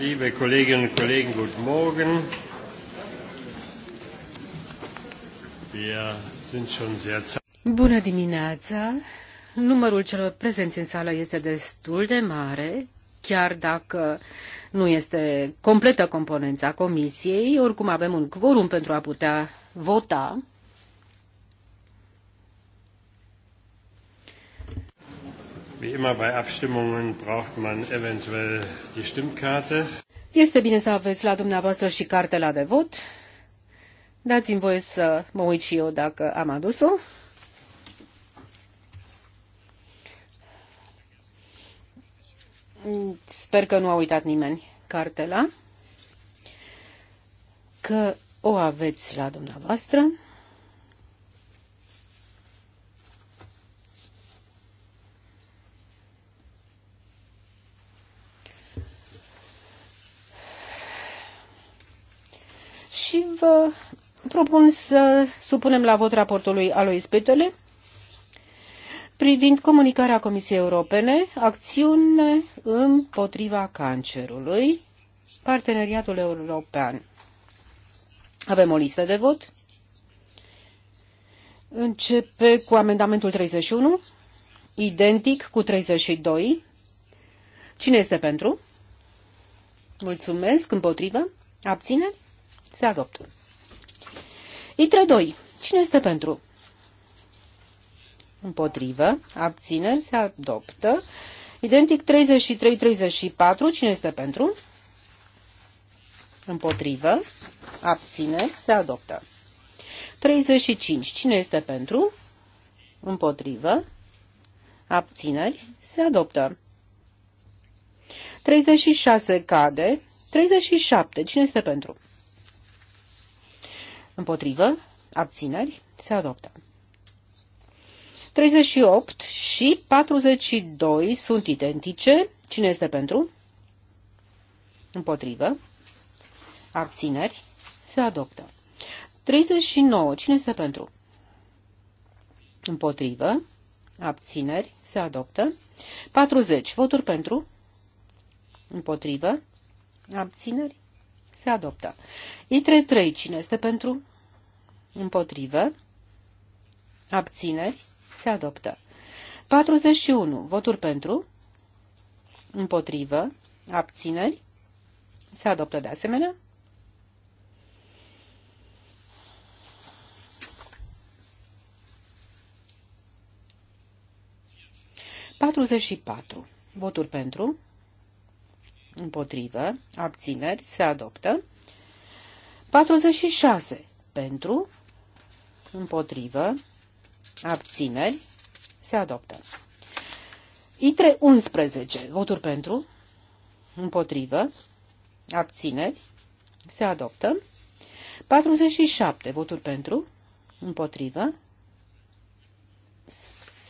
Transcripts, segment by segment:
Liebe Kolleginnen und Kollegen, guten Morgen. Wir sind schon sehr Bună dimineața! Numărul celor prezenți în sală este destul de mare, chiar dacă nu este completă componența comisiei, oricum avem un quorum pentru a putea vota. Wie immer bei Abstimmungen braucht man eventuell die Stimmkarte. Este bine să aveți la dumneavoastră și cartela de vot. Dați-mi voie să mă uit și eu dacă am adus-o. Sper că nu a uitat nimeni cartela, că o aveți la dumneavoastră. și vă propun să supunem la vot raportul lui Alois Petele privind comunicarea Comisiei Europene, acțiune împotriva cancerului, parteneriatul european. Avem o listă de vot. Începe cu amendamentul 31, identic cu 32. Cine este pentru? Mulțumesc. Împotrivă? Abțineri? Se adoptă. Itre 2. Cine este pentru? Împotrivă. Abțineri. Se adoptă. Identic 33-34. Cine este pentru? Împotrivă. Abțineri. Se adoptă. 35. Cine este pentru? Împotrivă. Abțineri. Se adoptă. 36 cade. 37. Cine este pentru? Împotrivă. Abțineri. Se adoptă. 38 și 42 sunt identice. Cine este pentru? Împotrivă. Abțineri. Se adoptă. 39. Cine este pentru? Împotrivă. Abțineri. Se adoptă. 40. Voturi pentru? Împotrivă. Abțineri. Se adoptă. Itre 3. Cine este pentru? Împotrivă. Abțineri. Se adoptă. 41. Voturi pentru? Împotrivă. Abțineri. Se adoptă de asemenea. Patruzeci și patru. Voturi pentru împotrivă, abțineri, se adoptă. 46 pentru, împotrivă, abțineri, se adoptă. Itre 11, voturi pentru, împotrivă, abțineri, se adoptă. 47 voturi pentru, împotrivă,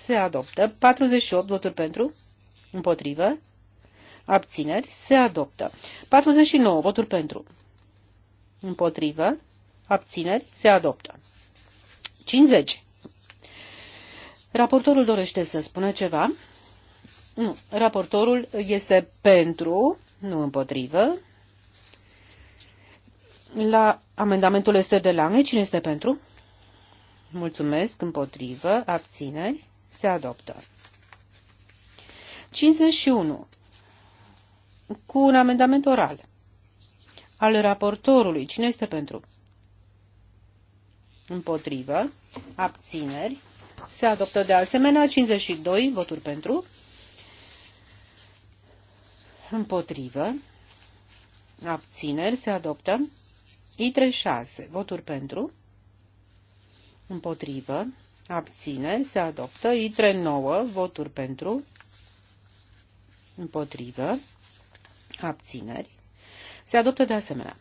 se adoptă. 48 voturi pentru, împotrivă, abțineri, se adoptă. 49 voturi pentru, împotrivă, abțineri, se adoptă. 50. Raportorul dorește să spună ceva? Nu. Raportorul este pentru, nu împotrivă. La amendamentul este de Lange. Cine este pentru? Mulțumesc. Împotrivă. Abțineri. Se adoptă. 51 cu un amendament oral al raportorului. Cine este pentru? Împotrivă. Abțineri. Se adoptă de asemenea 52 voturi pentru. Împotrivă. Abțineri. Se adoptă. I36. Voturi pentru. Împotrivă. Abțineri. Se adoptă. I39. Voturi pentru. Împotrivă. Abțineri. Se adoptă de asemenea.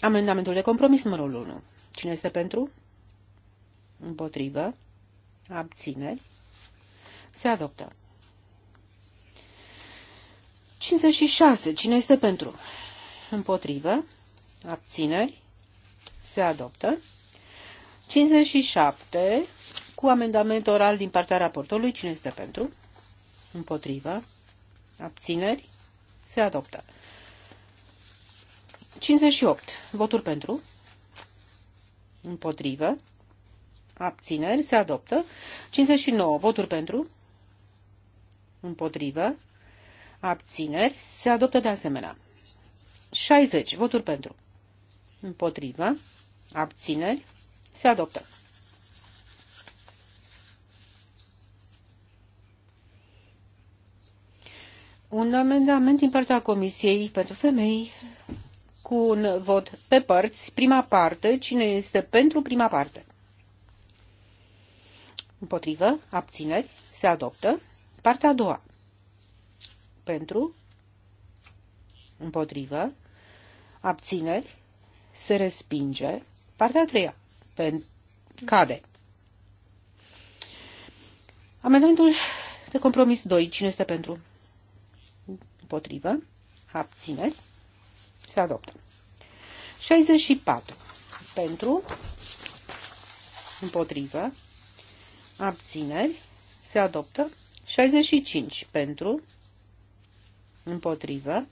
Amendamentul de compromis numărul 1. Cine este pentru? Împotrivă. Abțineri. Se adoptă. 56. Cine este pentru? Împotrivă. Abțineri. Se adoptă. 57 cu amendament oral din partea raportorului. Cine este pentru? Împotrivă. Abțineri. Se adoptă. 58. Voturi pentru. Împotrivă. Abțineri. Se adoptă. 59. Voturi pentru. Împotrivă. Abțineri. Se adoptă de asemenea. 60. Voturi pentru. Împotrivă. Abțineri. Se adoptă. un amendament din partea Comisiei pentru Femei cu un vot pe părți. Prima parte, cine este pentru prima parte? Împotrivă, abțineri, se adoptă. Partea a doua. Pentru, împotrivă, abțineri, se respinge. Partea a treia, pen, cade. Amendamentul de compromis 2, cine este pentru? Împotrivă. Abțineri. Se adoptă. 64. Pentru. Împotrivă. Abțineri. Se adoptă. 65. Pentru. Împotrivă.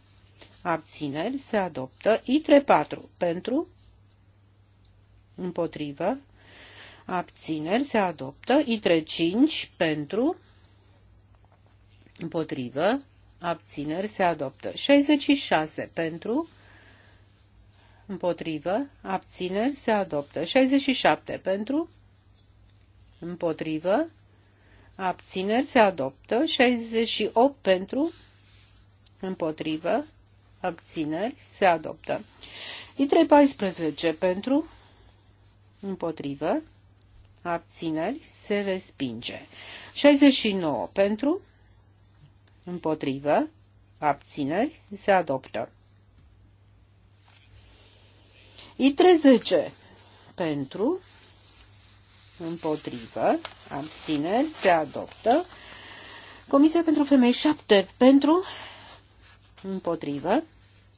Abțineri. Se adoptă. I34. Pentru. Împotrivă. Abțineri. Se adoptă. I35. Pentru. Împotrivă abțineri se adoptă. 66 pentru, împotrivă, abțineri se adoptă. 67 pentru, împotrivă, abțineri se adoptă. 68 pentru, împotrivă, abțineri se adoptă. I314 pentru, împotrivă, abțineri se respinge. 69 pentru, Împotrivă. Abțineri. Se adoptă. I13. Pentru. Împotrivă. Abțineri. Se adoptă. Comisia pentru femei 7. Pentru. Împotrivă.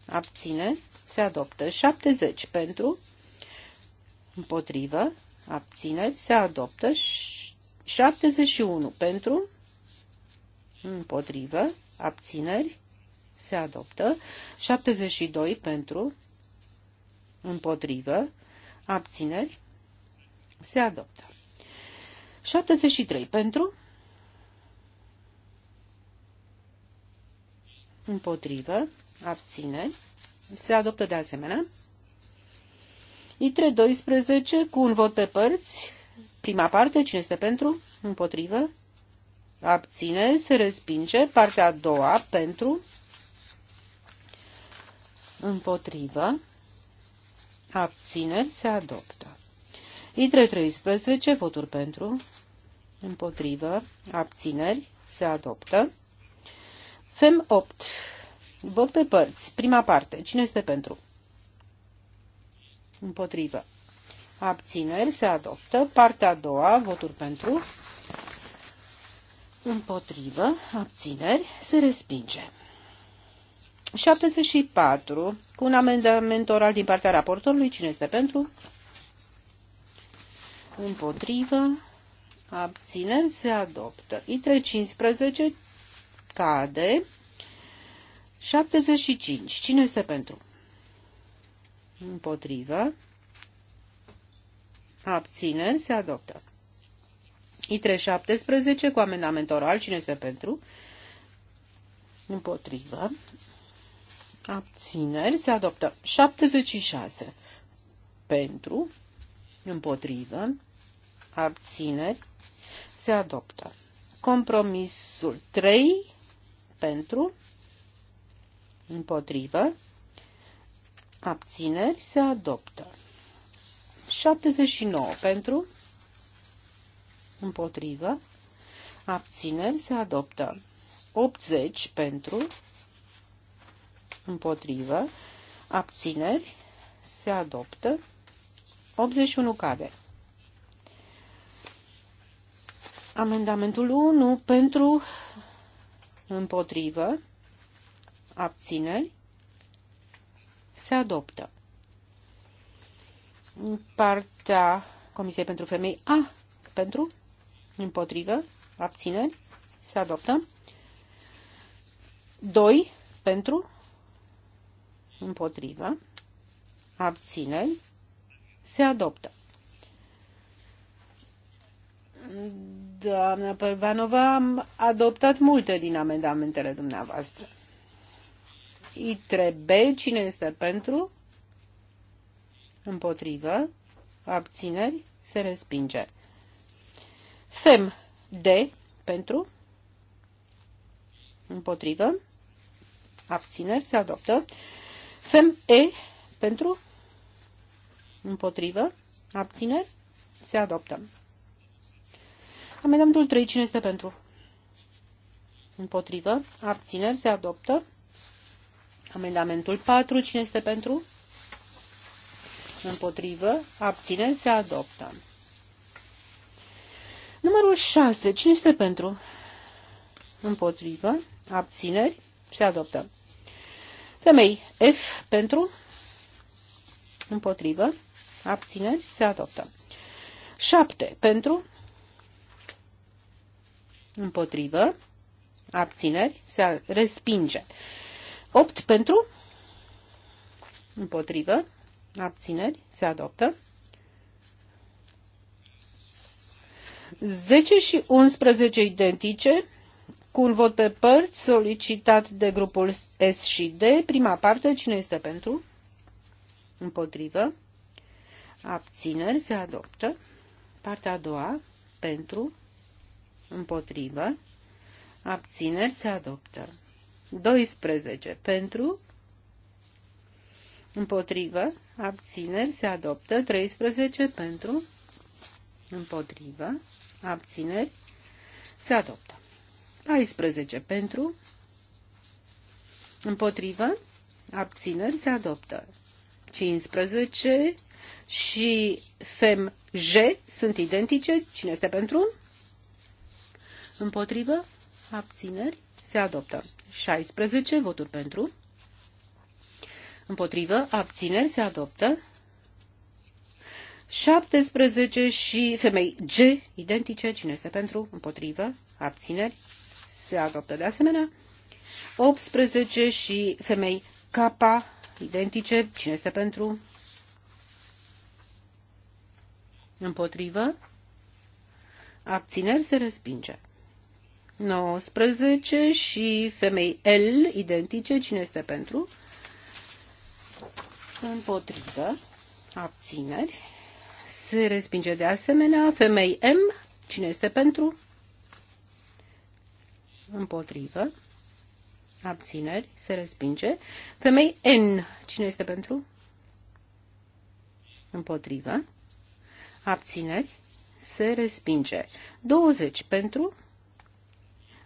abține, Se adoptă. 70. Pentru. Împotrivă. abține, Se adoptă. 71. Pentru împotrivă, abțineri, se adoptă. 72 pentru, împotrivă, abțineri, se adoptă. 73 pentru, împotrivă, abțineri, se adoptă de asemenea. ITRE 12 cu un vot pe părți, prima parte, cine este pentru, împotrivă, abține se respinge. Partea a doua pentru, împotrivă, abține se adoptă. Itre 13, voturi pentru, împotrivă, abțineri, se adoptă. FEM 8, vot pe părți, prima parte, cine este pentru? Împotrivă. Abțineri se adoptă. Partea a doua, voturi pentru, împotrivă, abțineri, se respinge. 74. Cu un amendament oral din partea raportorului, cine este pentru? Împotrivă, abțineri, se adoptă. I315 cade. 75. Cine este pentru? Împotrivă. Abțineri se adoptă. ITRE 17 cu amendament oral. Cine este pentru? Împotrivă. Abțineri. Se adoptă 76 pentru. Împotrivă. Abțineri. Se adoptă. Compromisul 3 pentru. Împotrivă. Abțineri. Se adoptă. 79 pentru împotrivă, abțineri se adoptă. 80 pentru, împotrivă, abțineri se adoptă. 81 cade. Amendamentul 1 pentru, împotrivă, abțineri se adoptă. Partea Comisiei pentru Femei A pentru Împotrivă. Abțineri. Se adoptă. 2 pentru. Împotrivă. Abțineri. Se adoptă. Doamna Părvanova, am adoptat multe din amendamentele dumneavoastră. i trebuie cine este pentru? Împotrivă. Abțineri. Se respinge. FEM D pentru, împotrivă, abțineri, se adoptă. FEM E pentru, împotrivă, abțineri, se adoptă. Amendamentul 3, cine este pentru? Împotrivă, abțineri, se adoptă. Amendamentul 4, cine este pentru? Împotrivă, abțineri, se adoptă. Numărul 6. Cine este pentru? Împotrivă. Abțineri. Se adoptă. Femei. F pentru. Împotrivă. Abțineri. Se adoptă. 7. Pentru. Împotrivă. Abțineri. Se respinge. 8. Pentru. Împotrivă. Abțineri. Se adoptă. 10 și 11 identice, cu un vot pe părți solicitat de grupul S și D. Prima parte, cine este pentru? Împotrivă. Abțineri se adoptă. Partea a doua, pentru, împotrivă. Abțineri se adoptă. 12. Pentru, împotrivă. Abțineri se adoptă. 13. Pentru, împotrivă abțineri, se adoptă. 14 pentru, împotrivă, abțineri, se adoptă. 15 și FEM J sunt identice. Cine este pentru? Împotrivă, abțineri, se adoptă. 16 voturi pentru. Împotrivă, abțineri, se adoptă. 17 și femei G, identice, cine este pentru, împotrivă, abțineri, se adoptă de asemenea. 18 și femei K, identice, cine este pentru, împotrivă, abțineri, se respinge. 19 și femei L, identice, cine este pentru, împotrivă, abțineri, se respinge de asemenea. Femei M, cine este pentru? Împotrivă. Abțineri, se respinge. Femei N, cine este pentru? Împotrivă. Abțineri, se respinge. 20 pentru,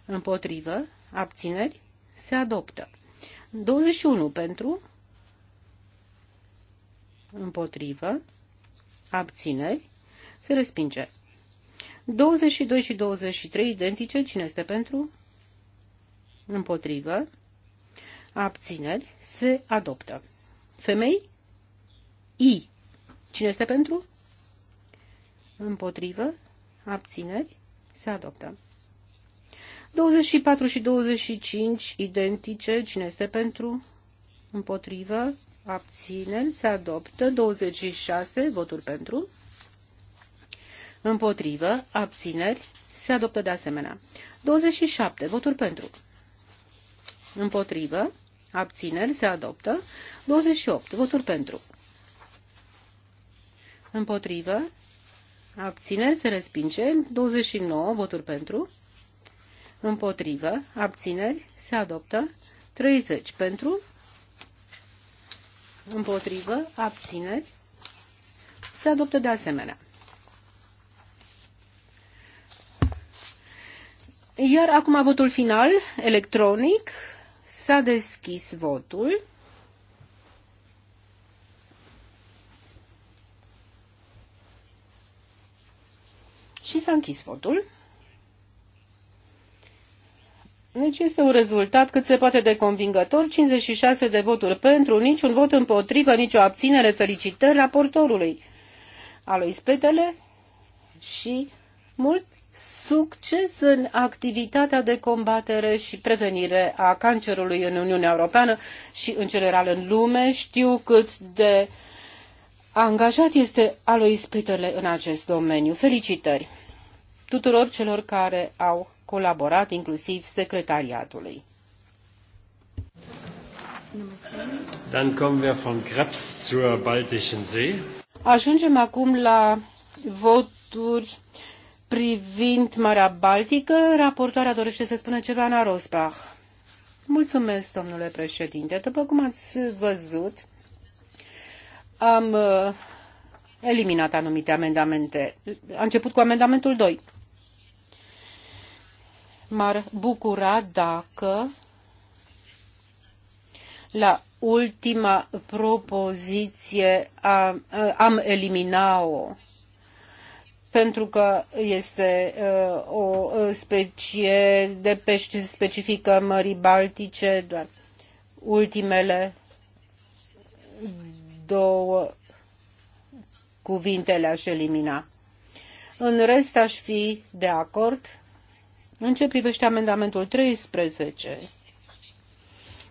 împotrivă, abțineri, se adoptă. 21 pentru, împotrivă, abțineri, se respinge. 22 și 23 identice, cine este pentru? Împotrivă, abțineri, se adoptă. Femei? I. Cine este pentru? Împotrivă, abțineri, se adoptă. 24 și 25 identice, cine este pentru? Împotrivă, abțineri se adoptă. 26 voturi pentru, împotrivă, abțineri se adoptă de asemenea. 27 voturi pentru, împotrivă, abțineri se adoptă. 28 voturi pentru, împotrivă, abțineri se respinge. 29 voturi pentru, împotrivă, abțineri se adoptă. 30 pentru, împotrivă, abțineri, se adoptă de asemenea. Iar acum votul final, electronic, s-a deschis votul. Și s-a închis votul. Deci este un rezultat cât se poate de convingător, 56 de voturi pentru, niciun vot împotrivă, nicio abținere, felicitări raportorului Alois Spetele și mult succes în activitatea de combatere și prevenire a cancerului în Uniunea Europeană și în general în lume. Știu cât de angajat este Alois Peterle în acest domeniu. Felicitări tuturor celor care au colaborat inclusiv secretariatului. Dann kommen wir von Krebs zur Baltischen See. Ajungem acum la voturi privind Marea Baltică. Raportoarea dorește să spună ceva în Rosbach. Mulțumesc, domnule președinte. După cum ați văzut, am uh, eliminat anumite amendamente. A început cu amendamentul 2. M-ar bucura dacă la ultima propoziție am, am eliminat-o pentru că este uh, o specie de pești specifică Mării Baltice, doar ultimele două cuvinte le-aș elimina. În rest aș fi de acord în ce privește amendamentul 13,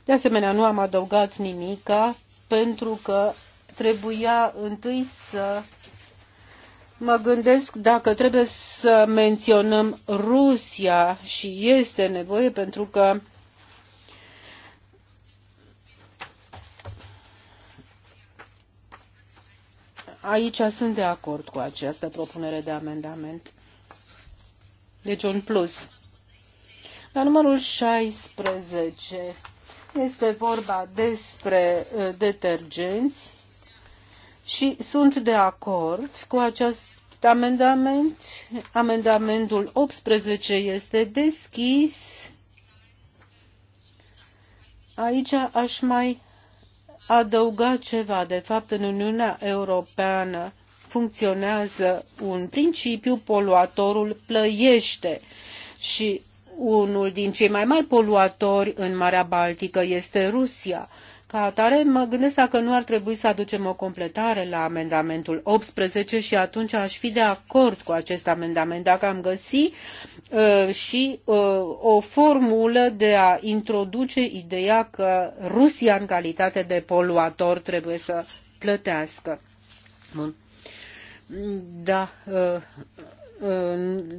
de asemenea, nu am adăugat nimica pentru că trebuia întâi să mă gândesc dacă trebuie să menționăm Rusia și este nevoie pentru că aici sunt de acord cu această propunere de amendament. Deci un plus. La numărul 16 este vorba despre uh, detergenți și sunt de acord cu acest amendament. Amendamentul 18 este deschis. Aici aș mai adăuga ceva. De fapt, în Uniunea Europeană funcționează un principiu, poluatorul plăiește. Și unul din cei mai mari poluatori în Marea Baltică este Rusia. Ca atare, mă gândesc dacă nu ar trebui să aducem o completare la amendamentul 18 și atunci aș fi de acord cu acest amendament dacă am găsi uh, și uh, o formulă de a introduce ideea că Rusia, în calitate de poluator, trebuie să plătească. Bun. Da, uh,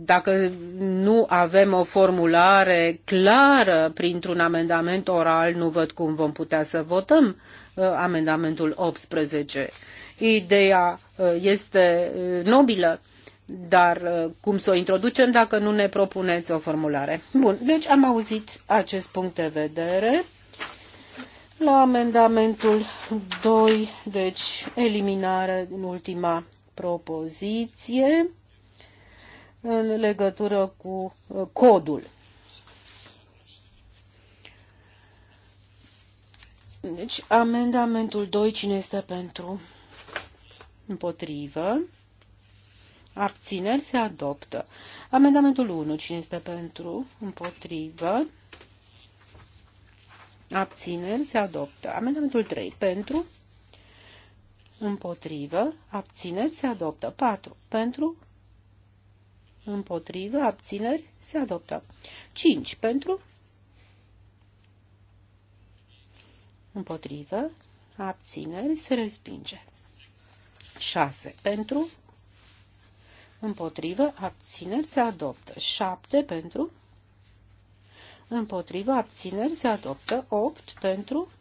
dacă nu avem o formulare clară printr-un amendament oral, nu văd cum vom putea să votăm uh, amendamentul 18. Ideea uh, este uh, nobilă, dar cum să o introducem dacă nu ne propuneți o formulare? Bun, deci am auzit acest punct de vedere. La amendamentul 2, deci eliminare din ultima propoziție în legătură cu uh, codul. Deci, amendamentul 2, cine este pentru? Împotrivă. Abțineri se adoptă. Amendamentul 1, cine este pentru? Împotrivă. Abțineri se adoptă. Amendamentul 3, pentru? Împotrivă. Abțineri se adoptă. 4, pentru? împotrivă, abțineri, se adoptă. 5 pentru, împotrivă, abțineri, se respinge. 6 pentru, împotrivă, abțineri, se adoptă. 7 pentru, împotrivă, abțineri, se adoptă. 8 pentru,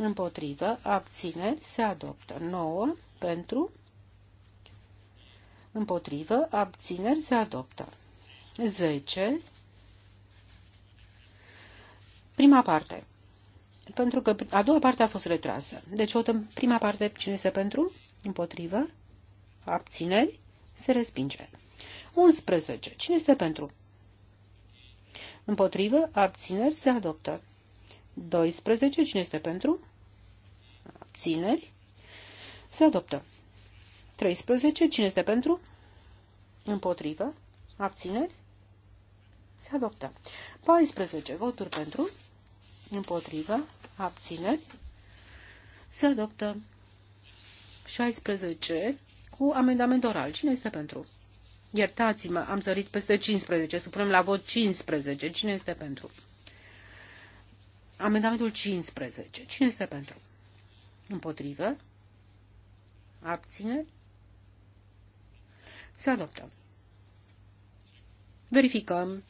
împotrivă, abțineri, se adoptă. 9 pentru, Împotrivă, Împotrivă, abțineri, se adoptă. 10. Prima parte. Pentru că a doua parte a fost retrasă. Deci, o prima parte, cine este pentru? Împotrivă, abțineri, se respinge. 11. Cine este pentru? Împotrivă, abțineri, se adoptă. 12. Cine este pentru? Abțineri, se adoptă. 13. Cine este pentru? Împotrivă. Abțineri. Se adoptă. 14. Voturi pentru. Împotrivă. Abțineri. Se adoptă. 16. Cu amendament oral. Cine este pentru? Iertați-mă, am sărit peste 15. Supunem la vot 15. Cine este pentru? Amendamentul 15. Cine este pentru? Împotrivă? Abțineri? Se adoptă. Verificăm.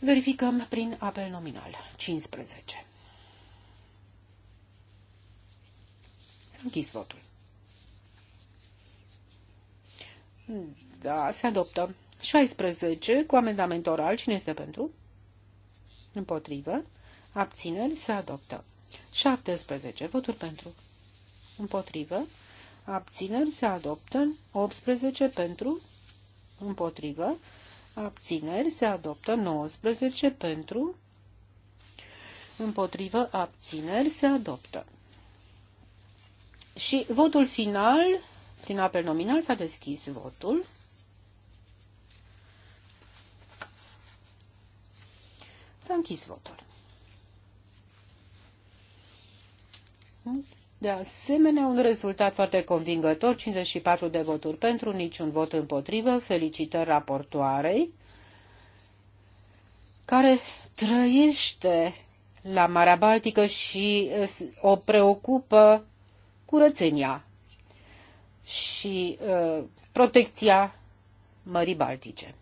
Verificăm prin apel nominal. 15. S-a închis votul. Da, se adoptă. 16 cu amendament oral. Cine este pentru? Împotrivă. Abțineri se adoptă. 17 voturi pentru. Împotrivă abțineri se adoptă, 18 pentru, împotrivă, abțineri se adoptă, 19 pentru, împotrivă, abțineri se adoptă. Și votul final, prin apel nominal, s-a deschis votul. S-a închis votul. De asemenea, un rezultat foarte convingător, 54 de voturi pentru, niciun vot împotrivă. Felicitări raportoarei, care trăiește la Marea Baltică și eh, o preocupă curățenia și uh, protecția Mării Baltice.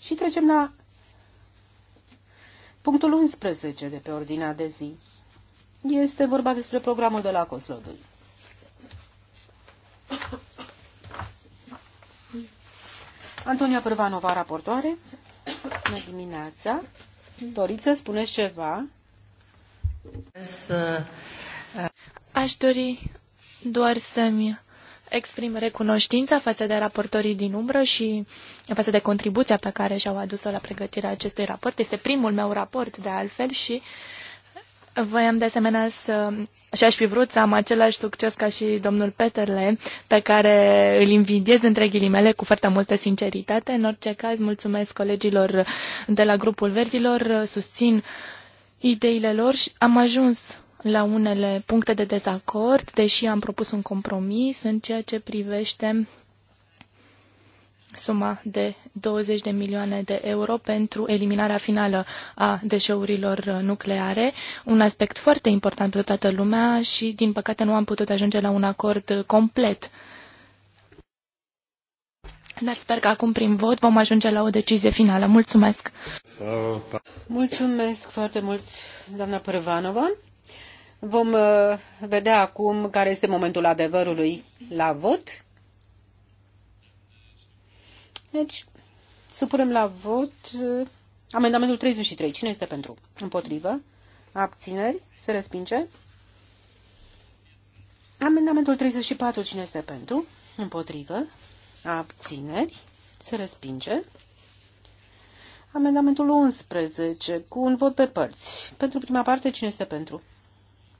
Și trecem la Punctul 11 de pe ordinea de zi este vorba despre programul de la Coslodul. Antonia Prvanova, raportoare, bună dimineața. Doriți să spuneți ceva? Aș dori doar să-mi exprim recunoștința față de raportorii din umbră și față de contribuția pe care și-au adus-o la pregătirea acestui raport. Este primul meu raport, de altfel, și voiam de asemenea să... Și aș fi vrut să am același succes ca și domnul Peterle, pe care îl invidiez între ghilimele cu foarte multă sinceritate. În orice caz, mulțumesc colegilor de la grupul verzilor, susțin ideile lor și am ajuns la unele puncte de dezacord, deși am propus un compromis în ceea ce privește suma de 20 de milioane de euro pentru eliminarea finală a deșeurilor nucleare, un aspect foarte important pentru toată lumea și, din păcate, nu am putut ajunge la un acord complet. Dar sper că acum, prin vot, vom ajunge la o decizie finală. Mulțumesc! Mulțumesc foarte mult, doamna Părvanova. Vom uh, vedea acum care este momentul adevărului la vot. Deci, supunem la vot uh, amendamentul 33. Cine este pentru? Împotrivă. Abțineri. Se respinge. Amendamentul 34. Cine este pentru? Împotrivă. Abțineri. Se respinge. Amendamentul 11. Cu un vot pe părți. Pentru prima parte, cine este pentru?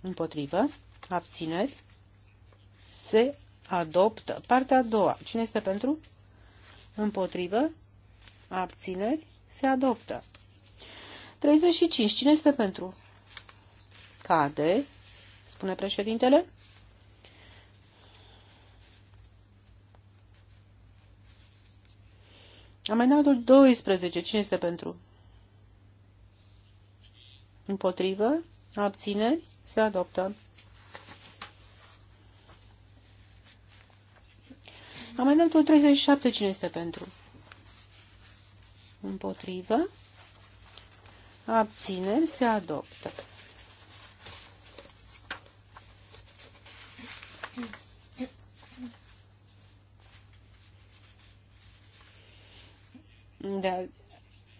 Împotrivă. Abțineri. Se adoptă. Partea a doua. Cine este pentru? Împotrivă. Abțineri. Se adoptă. 35. Cine este pentru? Cade. Spune președintele. Amendamentul 12. Cine este pentru? Împotrivă? Abțineri? Se adoptă. Amendamentul 37, cine este pentru? Împotrivă. Abțineri se adoptă. Da,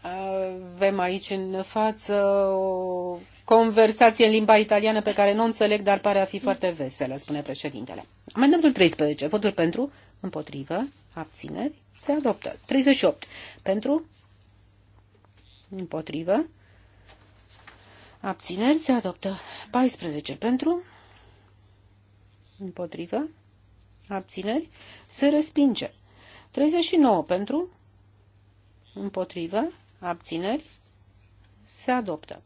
avem aici în față o conversație în limba italiană pe care nu o înțeleg, dar pare a fi foarte veselă, spune președintele. Amendamentul 13. Votul pentru, împotrivă, abțineri, se adoptă. 38. Pentru, împotrivă, abțineri, se adoptă. 14. Pentru, împotrivă, abțineri, se respinge. 39. Pentru, împotrivă, abțineri, se adoptă.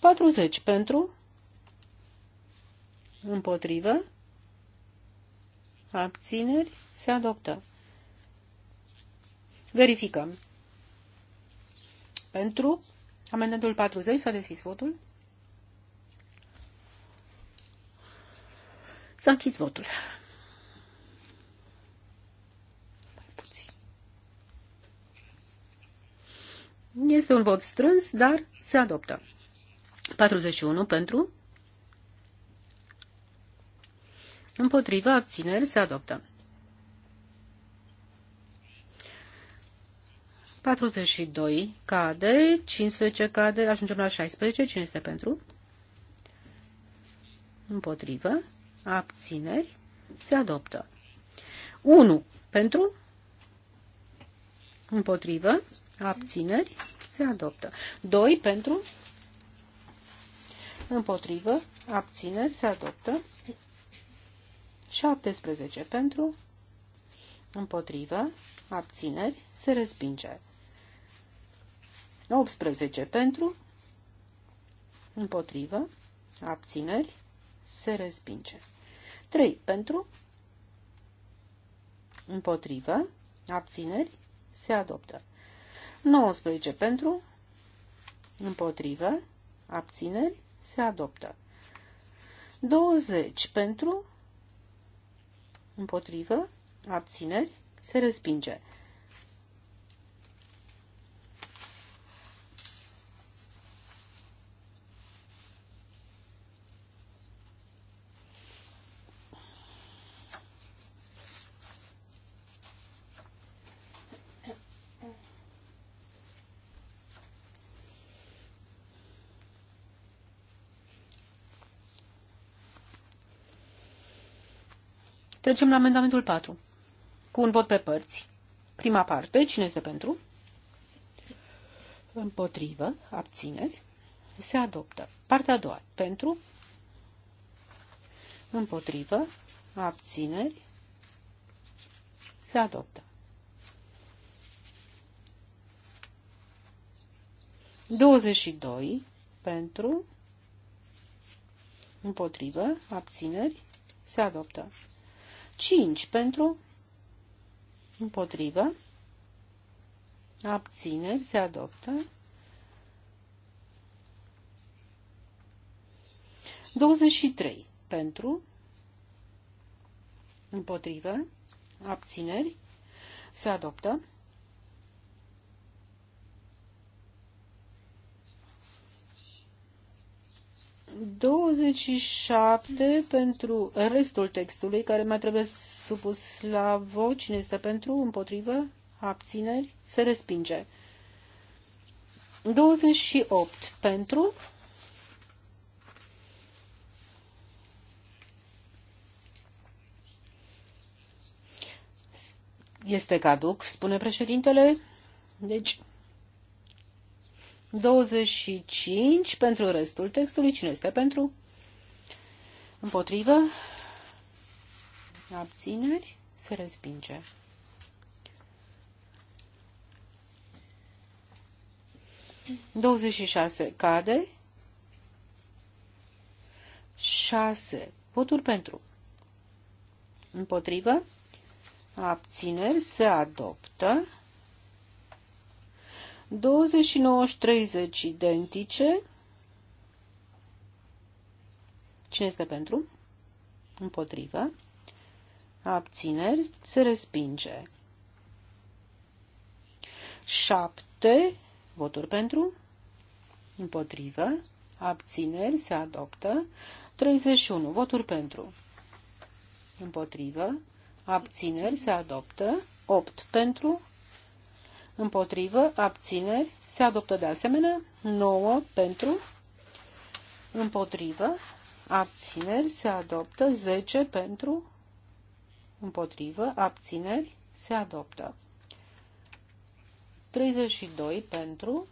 40 pentru, împotrivă, abțineri, se adoptă. Verificăm. Pentru amendamentul 40 s-a deschis votul. S-a închis votul. Este un vot strâns, dar se adoptă. 41 pentru, împotriva, abțineri, se adoptă. 42 cade, 15 cade, ajungem la 16, cine este pentru? Împotrivă, abțineri, se adoptă. 1 pentru, împotrivă, abțineri, se adoptă. 2 pentru, Împotrivă. Abțineri. Se adoptă. 17 pentru. Împotrivă. Abțineri. Se respinge. 18 pentru. Împotrivă. Abțineri. Se respinge. 3 pentru. Împotrivă. Abțineri. Se adoptă. 19 pentru. Împotrivă. Abțineri se adoptă. 20 pentru, împotrivă, abțineri, se respinge. Trecem la amendamentul 4. Cu un vot pe părți. Prima parte, cine este pentru? Împotrivă, abțineri, se adoptă. Partea a doua, pentru, împotrivă, abțineri, se adoptă. Douăzeci și doi, pentru, împotrivă, abțineri, se adoptă. 5 pentru, împotrivă, abțineri, se adoptă. 23 pentru, împotrivă, abțineri, se adoptă. 27 pentru restul textului, care mai trebuie supus la vot. Cine este pentru? Împotrivă? Abțineri? Se respinge. 28 pentru. Este caduc, spune președintele. Deci, 25 pentru restul textului. Cine este pentru? Împotrivă? Abțineri? Se respinge. Douăzeci șase cade. 6. Voturi pentru. Împotrivă. Abțineri se adoptă. 29 și 30 identice. Cine este pentru? Împotrivă. Abțineri. Se respinge. 7 voturi pentru. Împotrivă. Abțineri. Se adoptă. 31 voturi pentru. Împotrivă. Abțineri. Se adoptă. 8 pentru împotrivă, abțineri, se adoptă de asemenea 9 pentru, împotrivă, abțineri, se adoptă 10 pentru, împotrivă, abțineri, se adoptă 32 pentru,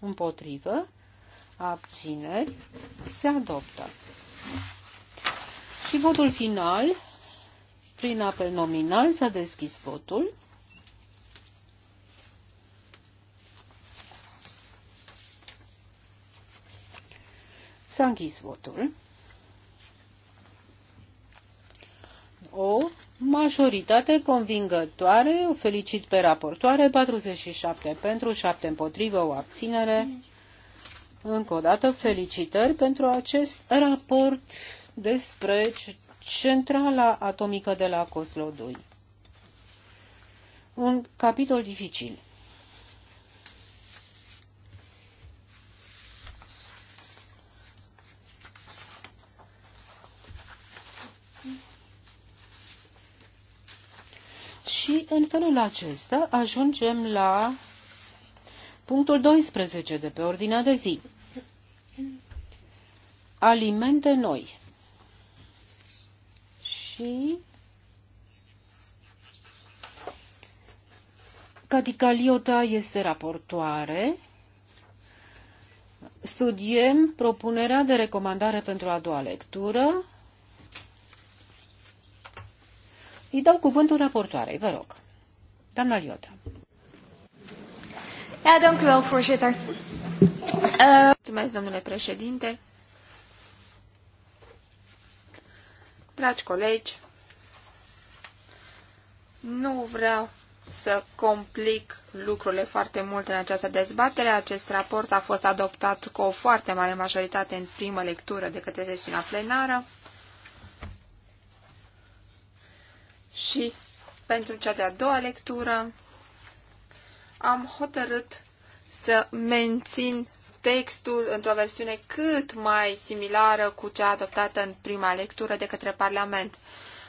împotrivă, abțineri, se adoptă. Și votul final, prin apel nominal, s-a deschis votul. S-a închis votul. O majoritate convingătoare, o felicit pe raportoare, 47 pentru, 7 împotrivă, o abținere. Încă o dată, felicitări pentru acest raport despre centrala atomică de la Coslodui. Un capitol dificil. Și în felul acesta ajungem la punctul 12 de pe ordinea de zi. Alimente noi. Și Caticaliota este raportoare. Studiem propunerea de recomandare pentru a doua lectură Îi dau cuvântul raportoarei, vă rog. Doamna Liotă. Ja, dank u wel, voorzitter. Eh, Mulțumesc, domnule președinte. Dragi colegi, nu vreau să complic lucrurile foarte mult în această dezbatere. Acest raport a fost adoptat cu o foarte mare majoritate în primă lectură de către sesiunea plenară. și pentru cea de-a doua lectură am hotărât să mențin textul într-o versiune cât mai similară cu cea adoptată în prima lectură de către Parlament.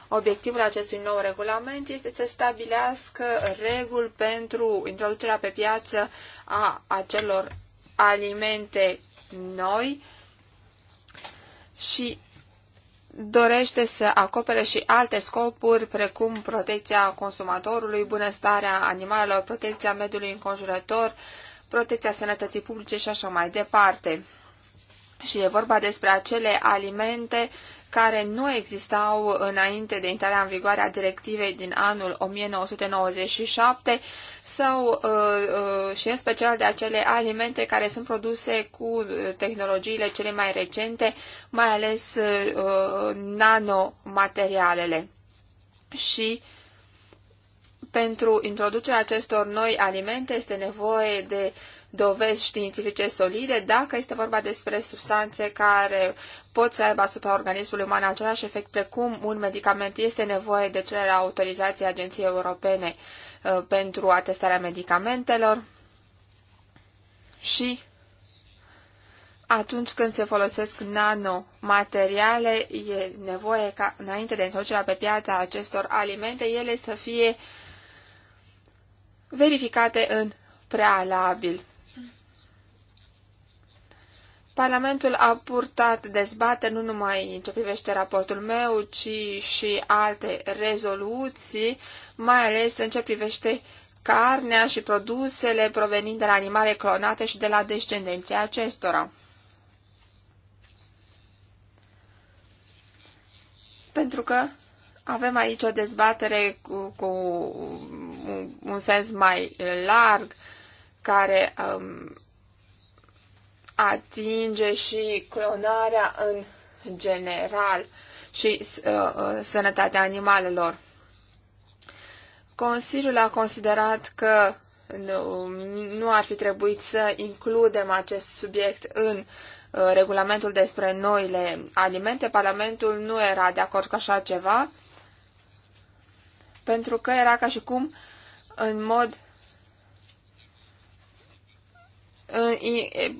Obiectivul acestui nou regulament este să stabilească reguli pentru introducerea pe piață a acelor alimente noi și dorește să acopere și alte scopuri, precum protecția consumatorului, bunăstarea animalelor, protecția mediului înconjurător, protecția sănătății publice și așa mai departe. Și e vorba despre acele alimente care nu existau înainte de intrarea în vigoare a directivei din anul 1997 sau uh, uh, și în special de acele alimente care sunt produse cu uh, tehnologiile cele mai recente, mai ales nanomaterialele. Și uh, pentru introducerea acestor noi alimente este nevoie de dovezi științifice solide dacă este vorba despre substanțe care pot să aibă asupra organismului uman același efect precum un medicament. Este nevoie de cererea autorizației Agenției Europene uh, pentru atestarea medicamentelor și atunci când se folosesc nanomateriale, e nevoie ca, înainte de introducerea pe piața acestor alimente, ele să fie verificate în prealabil. Parlamentul a purtat dezbateri nu numai în ce privește raportul meu, ci și alte rezoluții, mai ales în ce privește carnea și produsele provenind de la animale clonate și de la descendenția acestora. Pentru că avem aici o dezbatere cu, cu un sens mai larg care um, atinge și clonarea în general și uh, uh, sănătatea animalelor. Consiliul a considerat că nu, nu ar fi trebuit să includem acest subiect în uh, regulamentul despre noile alimente. Parlamentul nu era de acord cu așa ceva pentru că era ca și cum în mod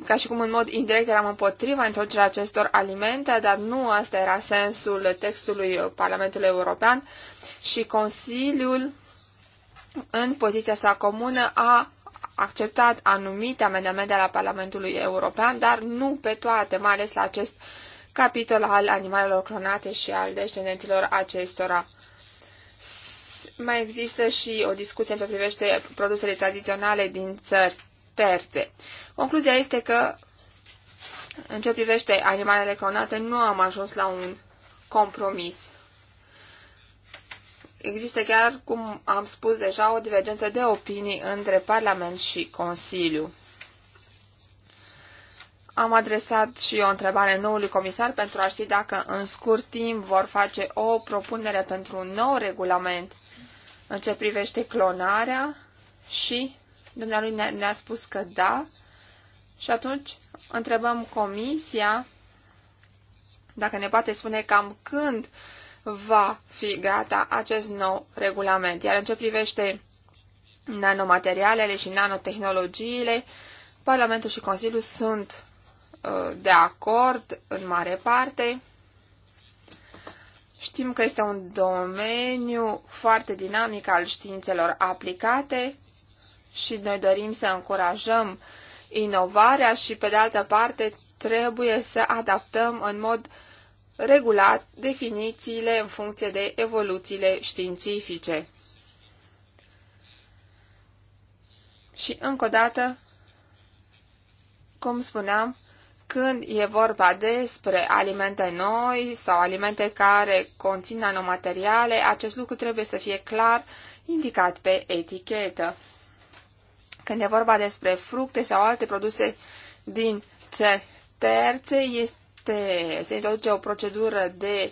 ca și cum în mod indirect eram împotriva introducerea acestor alimente, dar nu asta era sensul textului Parlamentului European și Consiliul în poziția sa comună a acceptat anumite amendamente la Parlamentului European, dar nu pe toate, mai ales la acest capitol al animalelor clonate și al descendenților acestora mai există și o discuție în ce privește produsele tradiționale din țări terțe. Concluzia este că, în ce privește animalele clonate, nu am ajuns la un compromis. Există chiar, cum am spus deja, o divergență de opinii între Parlament și Consiliu. Am adresat și o întrebare noului comisar pentru a ști dacă în scurt timp vor face o propunere pentru un nou regulament în ce privește clonarea și dumnealui ne-a spus că da. Și atunci întrebăm comisia dacă ne poate spune cam când va fi gata acest nou regulament. Iar în ce privește nanomaterialele și nanotehnologiile, Parlamentul și Consiliul sunt uh, de acord în mare parte. Știm că este un domeniu foarte dinamic al științelor aplicate și noi dorim să încurajăm inovarea și, pe de altă parte, trebuie să adaptăm în mod regulat definițiile în funcție de evoluțiile științifice. Și, încă o dată, cum spuneam, când e vorba despre alimente noi sau alimente care conțin nanomateriale, acest lucru trebuie să fie clar indicat pe etichetă. Când e vorba despre fructe sau alte produse din țări terțe, este, se introduce o procedură de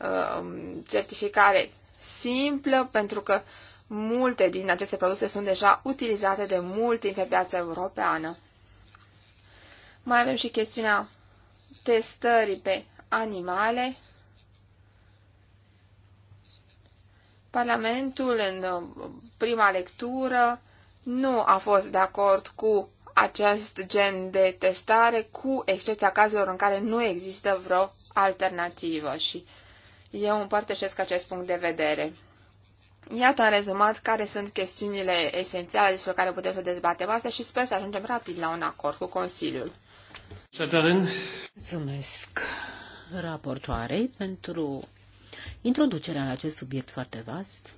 uh, certificare simplă, pentru că multe din aceste produse sunt deja utilizate de mult timp pe piața europeană. Mai avem și chestiunea testării pe animale. Parlamentul în uh, prima lectură nu a fost de acord cu acest gen de testare, cu excepția cazurilor în care nu există vreo alternativă și eu împărtășesc acest punct de vedere. Iată în rezumat care sunt chestiunile esențiale despre care putem să dezbatem asta și sper să ajungem rapid la un acord cu Consiliul. Cetălin. Mulțumesc raportoarei pentru introducerea la acest subiect foarte vast.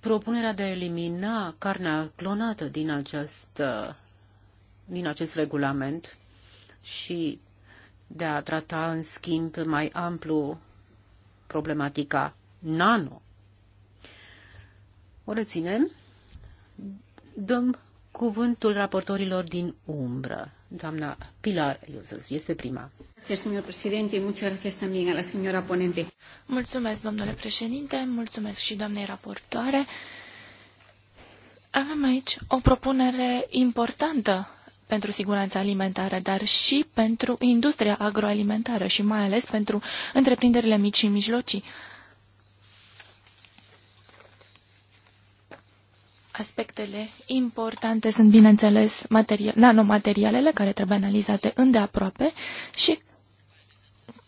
Propunerea de a elimina carnea clonată din, această, din acest regulament și de a trata în schimb mai amplu problematica nano. O reținem, dăm cuvântul raportorilor din umbră. Doamna Pilar Iuzăs este prima. Mulțumesc, domnule președinte, mulțumesc și doamnei raportoare. Avem aici o propunere importantă pentru siguranța alimentară, dar și pentru industria agroalimentară și mai ales pentru întreprinderile mici și mijlocii. Aspectele importante sunt, bineînțeles, material, nanomaterialele care trebuie analizate îndeaproape și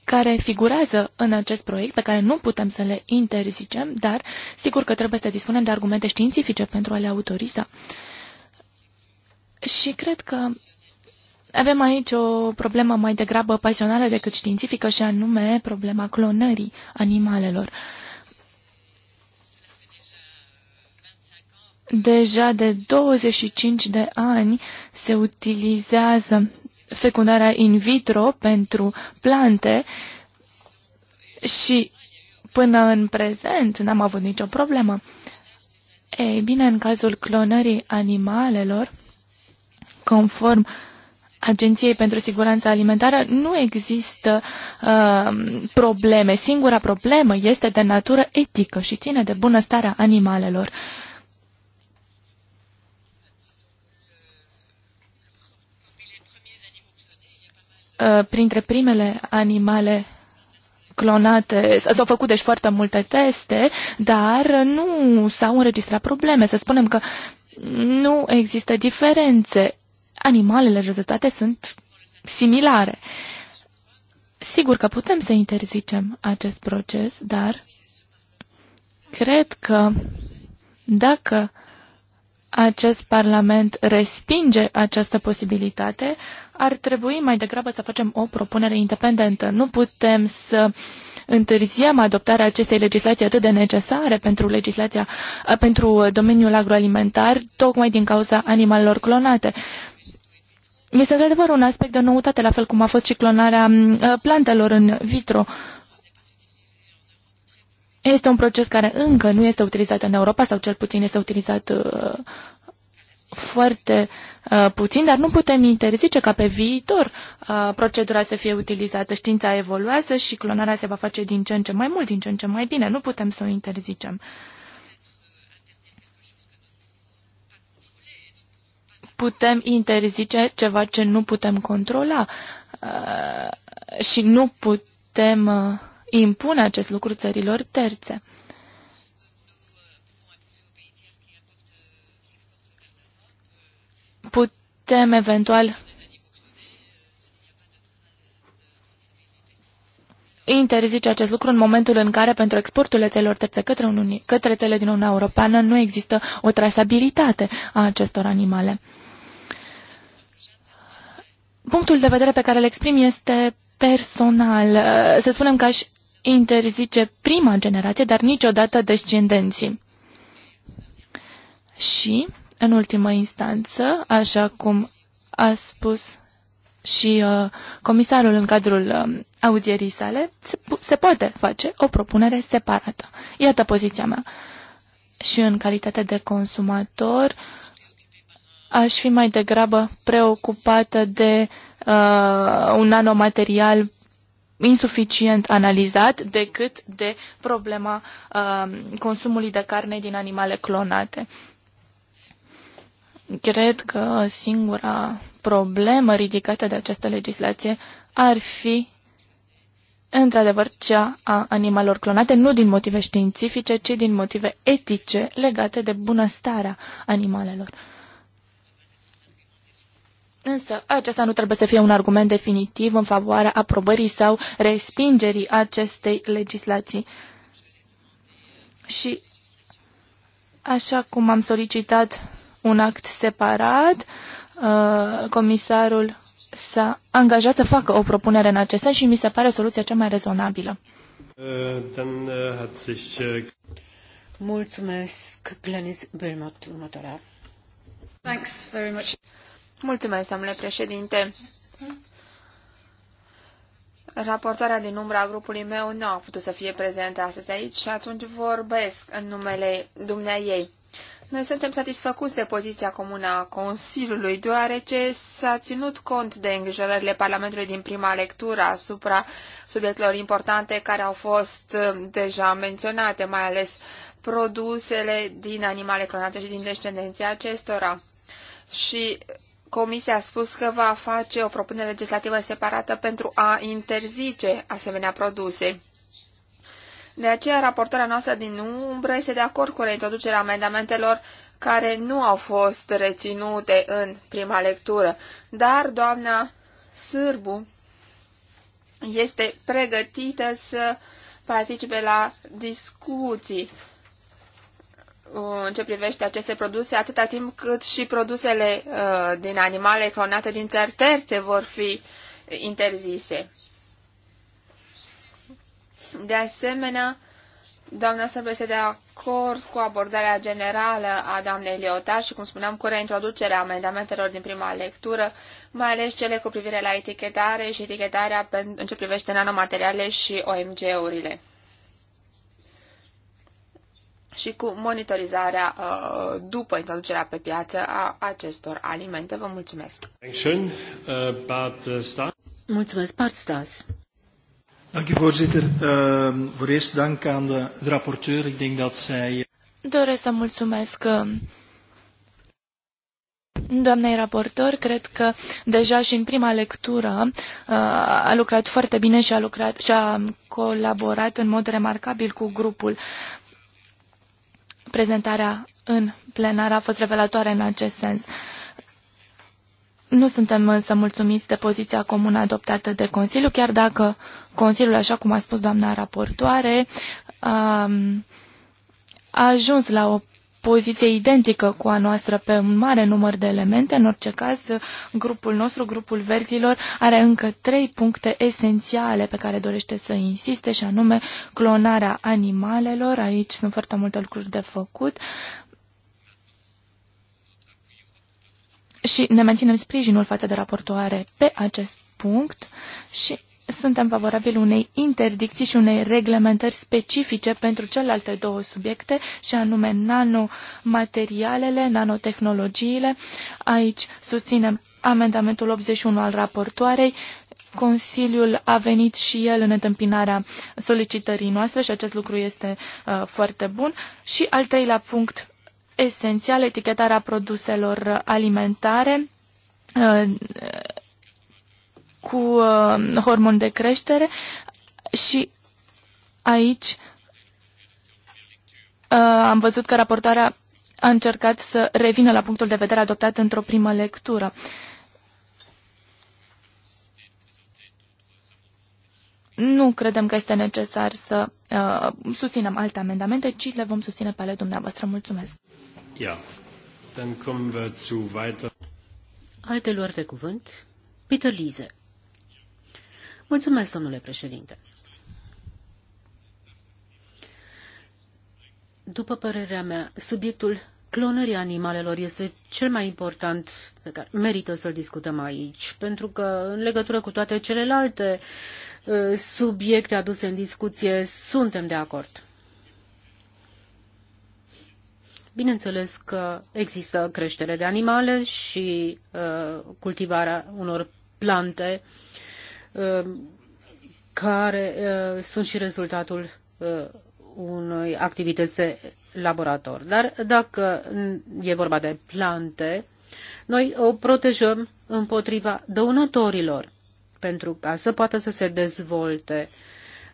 care figurează în acest proiect, pe care nu putem să le interzicem, dar sigur că trebuie să dispunem de argumente științifice pentru a le autoriza. Și cred că avem aici o problemă mai degrabă pasională decât științifică și anume problema clonării animalelor. Uh, Deja de 25 de ani se utilizează fecundarea in vitro pentru plante și până în prezent n-am avut nicio problemă. Ei bine, în cazul clonării animalelor, conform Agenției pentru Siguranța Alimentară, nu există uh, probleme. Singura problemă este de natură etică și ține de bunăstarea animalelor. Uh, Uh, printre primele animale clonate, s-au făcut deci foarte multe teste, dar nu s-au înregistrat probleme. Să spunem că nu există diferențe. Animalele rezultate sunt similare. Sigur că putem să interzicem acest proces, dar cred că dacă acest Parlament respinge această posibilitate, ar trebui mai degrabă să facem o propunere independentă. Nu putem să întârziem adoptarea acestei legislații atât de necesare pentru legislația pentru domeniul agroalimentar, tocmai din cauza animalelor clonate. Este într-adevăr un aspect de noutate, la fel cum a fost și clonarea plantelor în vitro. Este un proces care încă nu este utilizat în Europa, sau cel puțin este utilizat uh, foarte uh, puțin, dar nu putem interzice ca pe viitor uh, procedura să fie utilizată. Știința evoluează și clonarea se va face din ce în ce mai mult, din ce în ce mai bine. Nu putem să o interzicem. Putem interzice ceva ce nu putem controla uh, și nu putem uh, impune acest lucru țărilor terțe. putem eventual interzice acest lucru în momentul în care pentru exporturile țelor terțe către, unii, către țele din Uniunea Europeană nu există o trasabilitate a acestor animale. Punctul de vedere pe care îl exprim este personal. Să spunem că aș interzice prima generație, dar niciodată descendenții. Și în ultimă instanță, așa cum a spus și uh, comisarul în cadrul uh, audierii sale, se, se poate face o propunere separată. Iată poziția mea. Și în calitate de consumator, aș fi mai degrabă preocupată de uh, un nanomaterial insuficient analizat decât de problema uh, consumului de carne din animale clonate. Cred că singura problemă ridicată de această legislație ar fi într-adevăr cea a animalelor clonate, nu din motive științifice, ci din motive etice legate de bunăstarea animalelor. Însă, acesta nu trebuie să fie un argument definitiv în favoarea aprobării sau respingerii acestei legislații. Și, așa cum am solicitat un act separat. Uh, comisarul s-a angajat să facă o propunere în acest sens și mi se pare soluția cea mai rezonabilă. Uh, uh, Mulțumesc, Glenis Belmont, următoarea. Thanks very much. Mulțumesc, domnule președinte. Raportarea din umbra grupului meu nu a putut să fie prezentă astăzi aici și atunci vorbesc în numele ei. Noi suntem satisfăcuți de poziția comună a Consiliului, deoarece s-a ținut cont de îngrijorările Parlamentului din prima lectură asupra subiectelor importante care au fost uh, deja menționate, mai ales produsele din animale clonate și din descendenția acestora. Și Comisia a spus că va face o propunere legislativă separată pentru a interzice asemenea produse. De aceea, raportarea noastră din umbră este de acord cu reintroducerea amendamentelor care nu au fost reținute în prima lectură, dar doamna Sârbu este pregătită să participe la discuții uh, în ce privește aceste produse, atâta timp cât și produsele uh, din animale clonate din țări terțe vor fi interzise. De asemenea, doamna Sârb este de acord cu abordarea generală a doamnei Liota și, cum spuneam, cu reintroducerea amendamentelor din prima lectură, mai ales cele cu privire la etichetare și etichetarea în ce privește nanomateriale și OMG-urile și cu monitorizarea uh, după introducerea pe piață a acestor alimente. Vă mulțumesc! Mulțumesc, Bart Stas! Dank u voorzitter. Uh, voor eerst dank aan de, de rapporteur. Ik denk dat zij... Eh, Doresc să mulțumesc ehm, doamnei raportor. Cred că deja și în prima lectură eh, a lucrat foarte bine și a, lucrat, și a colaborat în mod remarcabil cu grupul. Prezentarea în plenar a fost revelatoare în acest sens. Nu suntem însă mulțumiți de poziția comună adoptată de Consiliu, chiar dacă Consiliul, așa cum a spus doamna raportoare, a, a ajuns la o poziție identică cu a noastră pe un mare număr de elemente. În orice caz, grupul nostru, grupul verzilor, are încă trei puncte esențiale pe care dorește să insiste, și anume clonarea animalelor. Aici sunt foarte multe lucruri de făcut. și ne menținem sprijinul față de raportoare pe acest punct și suntem favorabili unei interdicții și unei reglementări specifice pentru celelalte două subiecte, și anume nanomaterialele, nanotehnologiile. Aici susținem amendamentul 81 al raportoarei. Consiliul a venit și el în întâmpinarea solicitării noastre și acest lucru este uh, foarte bun. Și al treilea punct esențial etichetarea produselor alimentare uh, cu uh, hormon de creștere și aici uh, am văzut că raportarea a încercat să revină la punctul de vedere adoptat într-o primă lectură. Uh, nu credem că este necesar să uh, susținem alte amendamente, ci le vom susține pe ale dumneavoastră. Mulțumesc! Ja, dann kommen wir zu weiter. Alte luări de cuvânt, Peter Lise. Mulțumesc, domnule președinte. După părerea mea, subiectul clonării animalelor este cel mai important pe care merită să-l discutăm aici, pentru că în legătură cu toate celelalte uh, subiecte aduse în discuție suntem de acord. Bineînțeles că există creștere de animale și uh, cultivarea unor plante uh, care uh, sunt și rezultatul uh, unei activități de laborator. Dar dacă e vorba de plante, noi o protejăm împotriva dăunătorilor pentru ca să poată să se dezvolte.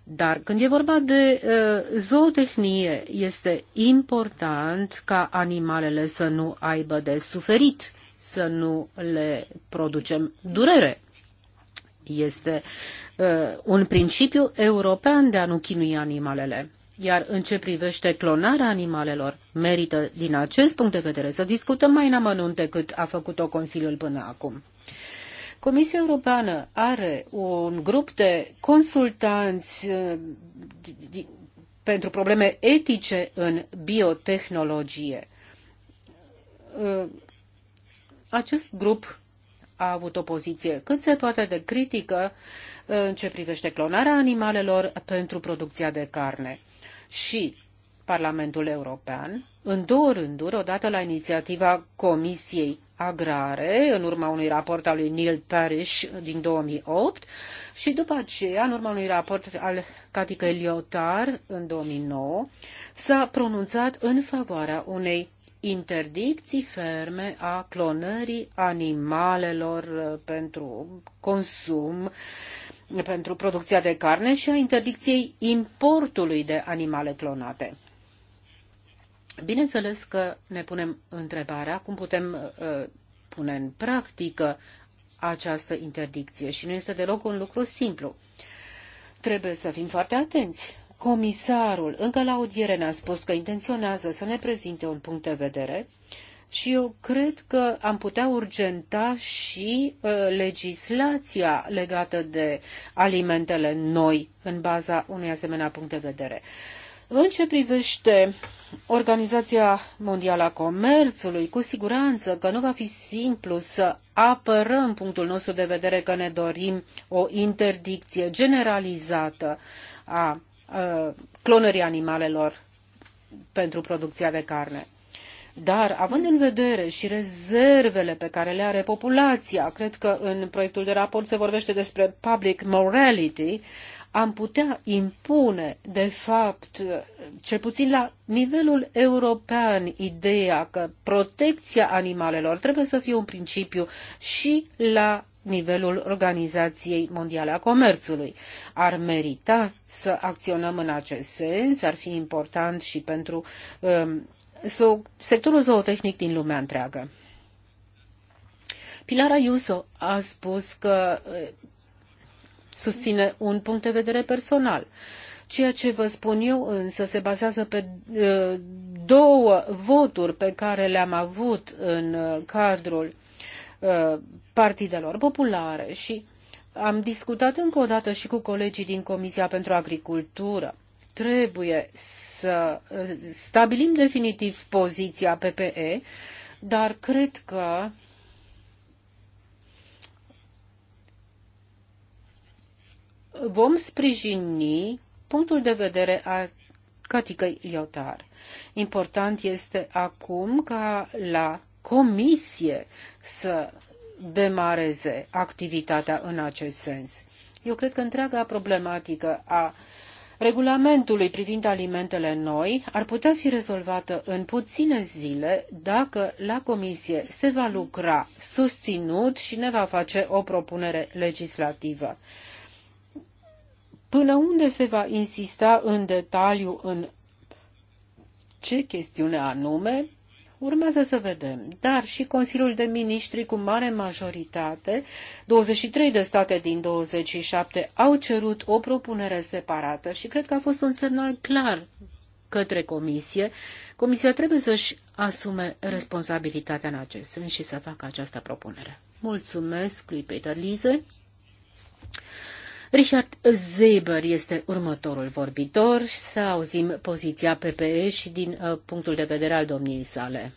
Dar când e vorba de uh, zootehnie, este important ca animalele să nu aibă de suferit, să nu le producem durere. Este uh, un principiu european de a nu chinui animalele. Iar în ce privește clonarea animalelor, merită din acest punct de vedere să discutăm mai în amănunt decât a făcut-o Consiliul până acum. Comisia Europeană are un grup de consultanți eh, pentru probleme etice în biotehnologie. Eh, acest grup a avut o poziție cât se poate de critică eh, în ce privește clonarea animalelor pentru producția de carne și Parlamentul European, în două rânduri, odată la inițiativa Comisiei Agrare, în urma unui raport al lui Neil Parish din 2008 și după aceea, în urma unui raport al Katica Liotar în 2009, s-a pronunțat în favoarea unei interdicții ferme a clonării animalelor uh, pentru consum pentru producția de carne și a interdicției importului de animale clonate. Bineînțeles că ne punem întrebarea cum putem uh, pune în practică această interdicție și nu este deloc un lucru simplu. Trebuie să fim foarte atenți. Comisarul încă la audiere ne-a spus că intenționează să ne prezinte un punct de vedere uh, și eu cred că am putea urgenta și uh, legislația legată de alimentele noi în baza unui asemenea punct de vedere. În ce privește Organizația Mondială a Comerțului, cu siguranță că nu va fi simplu să apărăm punctul nostru de vedere că ne dorim o interdicție generalizată a uh, clonării animalelor pentru producția de carne. Dar, având în vedere și rezervele pe care le are populația, cred că în proiectul de raport se vorbește despre public morality, am putea impune, de fapt, cel puțin la nivelul european, ideea că protecția animalelor trebuie să fie un principiu și la nivelul Organizației Mondiale a Comerțului. Ar merita să acționăm în acest sens, ar fi important și pentru um, sectorul zootehnic din lumea întreagă. Pilar Ayuso a spus că susține un punct de vedere personal. Ceea ce vă spun eu însă se bazează pe două voturi pe care le-am avut în cadrul partidelor populare și am discutat încă o dată și cu colegii din Comisia pentru Agricultură. Trebuie să uh, stabilim definitiv poziția PPE, dar cred că vom sprijini punctul de vedere al Caticăi Liotar. Important este acum ca la comisie să demareze activitatea în acest sens. Eu cred că întreaga problematică a regulamentului privind alimentele noi ar putea fi rezolvată în puține zile dacă la Comisie se va lucra susținut și ne va face o propunere legislativă. Până unde se va insista în detaliu în ce chestiune anume, Urmează să vedem. Dar și Consiliul de Ministri cu mare majoritate, 23 de state din 27, au cerut o propunere separată și cred că a fost un semnal clar către Comisie. Comisia trebuie să-și asume responsabilitatea în acest sens și să facă această propunere. Mulțumesc lui Peter Lize. Richard Zeber este următorul vorbitor. Să auzim poziția PPE și din uh, punctul de vedere al domniei sale.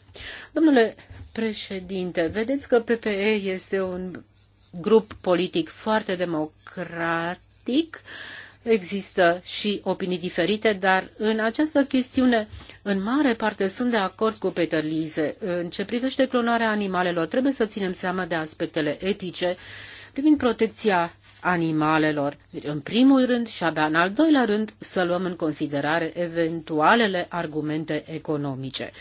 Domnule președinte, vedeți că PPE este un grup politic foarte democratic, există și opinii diferite, dar în această chestiune, în mare parte, sunt de acord cu Peter Lise. În ce privește clonarea animalelor, trebuie să ținem seama de aspectele etice privind protecția animalelor. Deci, în primul rând și abia în al doilea rând să luăm în considerare eventualele argumente economice.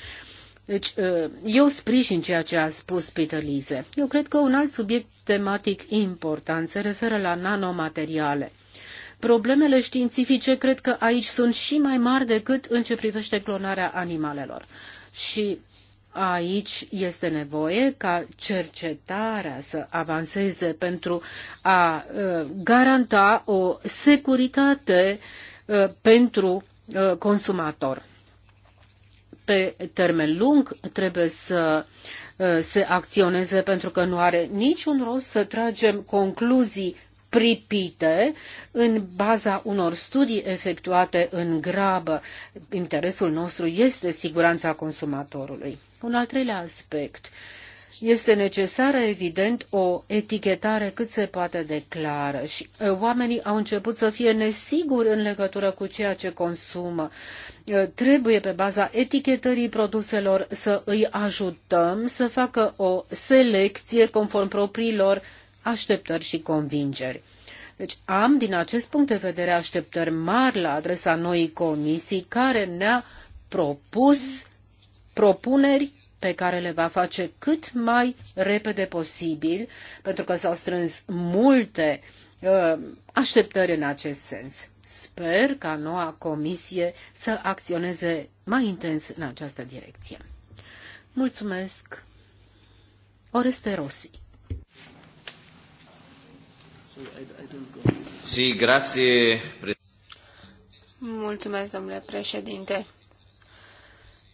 Deci, ă, eu sprijin ceea ce a spus Peter Lise. Eu cred că un alt subiect tematic important se referă la nanomateriale. Problemele științifice cred că aici sunt și mai mari decât în ce privește clonarea animalelor. Și Aici este nevoie ca cercetarea să avanseze pentru a uh, garanta o securitate uh, pentru uh, consumator. Pe termen lung trebuie să se acționeze pentru că nu are niciun rost să tragem concluzii pripite în baza unor studii efectuate în grabă. Interesul nostru este siguranța consumatorului. Un al treilea aspect. Este necesară, evident, o etichetare cât se poate de clară și oamenii au început să fie nesiguri în legătură cu ceea ce consumă. Trebuie, pe baza etichetării produselor, să îi ajutăm să facă o selecție conform propriilor așteptări și convingeri. Deci am, din acest punct de vedere, așteptări mari la adresa noii comisii care ne-a propus propuneri pe care le va face cât mai repede posibil, pentru că s-au strâns multe uh, așteptări în acest sens. Sper ca noua comisie să acționeze mai intens în această direcție. Mulțumesc! Oreste Rossi Mulțumesc, domnule președinte.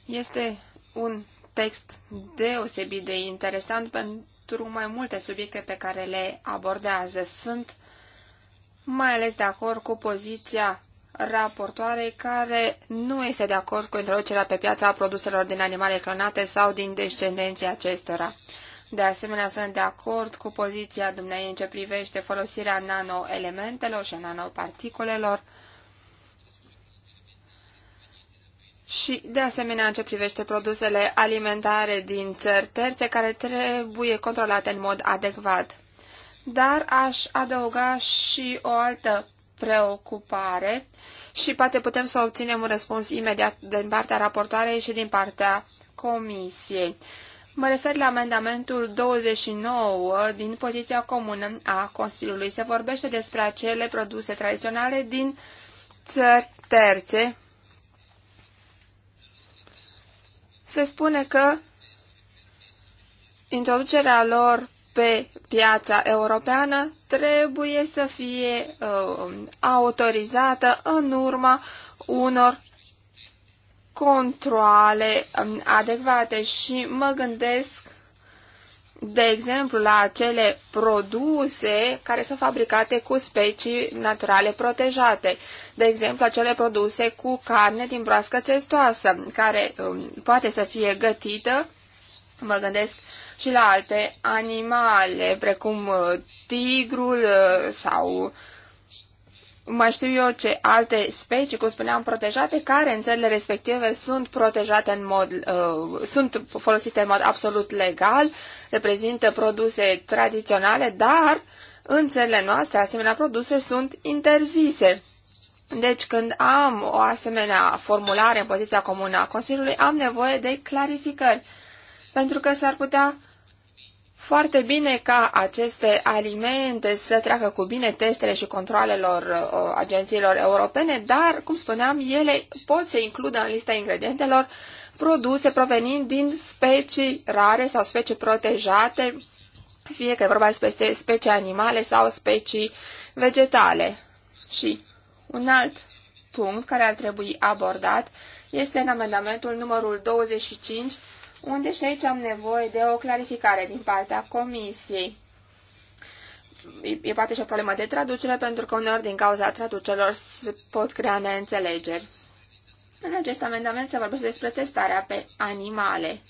Este un text deosebit de interesant pentru mai multe subiecte pe care le abordează. Sunt mai ales de acord cu poziția raportoare care nu este de acord cu introducerea pe piața a produselor din animale clonate sau din descendenții acestora. De asemenea, sunt de acord cu poziția dumneai în ce privește folosirea nanoelementelor și nanoparticulelor și, de asemenea, în ce privește produsele alimentare din țări terțe care trebuie controlate în mod adecvat. Dar aș adăuga și o altă preocupare și poate putem să obținem un răspuns imediat din partea raportoarei și din partea comisiei. Mă refer la amendamentul 29 din poziția comună a Consiliului. Se vorbește despre acele produse tradiționale din țări terțe. Se spune că introducerea lor pe piața europeană trebuie să fie uh, autorizată în urma unor controle um, adecvate și mă gândesc, de exemplu, la acele produse care sunt fabricate cu specii naturale protejate. De exemplu, acele produse cu carne din broască testoasă, care um, poate să fie gătită, mă gândesc și la alte animale, precum uh, tigrul uh, sau uh, mai știu eu ce alte specii, cum spuneam, protejate, care în țările respective sunt protejate în mod, uh, sunt folosite în mod absolut legal, reprezintă produse tradiționale, dar în țările noastre asemenea produse sunt interzise. Deci când am o asemenea formulare în poziția comună a Consiliului, am nevoie de clarificări, pentru că s-ar putea foarte bine ca aceste alimente să treacă cu bine testele și controlelor uh, agențiilor europene, dar, cum spuneam, ele pot să includă în lista ingredientelor produse provenind din specii rare sau specii protejate, fie că e vorba despre specii animale sau specii vegetale. Și un alt punct care ar trebui abordat este în amendamentul numărul 25 unde și aici am nevoie de o clarificare din partea comisiei. E, poate și o problemă de traducere, pentru că uneori din cauza traducerilor se pot crea neînțelegeri. În acest amendament se vorbește despre testarea pe animale.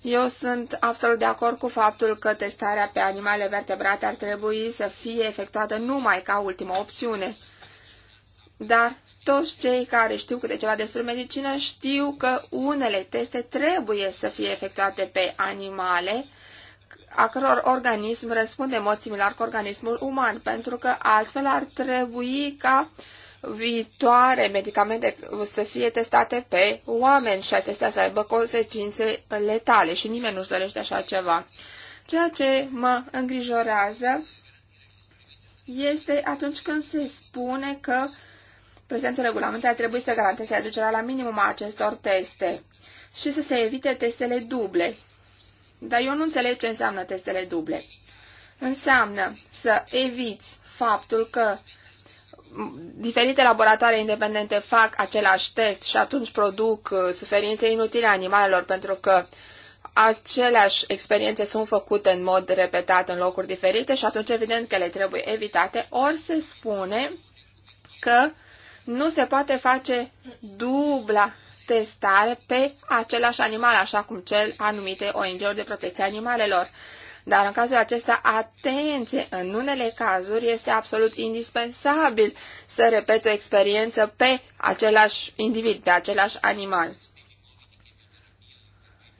Eu sunt absolut de acord cu faptul că testarea pe animale vertebrate ar trebui să fie efectuată numai ca ultimă opțiune. Dar toți cei care știu câte ceva despre medicină știu că unele teste trebuie să fie efectuate pe animale, a căror organism răspunde în mod similar cu organismul uman, pentru că altfel ar trebui ca viitoare medicamente să fie testate pe oameni și acestea să aibă consecințe letale și nimeni nu-și dorește așa ceva. Ceea ce mă îngrijorează este atunci când se spune că uh, Prezentul regulament ar trebui să garanteze aducerea la minimum a acestor teste și să se evite testele duble. Dar eu nu înțeleg ce înseamnă testele duble. Înseamnă să eviți faptul că diferite laboratoare independente fac același test și atunci produc uh, suferințe inutile animalelor pentru că aceleași experiențe sunt făcute în mod repetat în locuri diferite și atunci evident că le trebuie evitate, ori se spune că nu se poate face dubla testare pe același animal, așa cum cel anumite ONG-uri de protecție animalelor. Dar în cazul acesta, atenție, în unele cazuri este absolut indispensabil să repete o experiență pe același individ, pe același animal.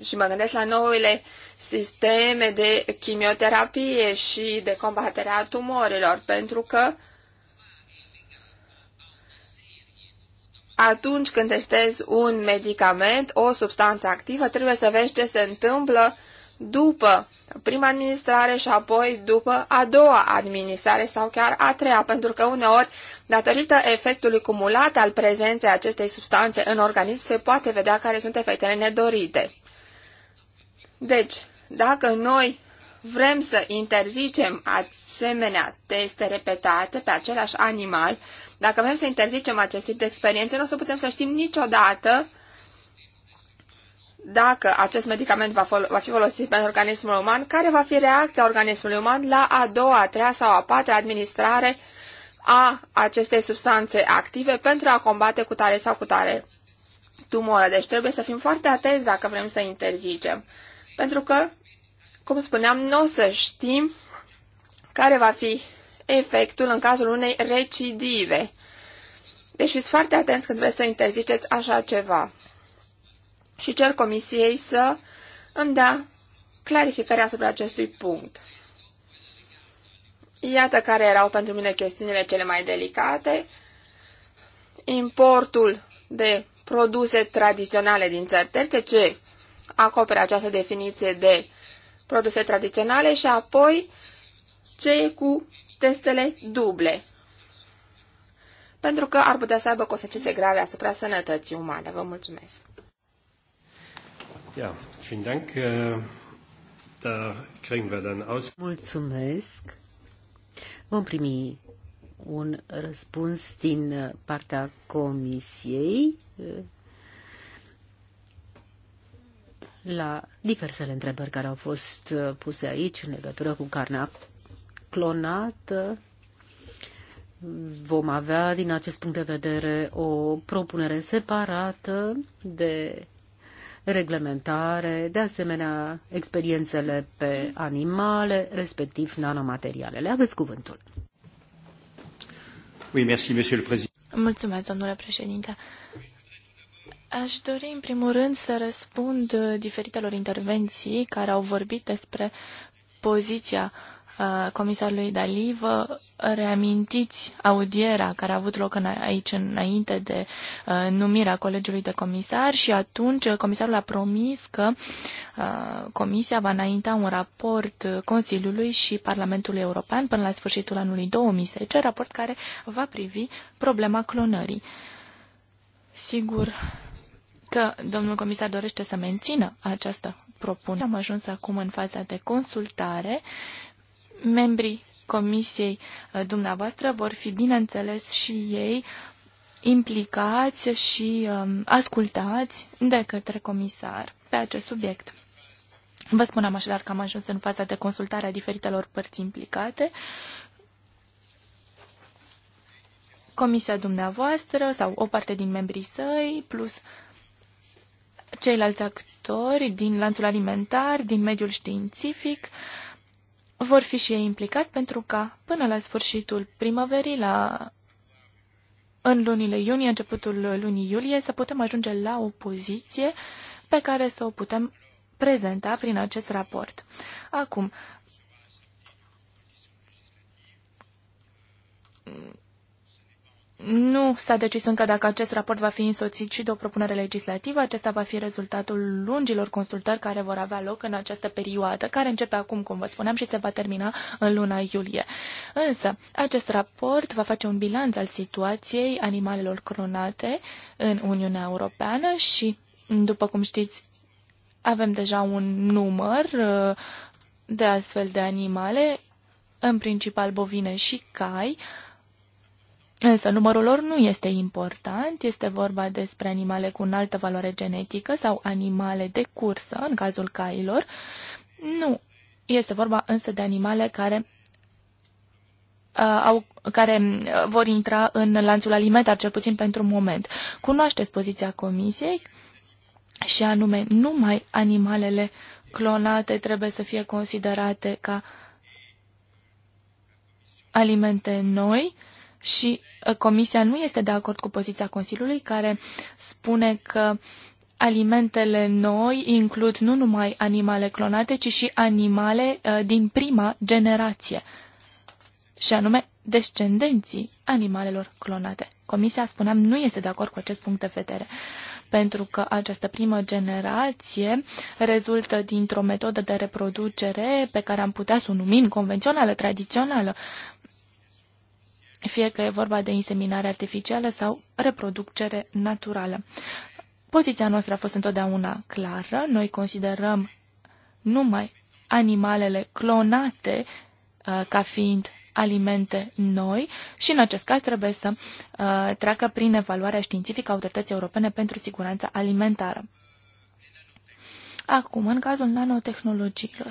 Și mă gândesc la noile sisteme de chimioterapie și de combaterea tumorilor, pentru că uh, atunci când testezi un medicament, o substanță activă, trebuie să vezi ce se întâmplă după prima administrare și apoi după a doua administrare sau chiar a treia, pentru că uneori, datorită efectului cumulat al prezenței acestei substanțe în organism, se poate vedea care sunt efectele nedorite. Deci, dacă noi vrem să interzicem asemenea teste repetate pe același animal, dacă vrem să interzicem acest tip de experiențe, nu o să putem să știm niciodată dacă acest medicament va, fol- va fi folosit pentru organismul uman, care va fi reacția organismului uman la a doua, a treia sau a patra administrare a acestei substanțe active pentru a combate cu tare sau cu tare tumoră. Deci trebuie să fim foarte atenți dacă vrem să interzicem. Pentru că cum spuneam, nu o să știm care va fi efectul în cazul unei recidive. Deci fiți foarte atenți când vreți să interziceți așa ceva. Și cer comisiei să îmi dea clarificări asupra acestui punct. Iată care erau pentru mine chestiunile cele mai delicate. Importul de produse tradiționale din țări terțe, ce acoperă această definiție de produse tradiționale și apoi cei cu testele duble, pentru că ar putea să aibă consecințe grave asupra sănătății umane. Vă mulțumesc! Ja, vielen Dank. Äh, da kriegen wir dann aus. Mulțumesc. Vom primi un răspuns din partea comisiei la diversele întrebări care au fost uh, puse aici în legătură cu carnea clonată. Vom avea, din acest punct de vedere, o propunere separată de reglementare, de asemenea experiențele pe animale, respectiv nanomaterialele. Aveți cuvântul. Oui, merci, Mulțumesc, domnule președinte. Aș dori, în primul rând, să răspund uh, diferitelor intervenții care au vorbit despre poziția uh, comisarului Dali. Vă reamintiți audiera care a avut loc aici înainte de uh, numirea colegiului de comisar și atunci comisarul a promis că comisia va înainta un raport Consiliului și Parlamentului European până la sfârșitul anului 2010, raport care va privi problema clonării. Sigur, că domnul comisar dorește să mențină această propunere. Am ajuns acum în faza de consultare. Membrii comisiei uh, dumneavoastră vor fi, bineînțeles, și ei implicați și um, ascultați de către comisar pe acest subiect. Vă spunem așadar că am ajuns în faza de consultare a diferitelor părți implicate. Comisia dumneavoastră sau o parte din membrii săi, plus ceilalți actori din lanțul alimentar, din mediul științific, vor fi și ei implicați pentru ca, până la sfârșitul primăverii, la în lunile iunie, începutul lunii iulie, să putem ajunge la o poziție pe care să o putem prezenta prin acest raport. Acum, nu s-a decis încă dacă acest raport va fi însoțit și de o propunere legislativă. Acesta va fi rezultatul lungilor consultări care vor avea loc în această perioadă, care începe acum, cum vă spuneam, și se va termina în luna iulie. Însă, acest raport va face un bilanț al situației animalelor cronate în Uniunea Europeană și, după cum știți, avem deja un număr uh, de astfel de animale, în principal bovine și cai, Însă numărul lor nu este important, este vorba despre animale cu înaltă valoare genetică sau animale de cursă, în cazul cailor. Nu, este vorba însă de animale care uh, au, care uh, vor intra în lanțul alimentar, cel puțin pentru un moment. Cunoașteți poziția comisiei și anume numai animalele clonate trebuie să fie considerate ca alimente noi și ă, Comisia nu este de acord cu poziția Consiliului care spune că alimentele noi includ nu numai animale clonate, ci și animale ă, din prima generație, și anume descendenții animalelor clonate. Comisia, spuneam, nu este de acord cu acest punct de vedere pentru că această primă generație rezultă dintr-o metodă de reproducere pe care am putea să o numim convențională, tradițională, fie că e vorba de inseminare artificială sau reproducere naturală. Poziția noastră a fost întotdeauna clară. Noi considerăm numai animalele clonate uh, ca fiind alimente noi și în acest caz trebuie să uh, treacă prin evaluarea științifică a Autorității Europene pentru Siguranța Alimentară. Acum, în cazul nanotehnologiilor,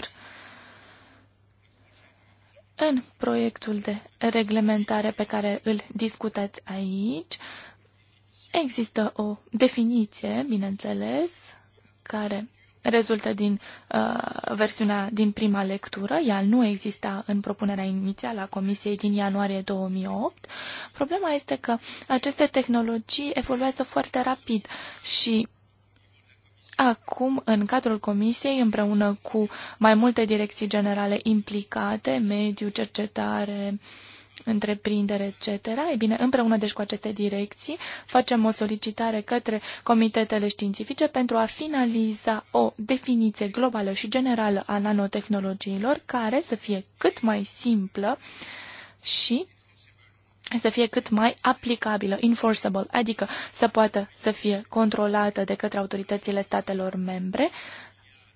în proiectul de reglementare pe care îl discutați aici, există o definiție, bineînțeles, care rezultă din uh, versiunea din prima lectură. Ea nu exista în propunerea inițială a Comisiei din ianuarie 2008. Problema este că aceste tehnologii evoluează foarte rapid și Acum, în cadrul Comisiei, împreună cu mai multe direcții generale implicate, mediu, cercetare, întreprindere, etc. E bine, împreună deci cu aceste direcții facem o solicitare către comitetele științifice pentru a finaliza o definiție globală și generală a nanotehnologiilor care să fie cât mai simplă și să fie cât mai aplicabilă, enforceable, adică să poată să fie controlată de către autoritățile statelor membre,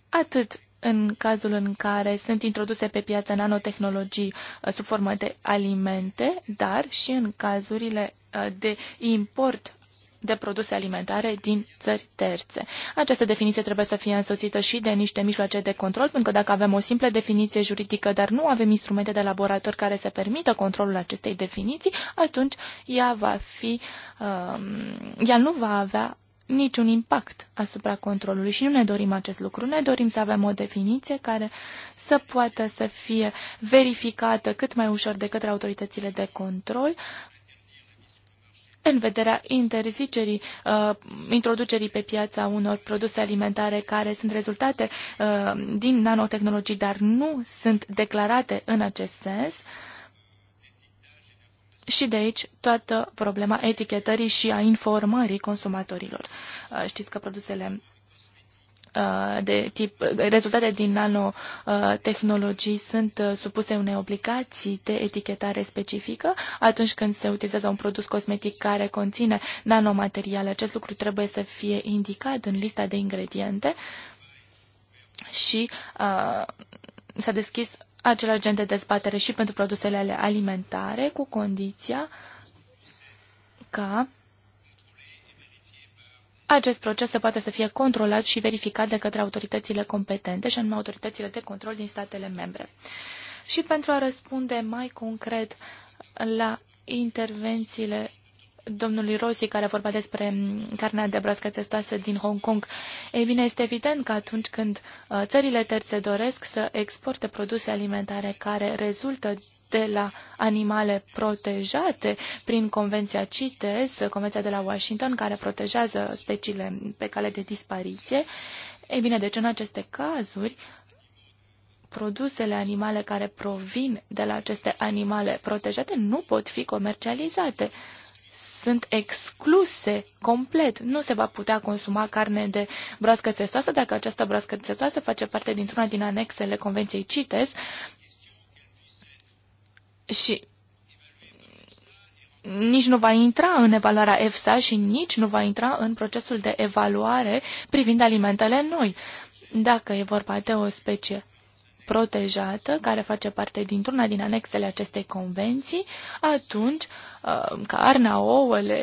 atât în cazul în care sunt introduse pe piață nanotehnologii uh, sub formă de alimente, dar și în cazurile uh, de import de produse alimentare din țări terțe. Această definiție trebuie să fie însoțită și de niște mijloace de control, pentru că dacă avem o simplă definiție juridică, dar nu avem instrumente de laborator care să permită controlul acestei definiții, atunci ea va fi, uh, ea nu va avea niciun impact asupra controlului și nu ne dorim acest lucru. Ne dorim să avem o definiție care să poată să fie verificată cât mai ușor de către autoritățile de control în vederea interzicerii uh, introducerii pe piața unor produse alimentare care sunt rezultate uh, din nanotehnologii, dar nu sunt declarate în acest sens. Și de aici toată problema etichetării și a informării consumatorilor. Uh, știți că produsele Uh, de tip, uh, rezultate din nanotehnologii sunt uh, supuse unei obligații de etichetare specifică atunci când se utilizează un produs cosmetic care conține nanomateriale. Acest lucru trebuie să fie indicat în lista de ingrediente și uh, s-a deschis același gen de dezbatere și pentru produsele alimentare cu condiția ca acest proces se poate să fie controlat și verificat de către autoritățile competente, și anume autoritățile de control din statele membre. Și pentru a răspunde mai concret la intervențiile domnului Rossi, care a vorbat despre mm, carnea de broască testoasă din Hong Kong. Ei bine, este evident că atunci când uh, țările terțe doresc să exporte produse alimentare care rezultă de la animale protejate prin Convenția CITES, Convenția de la Washington, care protejează speciile pe cale de dispariție. Ei bine, deci în aceste cazuri, produsele animale care provin de la aceste animale protejate nu pot fi comercializate. Sunt excluse complet. Nu se va putea consuma carne de broască țesoasă dacă această broască țesoasă face parte dintr-una din anexele Convenției CITES și nici nu va intra în evaluarea EFSA și nici nu va intra în procesul de evaluare privind alimentele noi. Dacă e vorba de o specie protejată, care face parte dintr-una din anexele acestei convenții, atunci uh, carnea, ouăle,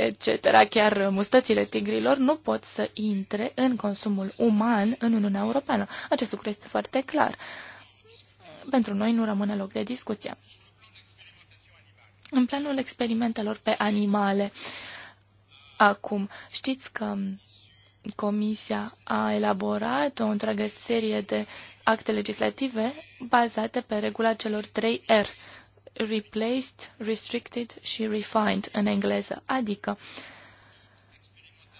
etc., chiar mustățile tigrilor nu pot să intre în consumul uman în Uniunea Europeană. Acest lucru este foarte clar. Pentru noi nu rămâne loc de discuție. În planul experimentelor pe animale, acum, știți că Comisia a elaborat o întreagă serie de acte legislative bazate pe regula celor 3 R, replaced, restricted și refined în engleză, adică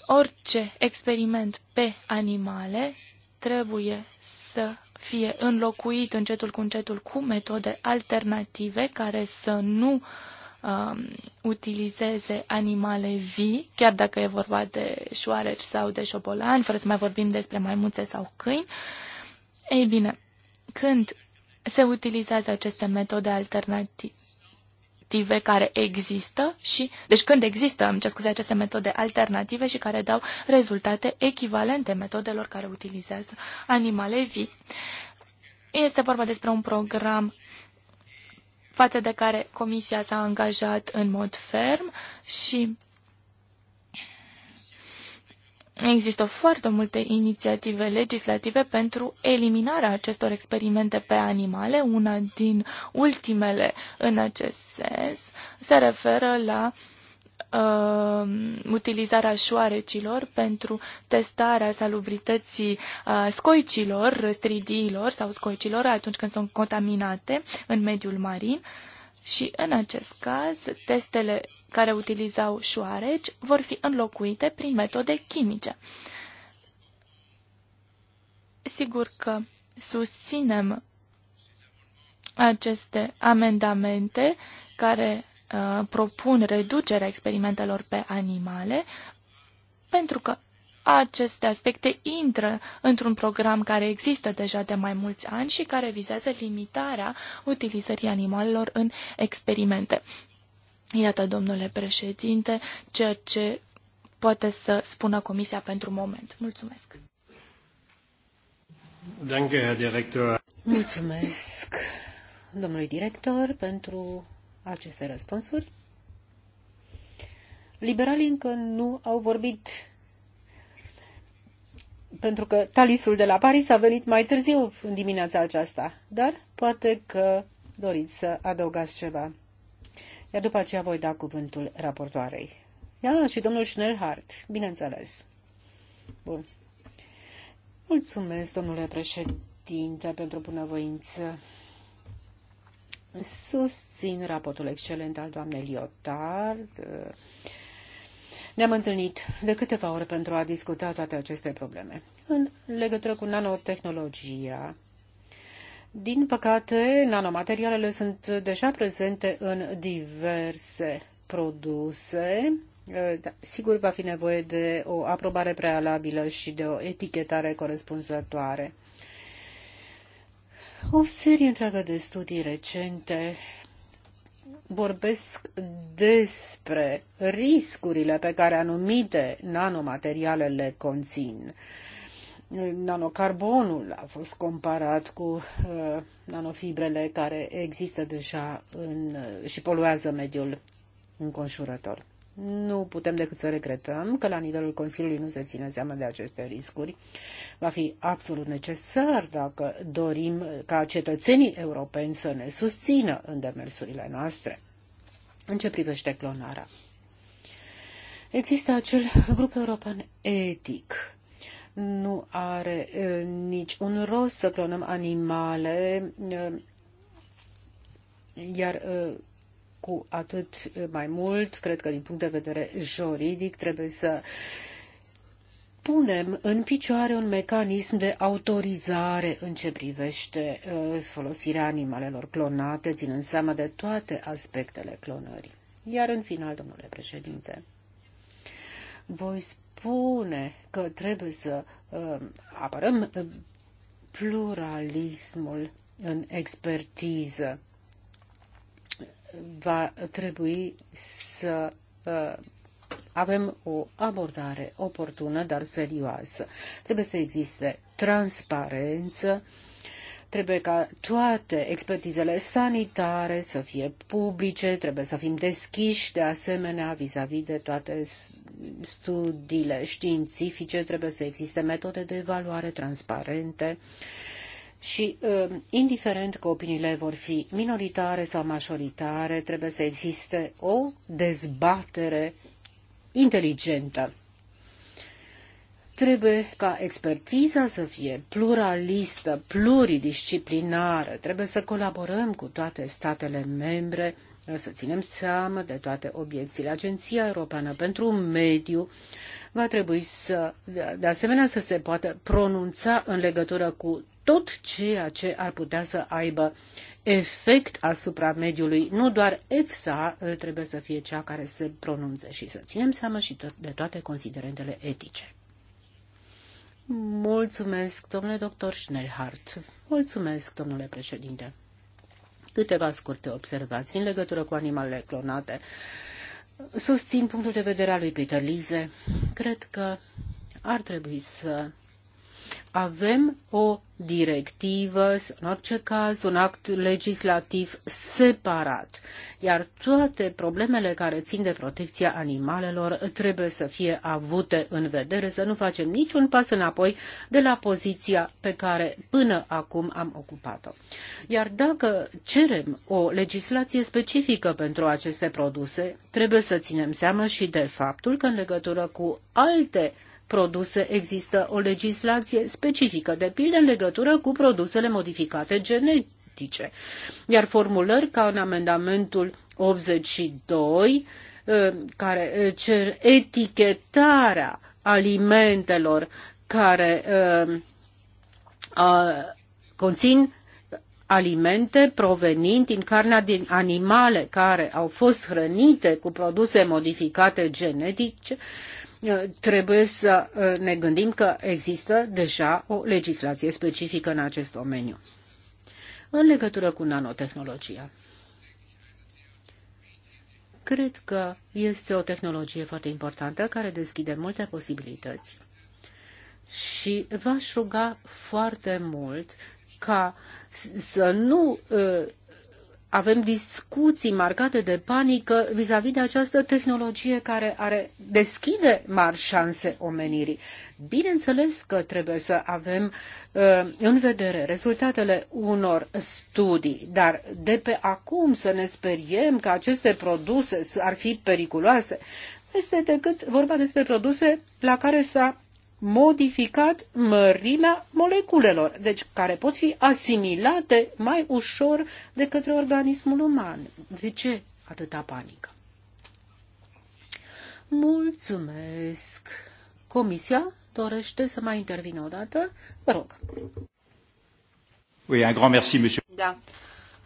orice experiment pe animale trebuie să fie înlocuit încetul cu încetul cu metode alternative care să nu uh, uh, utilizeze animale vii, chiar dacă e vorba de șoareci sau de șobolani, fără să mai vorbim despre maimuțe sau câini. Ei bine, când se utilizează aceste metode alternative, care există și, deci când există, îmi scuze, aceste metode alternative și care dau rezultate echivalente metodelor care utilizează animale vii. Este vorba despre un program față de care Comisia s-a angajat în mod ferm și Există foarte multe inițiative legislative pentru eliminarea acestor experimente pe animale. Una din ultimele în acest sens se referă la uh, uh, utilizarea șoarecilor pentru testarea salubrității uh, scoicilor, stridiilor sau scoicilor atunci când sunt contaminate în mediul marin și în acest caz testele care utilizau șoareci vor fi înlocuite prin metode chimice. Sigur că susținem aceste amendamente care Uh, propun reducerea experimentelor pe animale, pentru că aceste aspecte intră într-un program care există deja de mai mulți ani și care vizează limitarea utilizării animalelor în experimente. Iată, domnule președinte, ceea ce poate să spună Comisia pentru moment. Mulțumesc! Danke, Herr Mulțumesc, domnului director, pentru aceste răspunsuri. Liberalii încă nu au vorbit pentru că talisul de la Paris a venit mai târziu în dimineața aceasta, dar poate că doriți să adăugați ceva. Iar după aceea voi da cuvântul raportoarei. Ia și domnul Schnellhardt, bineînțeles. Bun. Mulțumesc, domnule președinte, pentru bunăvoință. Susțin raportul excelent al doamnei Liotard. Ne-am întâlnit de câteva ori pentru a discuta toate aceste probleme. În legătură cu nanotehnologia, din păcate, nanomaterialele sunt deja prezente în diverse produse. Da, sigur, va fi nevoie de o aprobare prealabilă și de o etichetare corespunzătoare. O serie întreagă de studii recente vorbesc despre riscurile pe care anumite nanomateriale le conțin. Nanocarbonul a fost comparat cu uh, nanofibrele care există deja în, și poluează mediul înconjurător. Nu putem decât să regretăm că la nivelul Consiliului nu se ține seama de aceste riscuri. Va fi absolut necesar dacă dorim ca cetățenii europeni să ne susțină în demersurile noastre. În ce privește clonarea? Există acel grup european etic. Nu are e, nici un rost să clonăm animale, e, iar e, cu atât mai mult, cred că din punct de vedere juridic, trebuie să punem în picioare un mecanism de autorizare în ce privește uh, folosirea animalelor clonate, ținând seama de toate aspectele clonării. Iar în final, domnule președinte, voi spune că trebuie să uh, apărăm uh, pluralismul în expertiză va trebui să uh, avem o abordare oportună, dar serioasă. Trebuie să existe transparență, trebuie ca toate expertizele sanitare să fie publice, trebuie să fim deschiși de asemenea vis-a-vis -vis de toate studiile științifice, trebuie să existe metode de evaluare transparente și, uh, indiferent că opiniile vor fi minoritare sau majoritare, trebuie să existe o dezbatere inteligentă. Trebuie ca expertiza să fie pluralistă, pluridisciplinară, trebuie să colaborăm cu toate statele membre, să ținem seama de toate obiecțiile. Agenția Europeană pentru Mediu va trebui să, de asemenea, să se poată pronunța în legătură cu tot ceea ce ar putea să aibă efect asupra mediului. Nu doar EFSA uh, trebuie să fie cea care se pronunțe și să ținem seama și de toate considerentele etice. Mulțumesc, domnule doctor Schnellhardt. Mulțumesc, domnule președinte. Câteva scurte observații în legătură cu animalele clonate. Susțin punctul de vedere al lui Peter Lise. Cred că ar trebui să avem o directivă, în orice caz un act legislativ separat, iar toate problemele care țin de protecția animalelor trebuie să fie avute în vedere, să nu facem niciun pas înapoi de la poziția pe care până acum am ocupat-o. Iar dacă cerem o legislație specifică pentru aceste produse, trebuie să ținem seama și de faptul că în legătură cu alte produse există o legislație specifică, de pildă în legătură cu produsele modificate genetice. Iar formulări ca în amendamentul 82, eh, care eh, cer etichetarea alimentelor care eh, conțin alimente provenind din carnea din animale care au fost hrănite cu produse modificate genetice Uh, trebuie să uh, ne gândim că există deja o legislație specifică în acest domeniu. În legătură cu nanotehnologia, cred că este o tehnologie foarte importantă care deschide multe posibilități. Și v-aș ruga foarte mult ca să nu uh, avem discuții marcate de panică vis-a-vis -vis de această tehnologie care are deschide mari șanse omenirii. Bineînțeles că trebuie să avem uh, în vedere rezultatele unor studii, dar de pe acum să ne speriem că aceste produse ar fi periculoase este decât vorba despre produse la care s-a modificat mărimea moleculelor, deci care pot fi asimilate mai ușor de către organismul uman. De ce atâta panică? Mulțumesc. Comisia dorește să mai intervină o dată? Vă rog. Oui, un grand merci, monsieur. Da.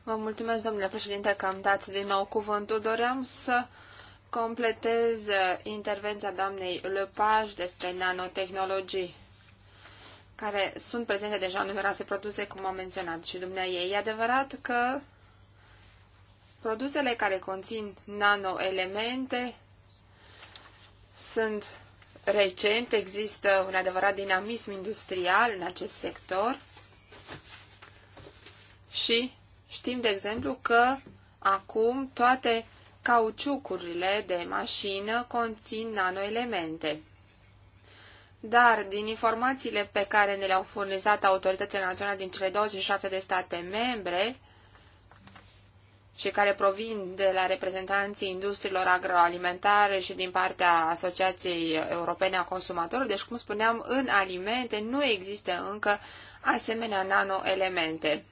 Vă mulțumesc, domnule președinte, că am dat din nou cuvântul. Doream să completez uh, intervenția doamnei Lepage despre nanotehnologii, care sunt prezente deja în numeroase produse, cum am menționat și dumneavoastră. E adevărat că produsele care conțin nanoelemente sunt recente, există un adevărat dinamism industrial în acest sector și știm, de exemplu, că acum toate cauciucurile de mașină conțin nanoelemente. Dar, din informațiile pe care ne le-au furnizat autoritățile naționale din cele 27 de state membre și care provin de la reprezentanții industriilor agroalimentare și din partea Asociației Europene a Consumatorilor, deci, cum spuneam, în alimente nu există încă asemenea nanoelemente.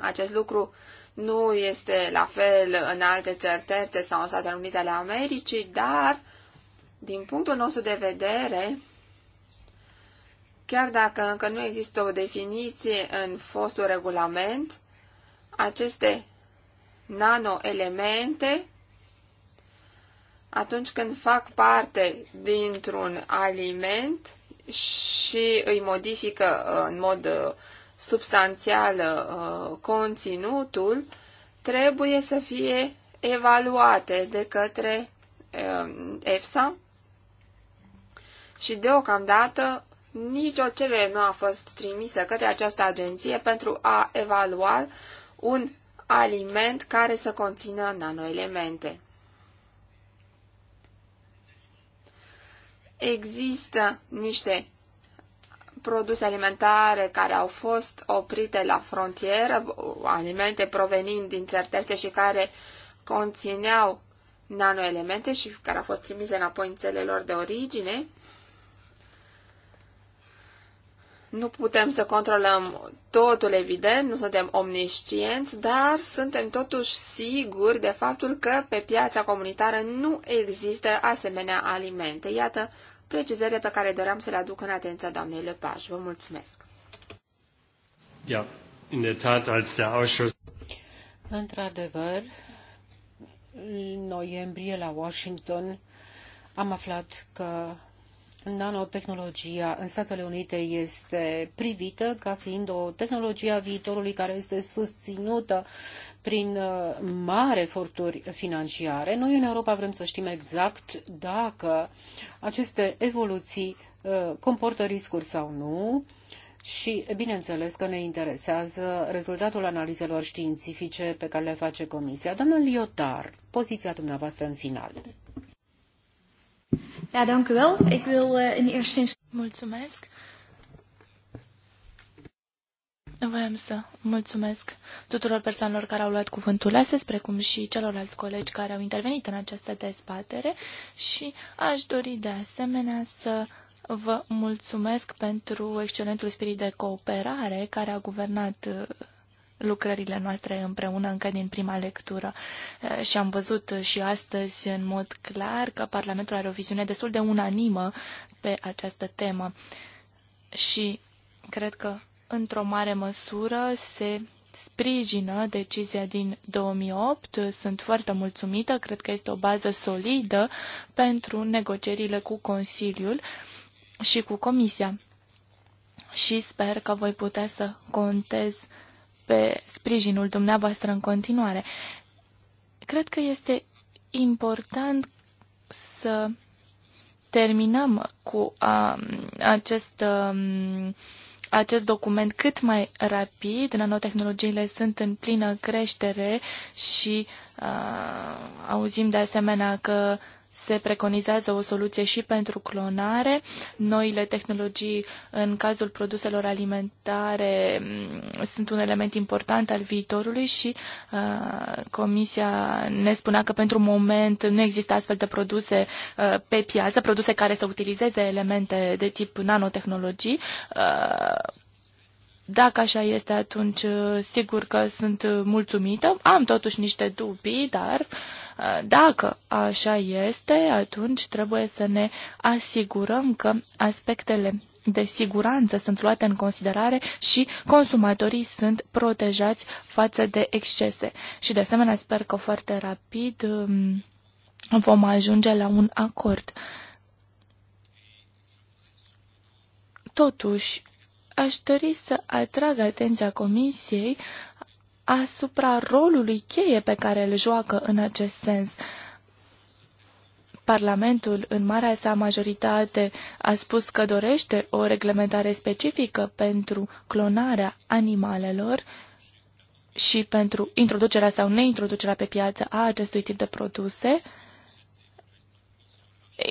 Acest lucru nu este la fel în alte țări terțe sau în Statele Unite ale Americii, dar, din punctul nostru de vedere, chiar dacă încă nu există o definiție în fostul regulament, aceste nanoelemente, atunci când fac parte dintr-un aliment și îi modifică în mod uh, substanțială uh, conținutul, trebuie să fie evaluate de către uh, EFSA și deocamdată nicio cerere nu a fost trimisă către această agenție pentru a evalua un aliment care să conțină nanoelemente. Există niște produse alimentare care au fost oprite la frontieră, alimente provenind din țări terțe și care conțineau nanoelemente și care au fost trimise înapoi în țele lor de origine. Nu putem să controlăm totul, evident, nu suntem omniscienți, dar suntem totuși siguri de faptul că pe piața comunitară nu există asemenea alimente. Iată precizările pe care doream să le aduc în atenția doamnei Lepaj. Vă mulțumesc. Ja, in der Tat, als der Ausschuss... Într-adevăr, în noiembrie la Washington am aflat că nanotehnologia în Statele Unite este privită ca fiind o tehnologie a viitorului care este susținută prin uh, mari eforturi financiare. Noi în Europa vrem să știm exact dacă aceste evoluții uh, comportă riscuri sau nu și, bineînțeles, că ne interesează rezultatul analizelor științifice pe care le face Comisia. Doamna Liotar, poziția dumneavoastră în final. Da, dank u wel. Ik wil eh, in eerste instantie... Mulțumesc. Voiam să mulțumesc tuturor persoanelor care au luat cuvântul astăzi, precum și celorlalți colegi care au intervenit în această dezbatere și aș dori de asemenea să vă mulțumesc pentru excelentul spirit de cooperare care a guvernat uh, lucrările noastre împreună încă din prima lectură uh, și am văzut și astăzi în mod clar că Parlamentul are o viziune destul de unanimă pe această temă și cred că într-o mare măsură se sprijină decizia din 2008. Sunt foarte mulțumită, cred că este o bază solidă pentru negocierile cu Consiliul și cu Comisia. Și sper că voi putea să contez pe sprijinul dumneavoastră în continuare. Cred că este important să terminăm cu um, acest um, acest document cât mai rapid. Nanotehnologiile sunt în plină creștere și uh, auzim de asemenea că uh, se preconizează o soluție și pentru clonare. Noile tehnologii în cazul produselor alimentare mm, sunt un element important al viitorului și uh, Comisia ne spunea că pentru moment nu există astfel de produse uh, pe piață, produse care să utilizeze elemente de tip nanotehnologii. Uh, dacă așa este, atunci uh, sigur că sunt mulțumită. Am totuși niște dubii, dar uh, dacă așa este, atunci trebuie să ne asigurăm că aspectele de siguranță sunt luate în considerare și consumatorii sunt protejați față de excese. Și de asemenea sper că foarte rapid um, vom ajunge la un acord. Totuși, aș dori să atrag atenția Comisiei asupra rolului cheie pe care îl joacă în acest sens. Parlamentul, în marea sa majoritate, a spus că dorește o reglementare specifică pentru clonarea animalelor și pentru introducerea sau neintroducerea pe piață a acestui tip de produse.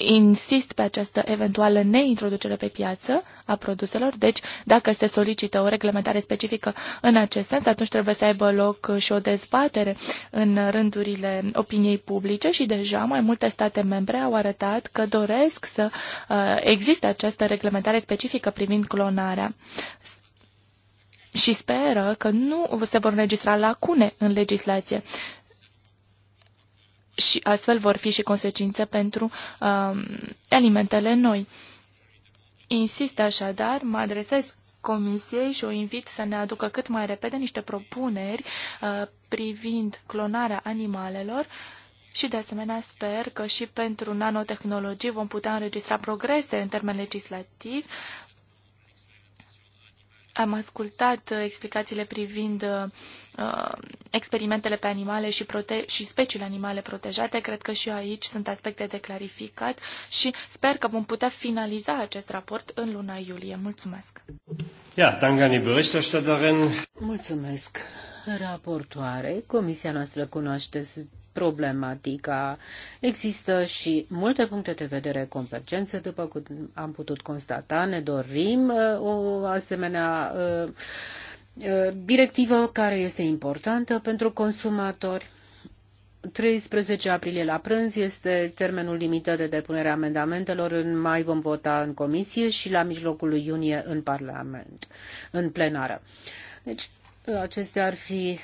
Insist pe această eventuală neintroducere pe piață a produselor. Deci, dacă se solicită o reglementare specifică în acest sens, atunci trebuie să aibă loc și o dezbatere în rândurile opiniei publice și deja mai multe state membre au arătat că doresc să uh, existe această reglementare specifică privind clonarea și speră că nu se vor înregistra lacune în legislație și astfel vor fi și consecințe pentru um, alimentele noi. Insist așadar, mă adresez Comisiei și o invit să ne aducă cât mai repede niște propuneri uh, privind clonarea animalelor și de asemenea sper că și pentru nanotehnologii vom putea înregistra progrese în termen legislativ am ascultat uh, explicațiile privind uh, uh, experimentele pe animale și, prote- și speciile animale protejate. Cred că și aici sunt aspecte de clarificat și sper că vom putea finaliza acest raport în luna iulie. Mulțumesc! Ja, danke Mulțumesc, raportoare. Comisia noastră cunoaște problematica. Există și multe puncte de vedere convergențe, după cum am putut constata. Ne dorim uh, o asemenea uh, uh, directivă care este importantă pentru consumatori. 13 aprilie la prânz este termenul limită de depunere a amendamentelor. În mai vom vota în comisie și la mijlocul lui iunie în Parlament, în plenară. Deci, acestea ar fi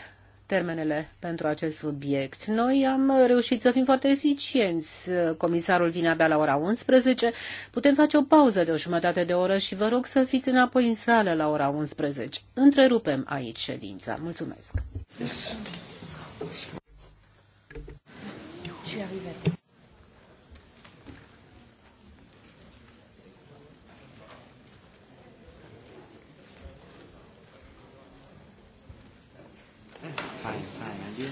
termenele pentru acest subiect. Noi am reușit să fim foarte eficienți. Comisarul vine abia la ora 11. Putem face o pauză de o jumătate de oră și vă rog să fiți înapoi în sală la ora 11. Întrerupem aici ședința. Mulțumesc. Yes. Fine, fine. And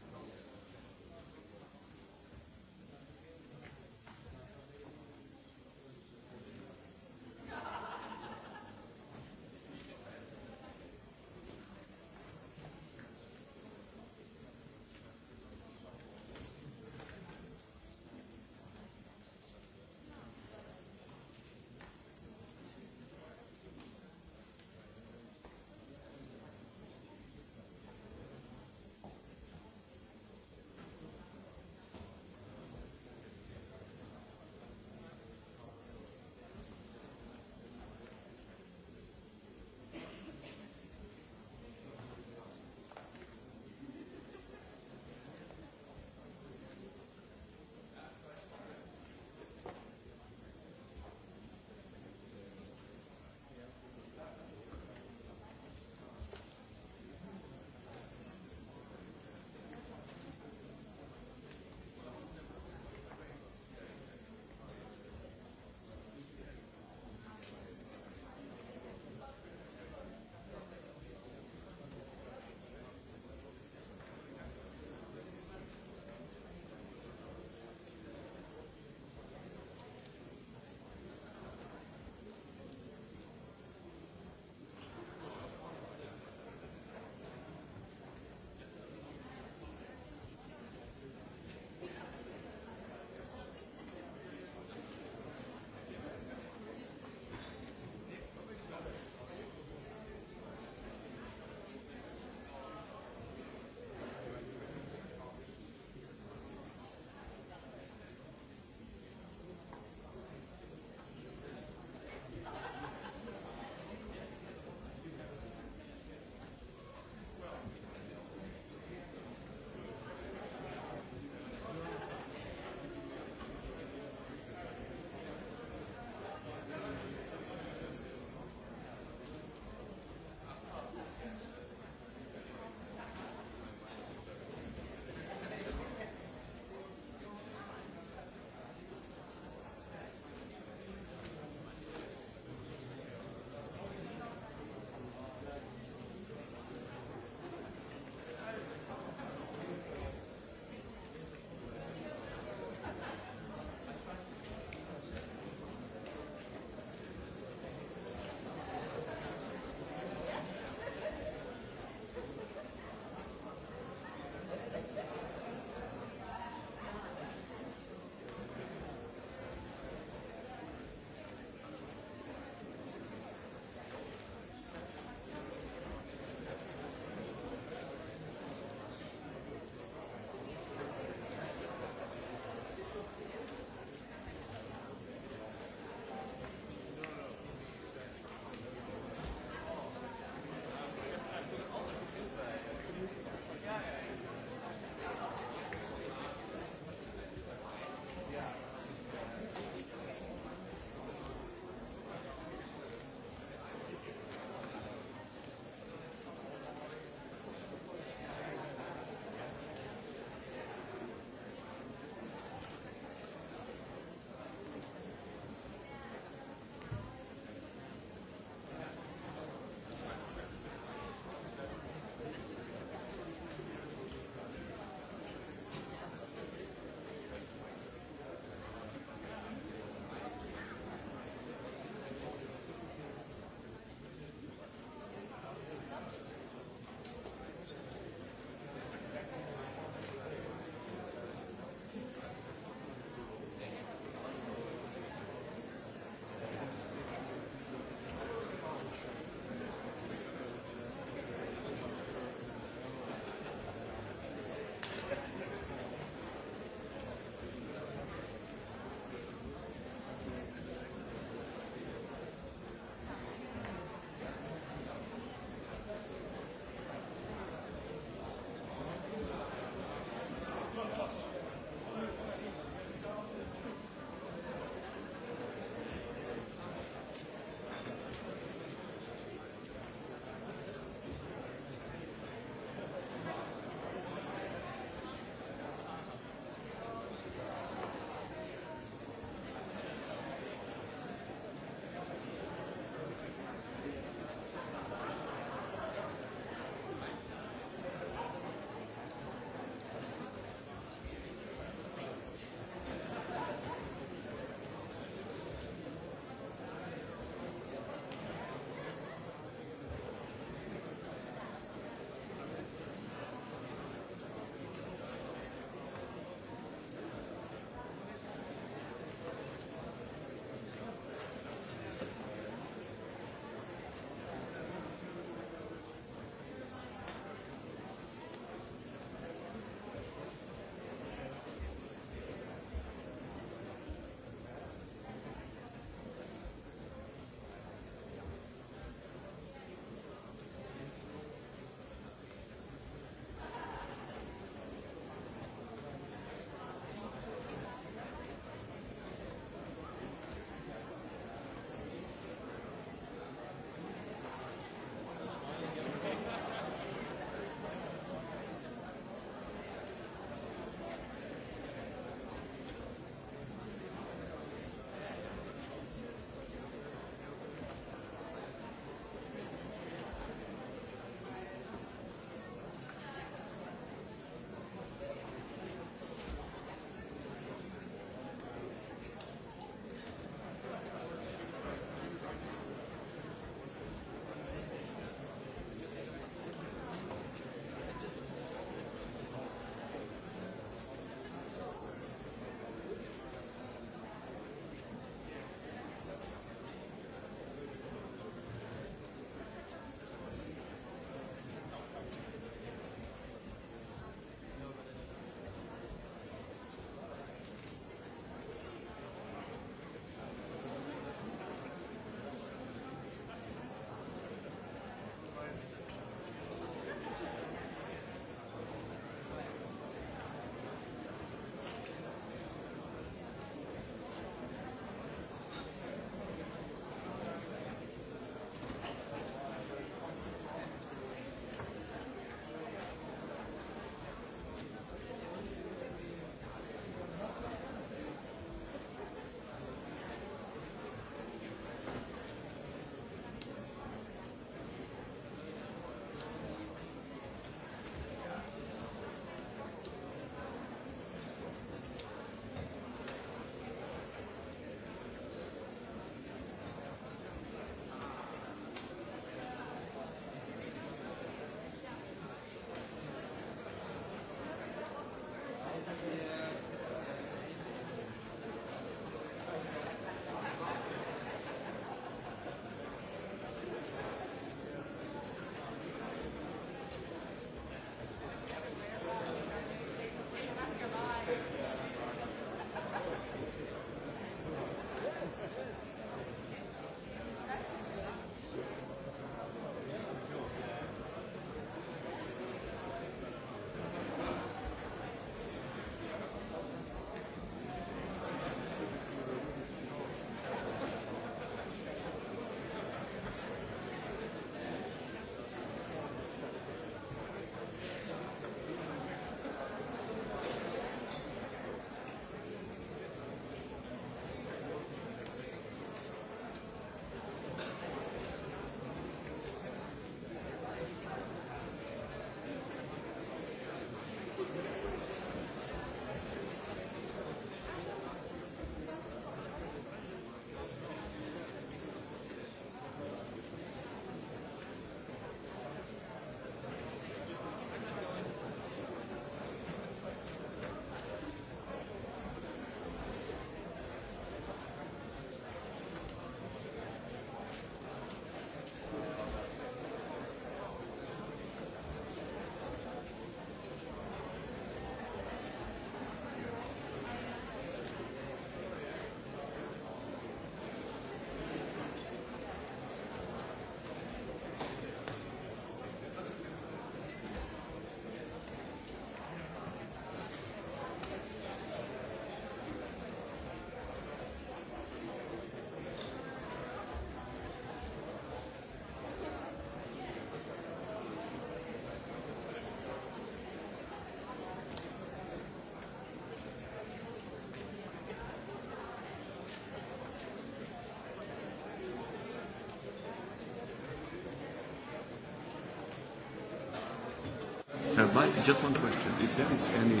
Now, by just one question. If there is any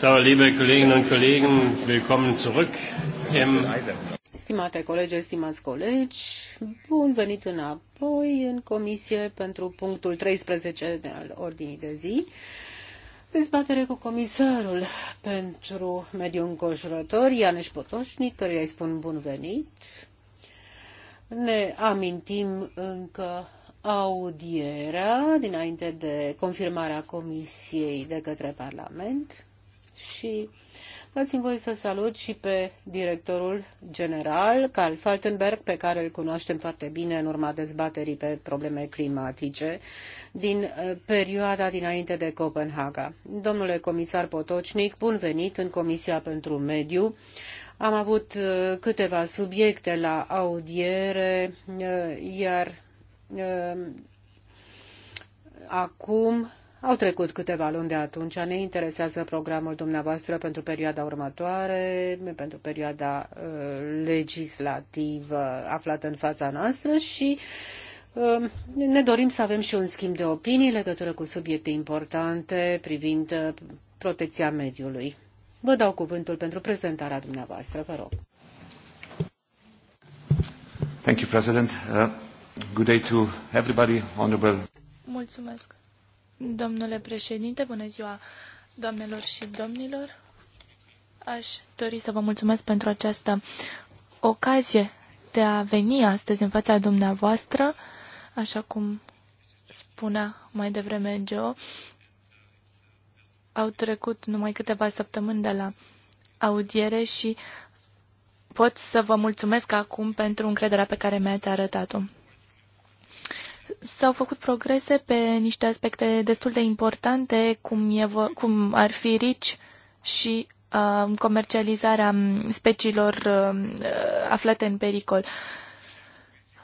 So, liebe Kolleginnen und Kollegen, willkommen zurück im Stimate colegi, stimați colegi, bun venit înapoi în comisie pentru punctul 13 al ordinii de zi. Dezbatere cu comisarul pentru mediul înconjurător, Ianeș Potoșnic, căruia îi spun bun venit. Ne amintim încă audierea dinainte de confirmarea comisiei de către Parlament și dați-mi voi să salut și pe directorul general, Carl Faltenberg, pe care îl cunoaștem foarte bine în urma dezbaterii pe probleme climatice din uh, perioada dinainte de Copenhaga. Domnule comisar Potocnic, bun venit în Comisia pentru Mediu. Am avut uh, câteva subiecte la audiere, uh, iar acum au trecut câteva luni de atunci, ne interesează programul dumneavoastră pentru perioada următoare, pentru perioada uh, legislativă aflată în fața noastră și uh, ne dorim să avem și un schimb de opinii legătură cu subiecte importante privind uh, protecția mediului. Vă dau cuvântul pentru prezentarea dumneavoastră, vă rog. Thank you, President. Uh, good day to everybody, honorable. Mulțumesc. Domnule președinte, bună ziua, doamnelor și domnilor. Aș dori să vă mulțumesc pentru această ocazie de a veni astăzi în fața dumneavoastră, așa cum spunea mai devreme Joe. Au trecut numai câteva săptămâni de la audiere și pot să vă mulțumesc acum pentru încrederea pe care mi-ați arătat-o. S-au făcut progrese pe niște aspecte destul de importante, cum, e, cum ar fi RICI și uh, comercializarea um, speciilor um, uh, aflate în pericol.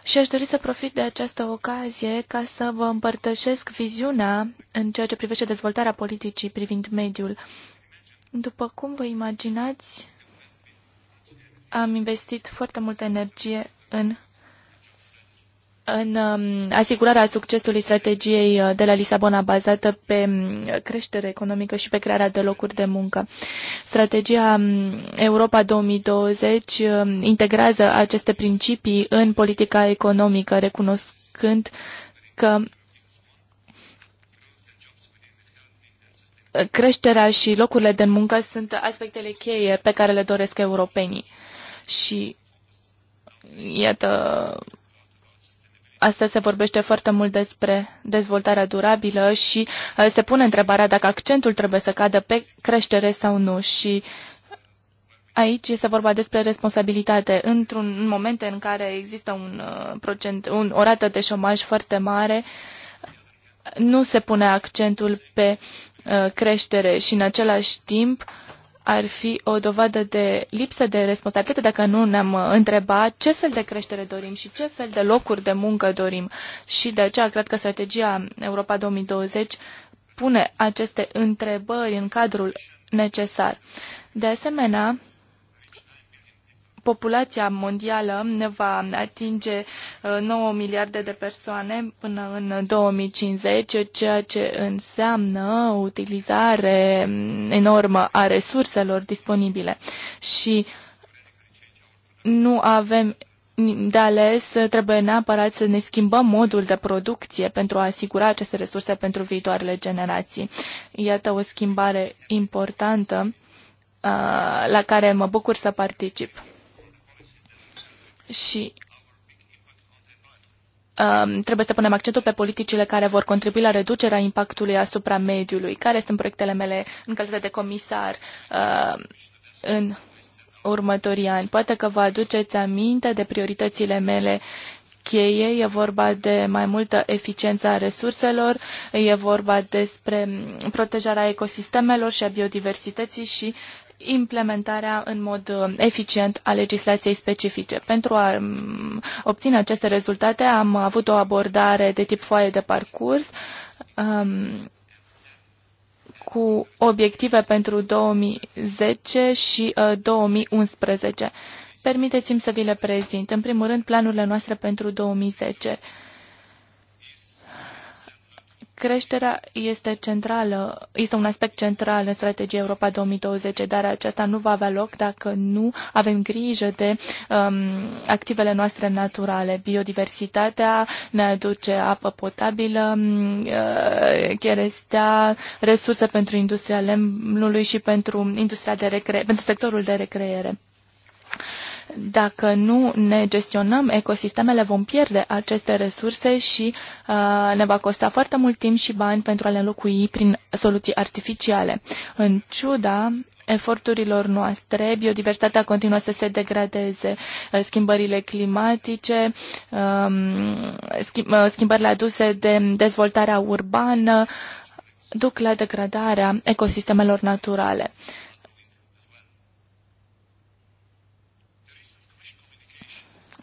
Și aș dori să profit de această ocazie ca să vă împărtășesc viziunea în ceea ce privește dezvoltarea politicii privind mediul. După cum vă imaginați, am investit foarte multă energie în în um, asigurarea succesului strategiei uh, de la Lisabona bazată pe um, creștere economică și pe crearea de locuri de muncă. Strategia um, Europa 2020 integrează aceste principii în politica economică, recunoscând că creșterea și locurile de muncă sunt aspectele cheie pe care le doresc europenii. Și iată Astăzi se vorbește foarte mult despre dezvoltarea durabilă și uh, se pune întrebarea dacă accentul trebuie să cadă pe creștere sau nu și Aici este vorba despre responsabilitate. Într-un moment în care există un uh, procent, un, o rată de șomaj foarte mare, nu se pune accentul pe uh, creștere și în același timp uh, ar fi o dovadă de lipsă de responsabilitate dacă nu ne-am uh, întrebat ce fel de creștere dorim și ce fel de locuri de muncă dorim. Și de aceea cred că strategia Europa 2020 pune aceste întrebări în cadrul necesar. De asemenea, populația mondială ne va atinge 9 uh, miliarde de persoane până în 2050, ceea ce înseamnă o utilizare mm, enormă a resurselor disponibile. Și nu avem de ales, trebuie neapărat să ne schimbăm modul de producție pentru a asigura aceste resurse pentru viitoarele generații. Iată o schimbare importantă uh, la care mă bucur să particip și um, trebuie să punem accentul pe politicile care vor contribui la reducerea impactului asupra mediului. Care sunt proiectele mele în calitate de comisar uh, în următorii ani? Poate că vă aduceți aminte de prioritățile mele cheie, e vorba de mai multă eficiență a resurselor, e vorba despre protejarea ecosistemelor și a biodiversității și implementarea în mod uh, eficient a legislației specifice. Pentru a um, obține aceste rezultate am avut o abordare de tip foaie de parcurs um, cu obiective pentru 2010 și uh, 2011. Permiteți-mi să vi le prezint. În primul rând, planurile noastre pentru 2010. Creșterea este centrală, este un aspect central în strategia Europa 2020, dar aceasta nu va avea loc dacă nu avem grijă de um, activele noastre naturale. Biodiversitatea ne aduce apă potabilă, um, uh, cherestea, resurse pentru industria lemnului și pentru industria de recre- pentru sectorul de recreere. Dacă nu ne gestionăm ecosistemele, vom pierde aceste resurse și uh, ne va costa foarte mult timp și bani pentru a le înlocui prin soluții artificiale. În ciuda eforturilor noastre, biodiversitatea continuă să se degradeze, uh, schimbările climatice, um, uh, schimbările aduse de dezvoltarea urbană duc la degradarea ecosistemelor naturale.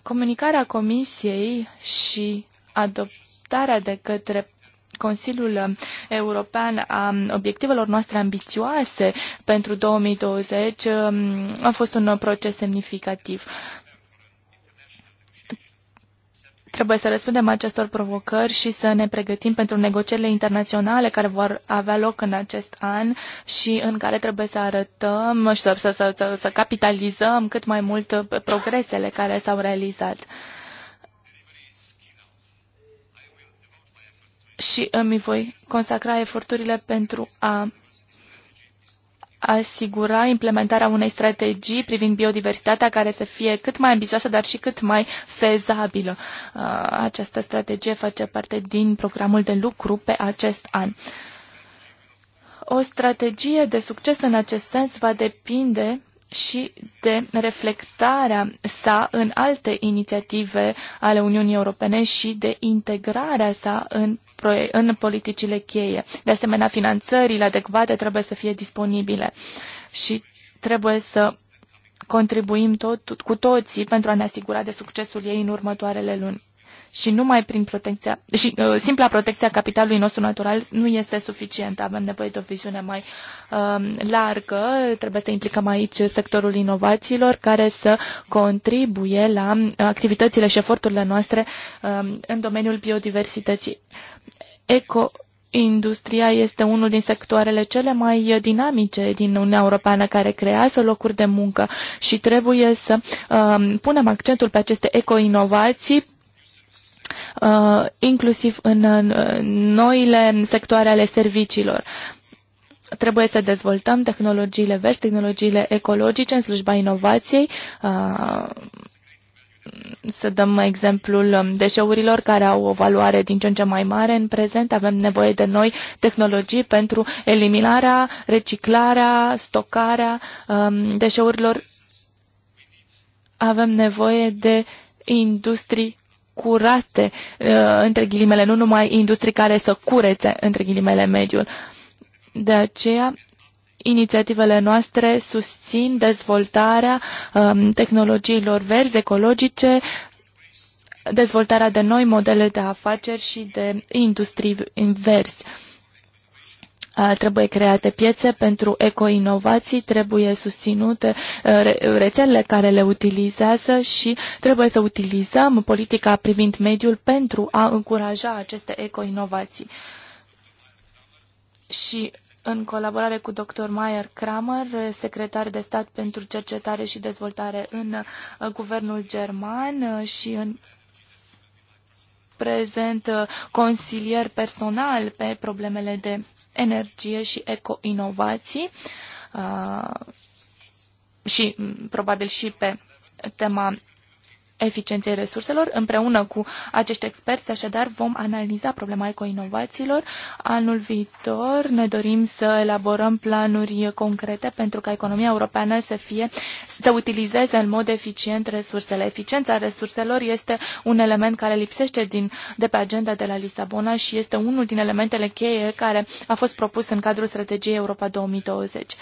Comunicarea Comisiei și adoptarea de către Consiliul European a obiectivelor noastre ambițioase pentru 2020 um, a fost un proces semnificativ. Trebuie să răspundem acestor provocări și să ne pregătim pentru negocierile internaționale care vor avea loc în acest an și în care trebuie să arătăm și să, să, să, să, să capitalizăm cât mai mult progresele care s-au realizat. Și îmi voi consacra eforturile pentru a asigura implementarea unei strategii privind biodiversitatea care să fie cât mai ambițioasă, dar și cât mai fezabilă. Uh, această strategie face parte din programul de lucru pe acest an. O strategie de succes în acest sens va depinde și de reflectarea sa în alte inițiative ale Uniunii Europene și de integrarea sa în, în politicile cheie. De asemenea, finanțările adecvate trebuie să fie disponibile și trebuie să contribuim tot, cu toții pentru a ne asigura de succesul ei în următoarele luni și numai prin protecția și uh, simpla protecția capitalului nostru natural nu este suficientă. Avem nevoie de o viziune mai uh, largă. Trebuie să implicăm aici sectorul inovațiilor care să contribuie la uh, activitățile și eforturile noastre uh, în domeniul biodiversității. Eco Industria este unul din sectoarele cele mai dinamice din Uniunea Europeană care creează locuri de muncă și trebuie să um, punem accentul pe aceste eco-inovații Uh, inclusiv în noile sectoare ale serviciilor. Trebuie să dezvoltăm tehnologiile vești, tehnologiile ecologice în slujba inovației, uh, să dăm exemplul um, deșeurilor care au o valoare din ce în ce mai mare în prezent. Avem nevoie de noi tehnologii pentru eliminarea, reciclarea, stocarea um, deșeurilor. Avem nevoie de industrii curate, uh, între ghilimele, nu numai industrii care să curețe, între ghilimele, mediul. De aceea, inițiativele noastre susțin dezvoltarea um, tehnologiilor verzi, ecologice, dezvoltarea de noi modele de afaceri și de industrii inverse trebuie create piețe pentru ecoinovații, trebuie susținute rețelele care le utilizează și trebuie să utilizăm politica privind mediul pentru a încuraja aceste ecoinovații. Și în colaborare cu dr. Mayer Kramer, secretar de stat pentru cercetare și dezvoltare în guvernul german și în prezent consilier personal pe problemele de energie și eco-inovații uh, și probabil și pe tema eficienței resurselor. Împreună cu acești experți, așadar, vom analiza problema ecoinovațiilor. Anul viitor ne dorim să elaborăm planuri concrete pentru ca economia europeană să, fie, să utilizeze în mod eficient resursele. Eficiența resurselor este un element care lipsește din, de pe agenda de la Lisabona și este unul din elementele cheie care a fost propus în cadrul strategiei Europa 2020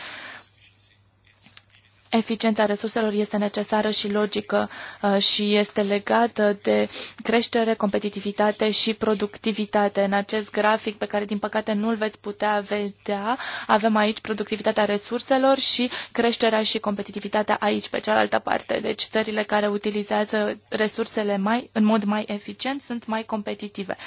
eficiența resurselor este necesară și logică uh, și este legată de creștere, competitivitate și productivitate. În acest grafic pe care din păcate nu-l veți putea vedea, avem aici productivitatea resurselor și creșterea și competitivitatea aici pe cealaltă parte. Deci țările care utilizează resursele mai, în mod mai eficient sunt mai competitive.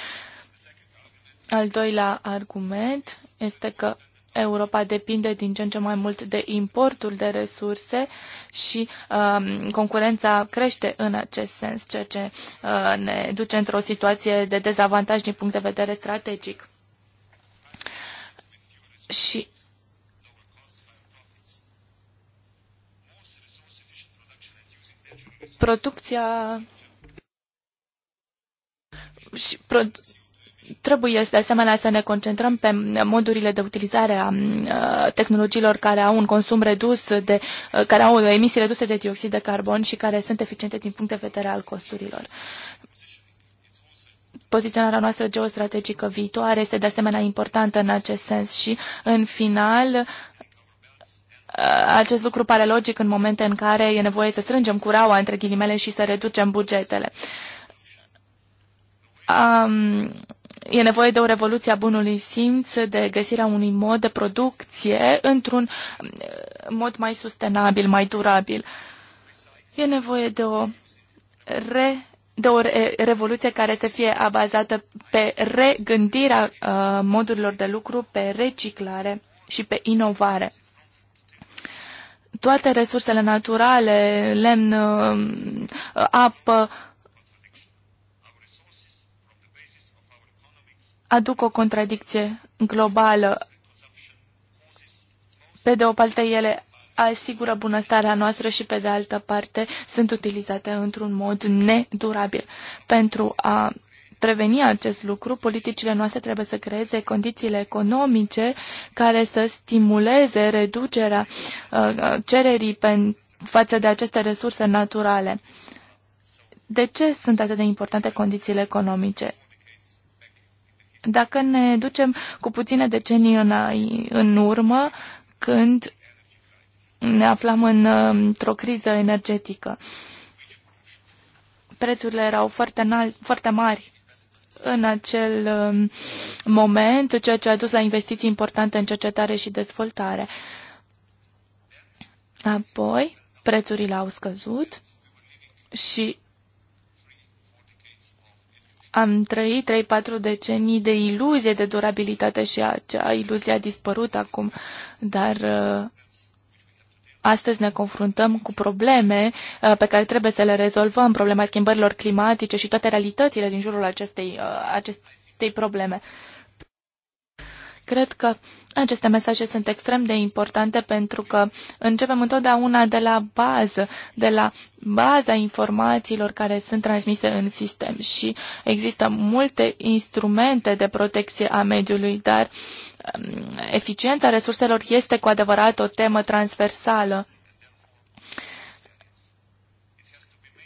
Al doilea argument este că Europa depinde din ce în ce mai mult de importul de resurse și um, concurența crește în acest sens, ceea ce uh, ne duce într-o situație de dezavantaj din punct de vedere strategic. Și producția și produ- Trebuie de asemenea să ne concentrăm pe modurile de utilizare a tehnologiilor care au un consum redus, de, care au emisii reduse de dioxid de carbon și care sunt eficiente din punct de vedere al costurilor. Poziționarea noastră geostrategică viitoare este de asemenea importantă în acest sens și, în final, acest lucru pare logic în momente în care e nevoie să strângem curaua între ghilimele și să reducem bugetele. Um, e nevoie de o revoluție a bunului simț, de găsirea unui mod de producție într-un mm, mod mai sustenabil, mai durabil. E nevoie de o re de o re revoluție care să fie abazată pe regândirea uh, modurilor de lucru, pe reciclare și pe inovare. Toate resursele naturale, lemn, uh, apă, uh, aduc o contradicție globală. Pe de o parte, ele asigură bunăstarea noastră și pe de altă parte sunt utilizate într-un mod nedurabil. Pentru a preveni acest lucru, politicile noastre trebuie să creeze condițiile economice care să stimuleze reducerea uh, uh, cererii față de aceste resurse naturale. De ce sunt atât de importante condițiile economice? Dacă ne ducem cu puține decenii în, în urmă, când ne aflam în, într-o criză energetică, prețurile erau foarte, înalt, foarte mari în acel um, moment, ceea ce a dus la investiții importante în cercetare și dezvoltare. Apoi, prețurile au scăzut și am trăit 3-4 decenii de iluzie de durabilitate și acea iluzie a dispărut acum, dar uh, astăzi ne confruntăm cu probleme uh, pe care trebuie să le rezolvăm, problema schimbărilor climatice și toate realitățile din jurul acestei, uh, acestei probleme. Cred că aceste mesaje sunt extrem de importante pentru că începem întotdeauna de la bază, de la baza informațiilor care sunt transmise în sistem și există multe instrumente de protecție a mediului, dar um, eficiența resurselor este cu adevărat o temă transversală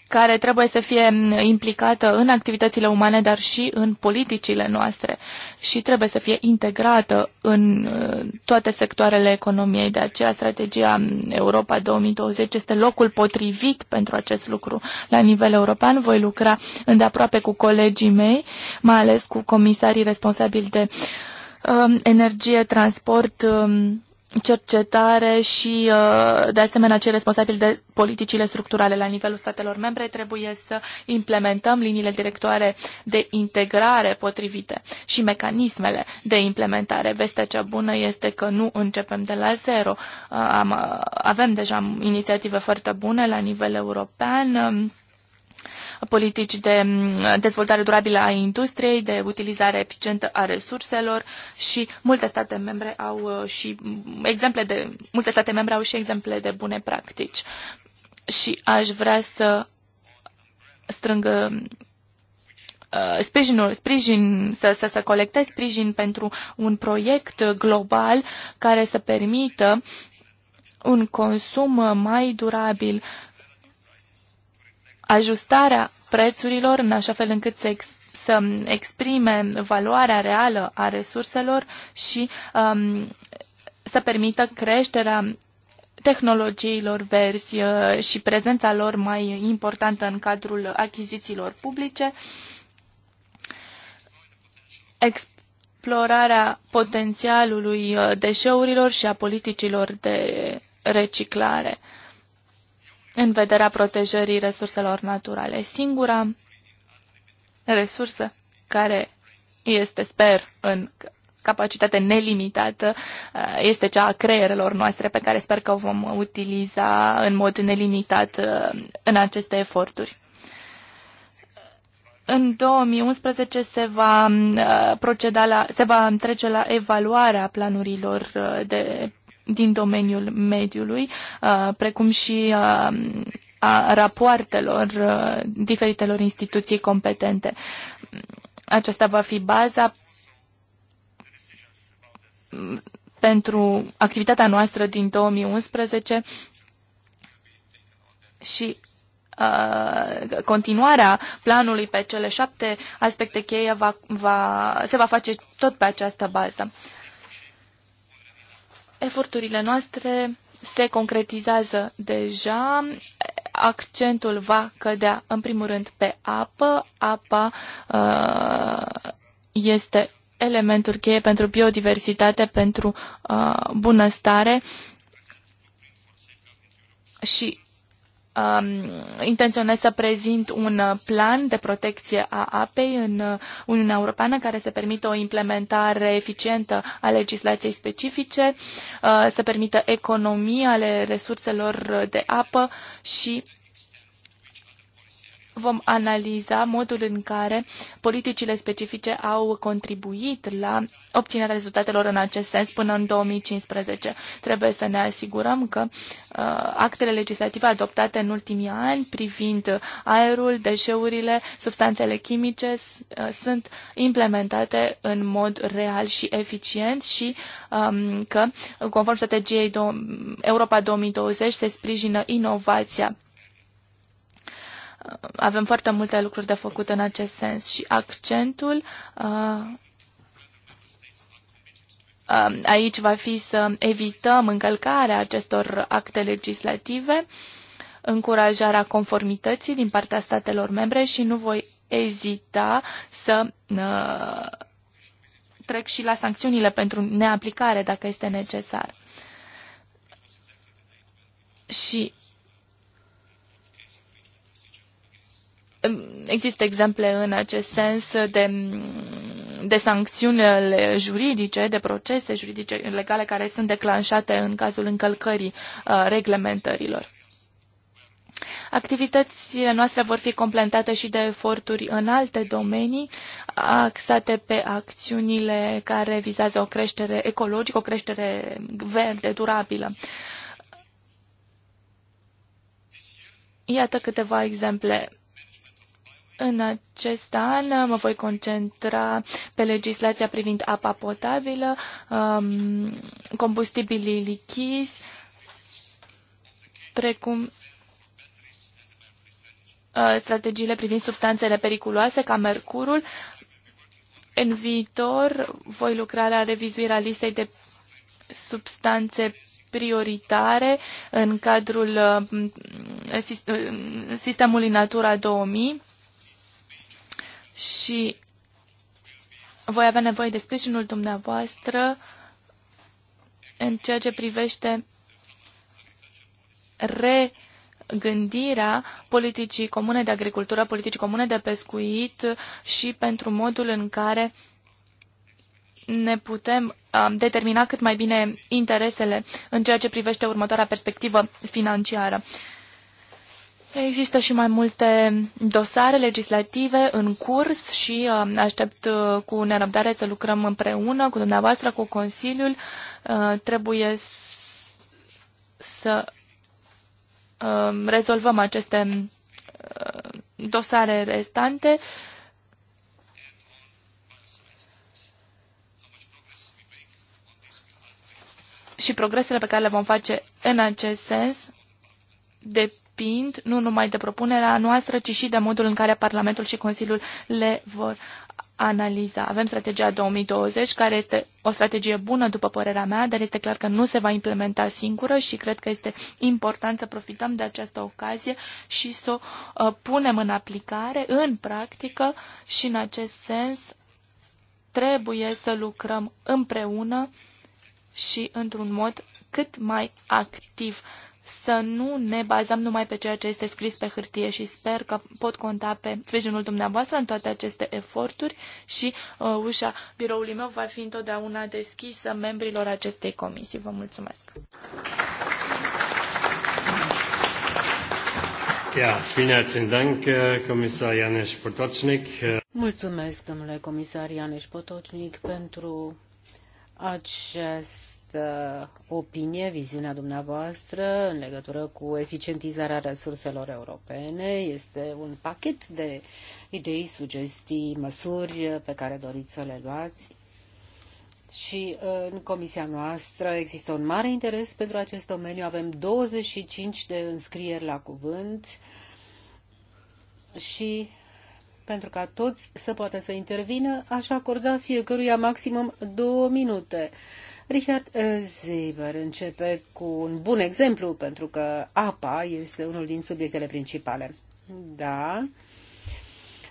care trebuie să fie implicată în activitățile umane, dar și în politicile noastre și trebuie să fie integrată în uh, toate sectoarele economiei. De aceea, strategia Europa 2020 este locul potrivit pentru acest lucru. La nivel european voi lucra îndeaproape cu colegii mei, mai ales cu comisarii responsabili de um, energie, transport, um, cercetare și, uh, de asemenea, cei responsabili de politicile structurale la nivelul statelor membre trebuie să implementăm liniile directoare de integrare potrivite și mecanismele de implementare. Vestea cea bună este că nu începem de la zero. Uh, uh, avem deja inițiative foarte bune la nivel european um, politici de mm, dezvoltare durabilă a industriei, de utilizare eficientă a resurselor și multe state membre au uh, și exemple de, multe state membre au și exemple de bune practici. Și aș vrea să strâng uh, sprijinul, sprijin, să, să, să colectez sprijin pentru un proiect global care să permită un consum mai durabil ajustarea prețurilor în așa fel încât să, ex, să exprime valoarea reală a resurselor și um, să permită creșterea tehnologiilor verzi uh, și prezența lor mai importantă în cadrul achizițiilor publice, explorarea potențialului uh, deșeurilor și a politicilor de reciclare în vederea protejării resurselor naturale. Singura resursă care este, sper, în capacitate nelimitată uh, este cea a creierelor noastre pe care sper că o vom utiliza în mod nelimitat uh, în aceste eforturi. În 2011 se va uh, proceda la, se va trece la evaluarea planurilor de din domeniul mediului, uh, precum și uh, a rapoartelor uh, diferitelor instituții competente. Aceasta va fi baza pentru activitatea noastră din 2011 și uh, continuarea planului pe cele șapte aspecte cheie va, va, se va face tot pe această bază. Eforturile noastre se concretizează deja. Accentul va cădea în primul rând pe apă. Apa uh, este elementul cheie pentru biodiversitate, pentru uh, bunăstare și Um, intenționez să prezint un uh, plan de protecție a apei în uh, Uniunea Europeană care să permită o implementare eficientă a legislației specifice, uh, să permită economii ale resurselor de apă și vom analiza modul în care politicile specifice au contribuit la obținerea rezultatelor în acest sens până în 2015. Trebuie să ne asigurăm că uh, actele legislative adoptate în ultimii ani privind aerul, deșeurile, substanțele chimice uh, sunt implementate în mod real și eficient și um, că, conform strategiei Europa 2020, se sprijină inovația avem foarte multe lucruri de făcut în acest sens și accentul uh, uh, aici va fi să evităm încălcarea acestor acte legislative, încurajarea conformității din partea statelor membre și nu voi ezita să uh, trec și la sancțiunile pentru neaplicare dacă este necesar. Și Există exemple în acest sens de, de sancțiunile juridice, de procese juridice legale care sunt declanșate în cazul încălcării uh, reglementărilor. Activitățile noastre vor fi completate și de eforturi în alte domenii, axate pe acțiunile care vizează o creștere ecologică, o creștere verde, durabilă. Iată câteva exemple în acest an uh, mă voi concentra pe legislația privind apa potabilă, um, combustibilii lichizi, precum uh, strategiile privind substanțele periculoase ca mercurul. În viitor voi lucra la revizuirea listei de substanțe prioritare în cadrul uh, sistemului Natura 2000 și voi avea nevoie de sprijinul dumneavoastră în ceea ce privește regândirea politicii comune de agricultură, politicii comune de pescuit și pentru modul în care ne putem determina cât mai bine interesele în ceea ce privește următoarea perspectivă financiară. Există și mai multe dosare legislative în curs și uh, aștept uh, cu nerăbdare să lucrăm împreună cu dumneavoastră, cu Consiliul. Uh, trebuie să rezolvăm aceste dosare restante. Și progresele pe care le vom face în acest sens depind nu numai de propunerea noastră, ci și de modul în care Parlamentul și Consiliul le vor analiza. Avem strategia 2020, care este o strategie bună, după părerea mea, dar este clar că nu se va implementa singură și cred că este important să profităm de această ocazie și să o uh, punem în aplicare, în practică și în acest sens trebuie să lucrăm împreună și într-un mod cât mai activ să nu ne bazăm numai pe ceea ce este scris pe hârtie și sper că pot conta pe sprijinul dumneavoastră în toate aceste eforturi și uh, ușa biroului meu va fi întotdeauna deschisă membrilor acestei comisii. Vă mulțumesc! Ja, vielen Dank, äh, Kommissar Janusz Mulțumesc, domnule comisar Janusz Potocznik pentru acest această opinie, viziunea dumneavoastră în legătură cu eficientizarea resurselor europene. Este un pachet de idei, sugestii, măsuri pe care doriți să le luați. Și uh, în comisia noastră există un mare interes pentru acest domeniu. Avem 25 de înscrieri la cuvânt și pentru ca toți să poată să intervină, aș acorda fiecăruia maximum două minute. Richard uh, Zeber începe cu un bun exemplu, pentru că apa este unul din subiectele principale. Da.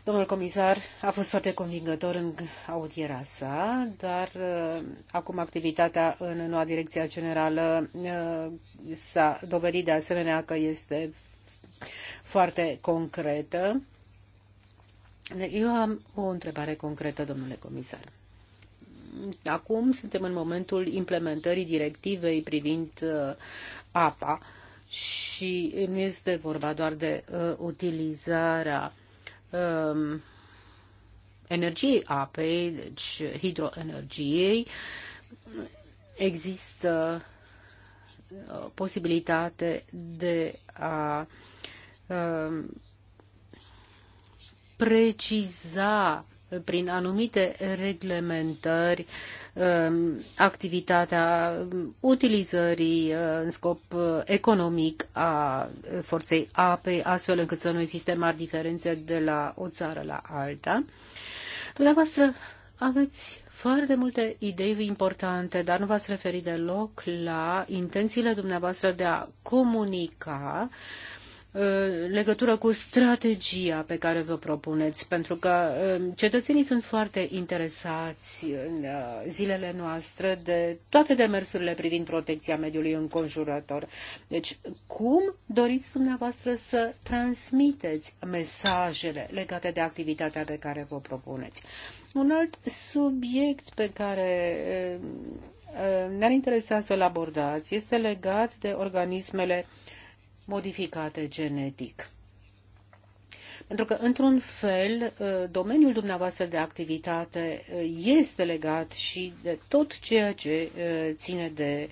Domnul comisar a fost foarte convingător în audierea sa, dar uh, acum activitatea în noua direcție generală uh, s-a dovedit de asemenea că este foarte concretă. Eu am o întrebare concretă, domnule comisar. Acum suntem în momentul implementării directivei privind uh, apa și nu este vorba doar de uh, utilizarea um, energiei apei, deci hidroenergiei. Există uh, posibilitate de a uh, preciza prin anumite reglementări um, activitatea utilizării uh, în scop uh, economic a forței apei, astfel încât să nu existe mari diferențe de la o țară la alta. Dumneavoastră aveți foarte multe idei importante, dar nu v-ați referit deloc la intențiile dumneavoastră de a comunica Uh, legătură cu strategia pe care vă propuneți, pentru că uh, cetățenii sunt foarte interesați în uh, zilele noastre de toate demersurile privind protecția mediului înconjurător. Deci, cum doriți dumneavoastră să transmiteți mesajele legate de activitatea pe care vă propuneți? Un alt subiect pe care ne-ar interesa să-l abordați este legat de organismele modificate genetic. Pentru că, într-un fel, ă, domeniul dumneavoastră de activitate ă, este legat și de tot ceea ce ă, ține de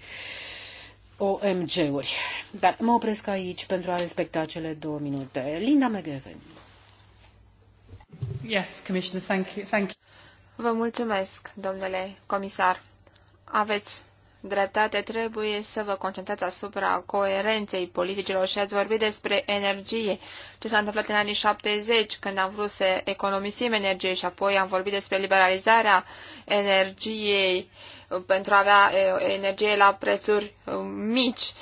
OMG-uri. Dar mă opresc aici pentru a respecta cele două minute. Linda McGavin. Yes, Commissioner, thank you. Thank you. Vă mulțumesc, domnule comisar. Aveți dreptate, trebuie să vă concentrați asupra coerenței politicilor și ați vorbit despre energie. Ce s-a întâmplat în anii 70, când am vrut să economisim energie și apoi am vorbit despre liberalizarea energiei uh, pentru a avea uh, energie la prețuri uh, mici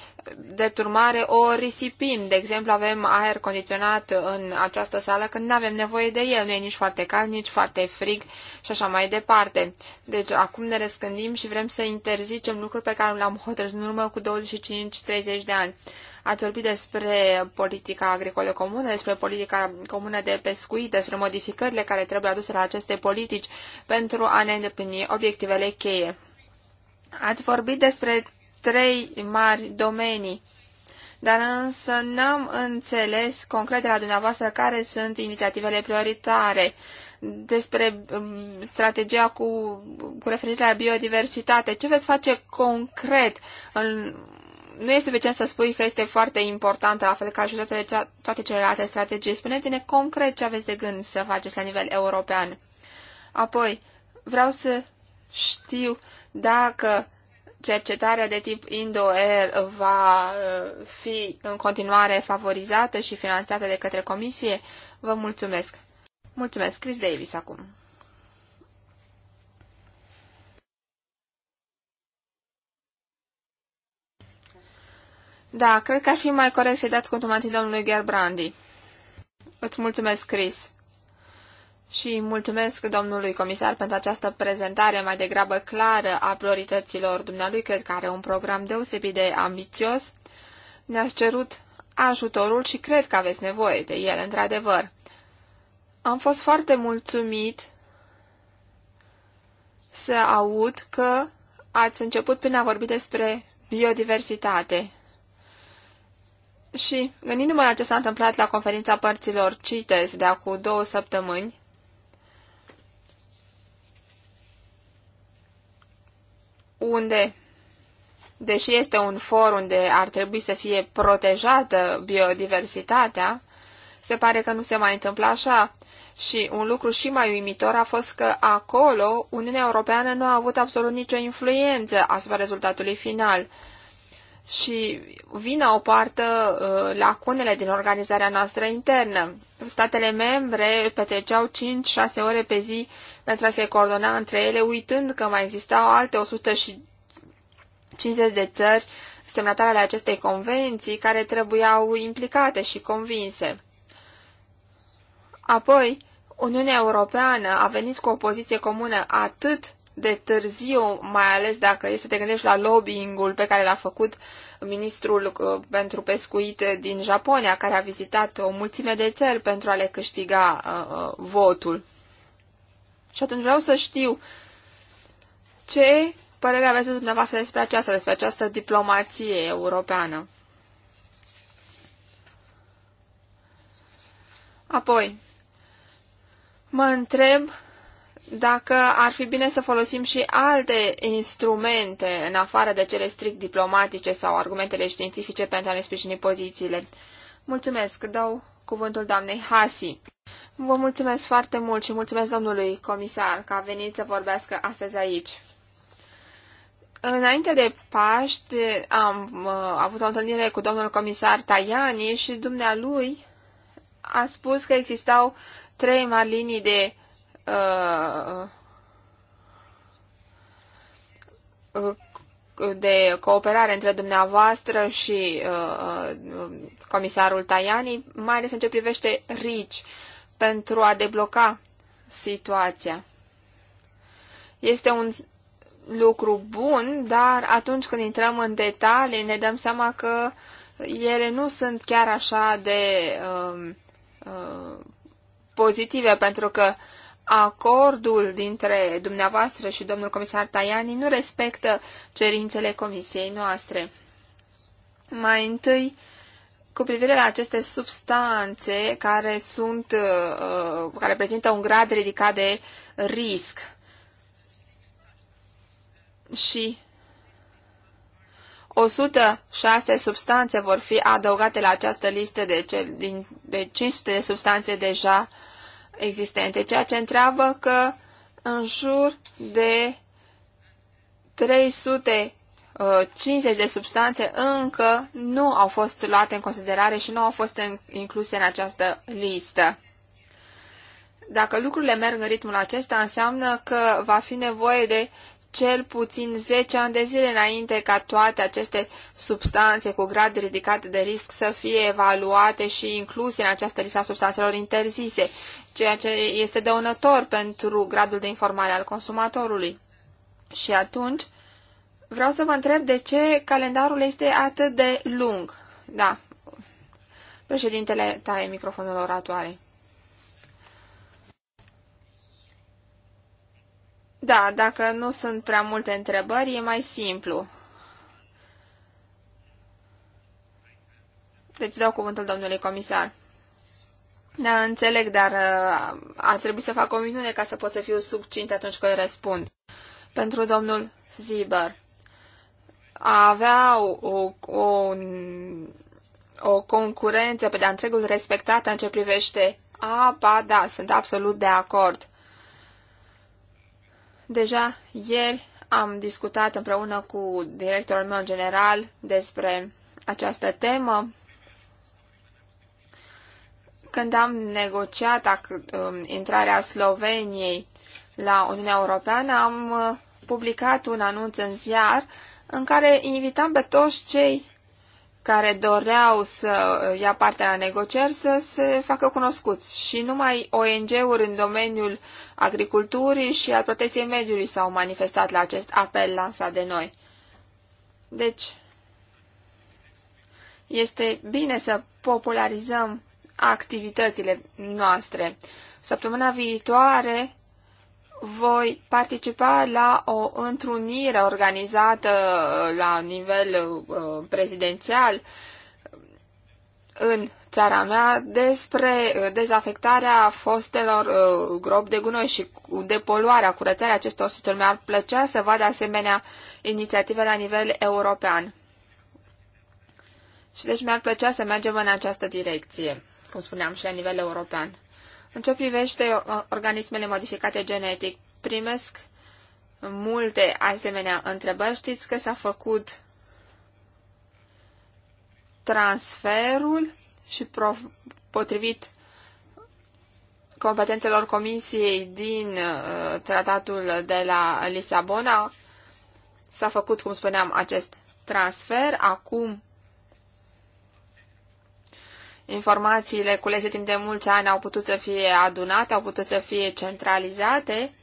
Drept urmare, o risipim. De exemplu, avem aer condiționat în această sală când nu avem nevoie de el. Nu e nici foarte cald, nici foarte frig și așa mai departe. Deci acum ne răscândim și vrem să interzicem lucruri pe care le-am hotărât în urmă cu 25-30 de ani. Ați vorbit despre politica agricolă comună, despre politica comună de pescuit, despre modificările care trebuie aduse la aceste politici pentru a ne îndeplini obiectivele cheie. Ați vorbit despre trei mari domenii. Dar însă n-am înțeles concret de la dumneavoastră care sunt inițiativele prioritare despre um, strategia cu, cu referire la biodiversitate. Ce veți face concret în, nu e suficient să spui că este foarte importantă, la fel ca și toate, cea, toate celelalte strategii. Spuneți-ne concret ce aveți de gând să faceți la nivel european. Apoi, vreau să știu dacă cercetarea de tip Indo-Air va uh, fi în continuare favorizată și finanțată de către comisie? Vă mulțumesc! Mulțumesc, Chris Davis, acum. Da, cred că ar fi mai corect să-i dați cuvântul domnului Gerbrandi. Îți mulțumesc, Chris și mulțumesc domnului comisar pentru această prezentare mai degrabă clară a priorităților dumnealui. Cred că are un program deosebit de ambițios. Ne-ați cerut ajutorul și cred că aveți nevoie de el, într-adevăr. Am fost foarte mulțumit să aud că ați început prin a vorbi despre biodiversitate. Și gândindu-mă la ce s-a întâmplat la conferința părților CITES de acum două săptămâni, unde, deși este un for unde ar trebui să fie protejată biodiversitatea, se pare că nu se mai întâmplă așa. Și un lucru și mai uimitor a fost că acolo Uniunea Europeană nu a avut absolut nicio influență asupra rezultatului final și vină o poartă uh, lacunele din organizarea noastră internă. Statele membre petreceau 5-6 ore pe zi pentru a se coordona între ele, uitând că mai existau alte 150 de țări semnatare ale acestei convenții care trebuiau implicate și convinse. Apoi, Uniunea Europeană a venit cu o poziție comună atât de târziu, mai ales dacă este să te gândești la lobbying-ul pe care l-a făcut ministrul uh, pentru pescuit din Japonia, care a vizitat o mulțime de țări pentru a le câștiga uh, uh, votul. Și atunci vreau să știu ce părere aveți dumneavoastră despre aceasta, despre această diplomație europeană. Apoi, mă întreb dacă ar fi bine să folosim și alte instrumente în afară de cele strict diplomatice sau argumentele științifice pentru a ne sprijini pozițiile. Mulțumesc, dau cuvântul doamnei Hasi. Vă mulțumesc foarte mult și mulțumesc domnului comisar că a venit să vorbească astăzi aici. Înainte de Paști am uh, avut o întâlnire cu domnul comisar Tajani și dumnealui a spus că existau trei mari linii de Uh, uh, de cooperare între dumneavoastră și uh, comisarul Tajani, mai ales în ce privește RICI, pentru a debloca situația. Este un lucru bun, dar atunci când intrăm în detalii ne dăm seama că ele nu sunt chiar așa de uh, uh, pozitive, pentru că uh, acordul dintre dumneavoastră și domnul comisar Tajani nu respectă cerințele comisiei noastre. Mai întâi, cu privire la aceste substanțe care sunt, uh, care prezintă un grad ridicat de risc și 106 substanțe vor fi adăugate la această listă de, cel, din, de 500 de substanțe deja uh, existente, ceea ce întreabă că în jur de 350 de substanțe încă nu au fost luate în considerare și nu au fost incluse în această listă. Dacă lucrurile merg în ritmul acesta, înseamnă că va fi nevoie de cel puțin 10 ani de zile înainte ca toate aceste substanțe cu grad ridicat de risc să fie evaluate și incluse în această listă a substanțelor interzise ceea ce este dăunător pentru gradul de informare al consumatorului. Și atunci, vreau să vă întreb de ce calendarul este atât de lung. Da, președintele taie microfonul oratoare. Da, dacă nu sunt prea multe întrebări, e mai simplu. Deci dau cuvântul domnului comisar. Da, înțeleg, dar uh, ar trebui să fac o minune ca să pot să fiu succint atunci când răspund. Pentru domnul Ziber, a avea o, o, o concurență pe de-a întregul respectată în ce privește apa, da, sunt absolut de acord. Deja ieri am discutat împreună cu directorul meu general despre această temă când am negociat um, intrarea Sloveniei la Uniunea Europeană, am uh, publicat un anunț în ziar în care invitam pe toți cei care doreau să uh, ia parte la negocieri să se facă cunoscuți. Și numai ONG-uri în domeniul agriculturii și al protecției mediului s-au manifestat la acest apel lansat de noi. Deci, este bine să popularizăm activitățile noastre. Săptămâna viitoare voi participa la o întrunire organizată la nivel uh, prezidențial în țara mea despre uh, dezafectarea fostelor uh, gropi de gunoi și depoluarea, curățarea acestor situri. Mi-ar plăcea să văd asemenea inițiative la nivel european. Și deci mi-ar plăcea să mergem în această direcție cum spuneam, și la nivel european. În ce privește organismele modificate genetic, primesc multe asemenea întrebări. Știți că s-a făcut transferul și potrivit competențelor comisiei din uh, tratatul de la Lisabona, s-a făcut, cum spuneam, acest transfer. Acum informațiile culese timp de mulți ani au putut să fie adunate, au putut să fie centralizate,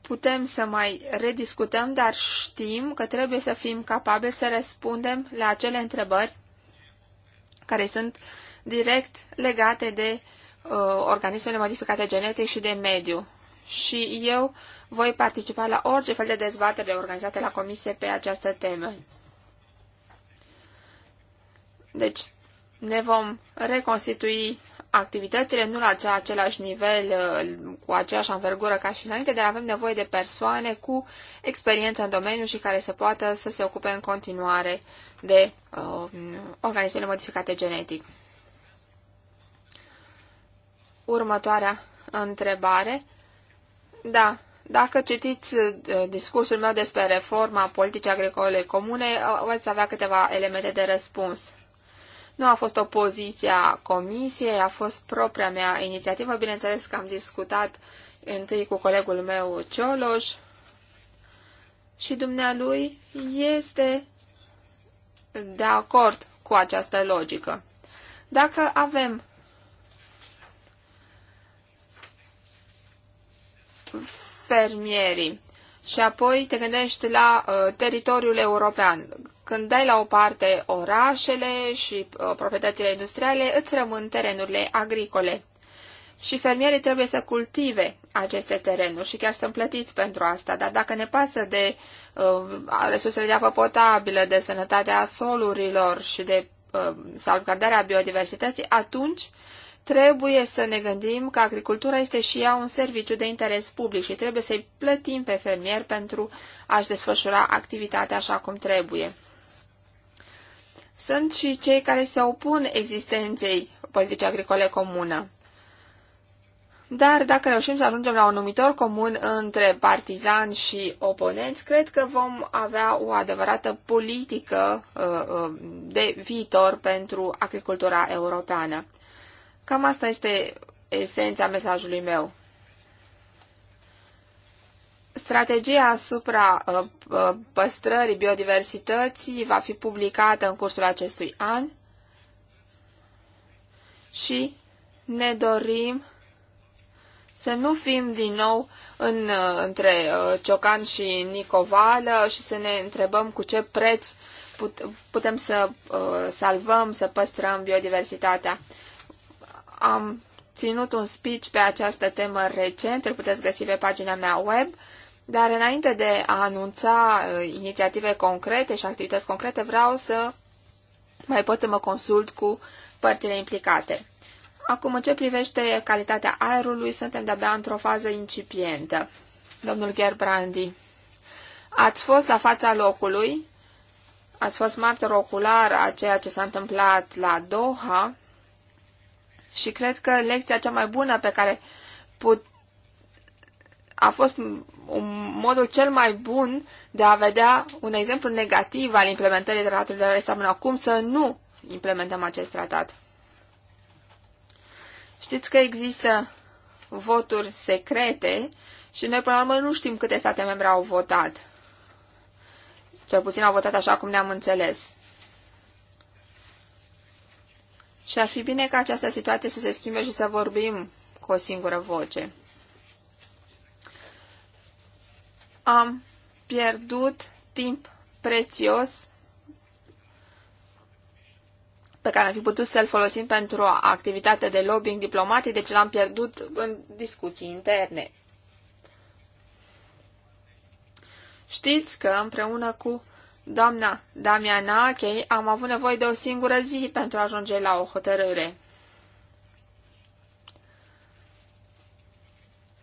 putem să mai rediscutăm, dar știm că trebuie să fim capabili să răspundem la acele întrebări care sunt direct legate de uh, organismele modificate genetic și de mediu. Și eu voi participa la orice fel de dezbatere organizate la comisie pe această temă. Deci, ne vom reconstitui activitățile, nu la cea, același nivel, uh, cu aceeași anvergură ca și înainte, dar avem nevoie de persoane cu experiență în domeniu și care să poată să se ocupe în continuare de uh, organismele modificate genetic. Următoarea întrebare. Da, dacă citiți uh, discursul meu despre reforma politicii agricole comune, uh, veți avea câteva elemente de răspuns. Nu a fost opoziția comisiei, a fost propria mea inițiativă. Bineînțeles că am discutat întâi cu colegul meu Cioloș și dumnealui este de acord cu această logică. Dacă avem fermierii și apoi te gândești la uh, teritoriul european, când dai la o parte orașele și uh, proprietățile industriale, îți rămân terenurile agricole. Și fermierii trebuie să cultive aceste terenuri și chiar sunt plătiți pentru asta. Dar dacă ne pasă de uh, resursele de apă potabilă, de sănătatea solurilor și de uh, salvgardarea biodiversității, atunci trebuie să ne gândim că agricultura este și ea un serviciu de interes public și trebuie să-i plătim pe fermier pentru a-și desfășura activitatea așa cum trebuie sunt și cei care se opun existenței politicii agricole comună. Dar dacă reușim să ajungem la un numitor comun între partizani și oponenți, cred că vom avea o adevărată politică uh, uh, de viitor pentru agricultura europeană. Cam asta este esența mesajului meu. Strategia asupra uh, uh, păstrării biodiversității va fi publicată în cursul acestui an și ne dorim să nu fim din nou în, uh, între Ciocan și Nicovală și să ne întrebăm cu ce preț putem să salvăm, să păstrăm biodiversitatea. Am ținut un speech pe această temă recent, îl puteți găsi pe pagina mea web dar înainte de a anunța uh, inițiative concrete și activități concrete, vreau să mai pot să mă consult cu părțile implicate. Acum, în ce privește calitatea aerului, suntem de-abia într-o fază incipientă. Domnul Gerbrandi, ați fost la fața locului, ați fost martor ocular a ceea ce s-a întâmplat la Doha și cred că lecția cea mai bună pe care put, a fost un modul cel mai bun de a vedea un exemplu negativ al implementării tratatului de la Lisabona. Cum să nu implementăm acest tratat? Știți că există voturi secrete și noi până la urmă nu știm câte state membre au votat. Cel puțin au votat așa cum ne-am înțeles. Și ar fi bine ca această situație să se schimbe și să vorbim cu o singură voce. am pierdut timp prețios pe care am fi putut să-l folosim pentru activitate de lobbying diplomatic, deci l-am pierdut în discuții interne. Știți că împreună cu doamna Damianache am avut nevoie de o singură zi pentru a ajunge la o hotărâre.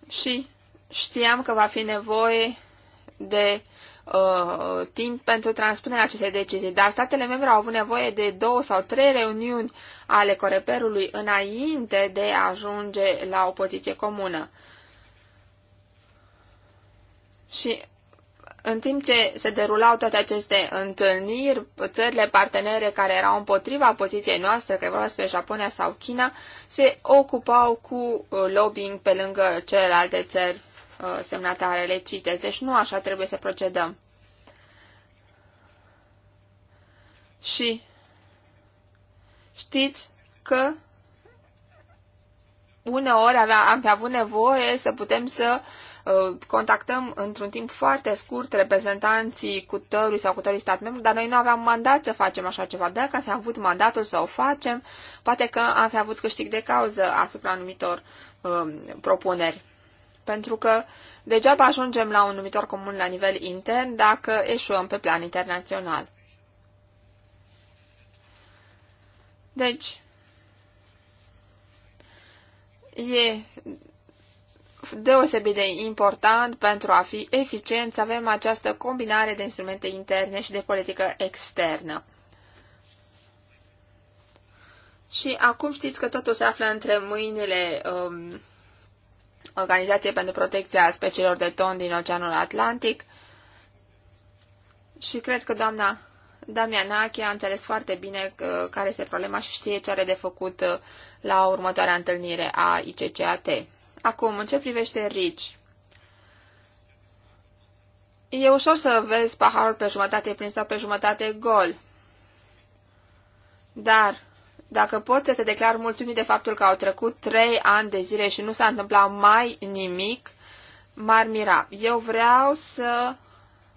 Și știam că va fi nevoie de uh, timp pentru transpunerea acestei decizii, dar statele membre au avut nevoie de două sau trei reuniuni ale coreperului înainte de a ajunge la o poziție comună. Și în timp ce se derulau toate aceste întâlniri, țările partenere care erau împotriva poziției noastre, că vorba despre Japonia sau China, se ocupau cu uh, lobbying pe lângă celelalte țări Uh, semnatarele CITES, deci nu așa trebuie să procedăm. Și știți că uneori avea, am fi avut nevoie să putem să uh, contactăm într-un timp foarte scurt reprezentanții cutării sau cutării stat membru, dar noi nu aveam mandat să facem așa ceva. Dacă am fi avut mandatul să o facem, poate că am fi avut câștig de cauză asupra anumitor uh, propuneri pentru că degeaba ajungem la un numitor comun la nivel intern dacă eșuăm pe plan internațional. Deci, e deosebit de important pentru a fi eficient să avem această combinare de instrumente interne și de politică externă. Și acum știți că totul se află între mâinile um, Organizație pentru Protecția Speciilor de Ton din Oceanul Atlantic și cred că doamna Damianache a înțeles foarte bine uh, care este problema și știe ce are de făcut uh, la următoarea întâlnire a ICCAT. Acum, în ce privește RICI, E ușor să vezi paharul pe jumătate prins sau pe jumătate gol. Dar dacă pot să te declar mulțumit de faptul că au trecut trei ani de zile și nu s-a întâmplat mai nimic, m-ar mira. Eu vreau să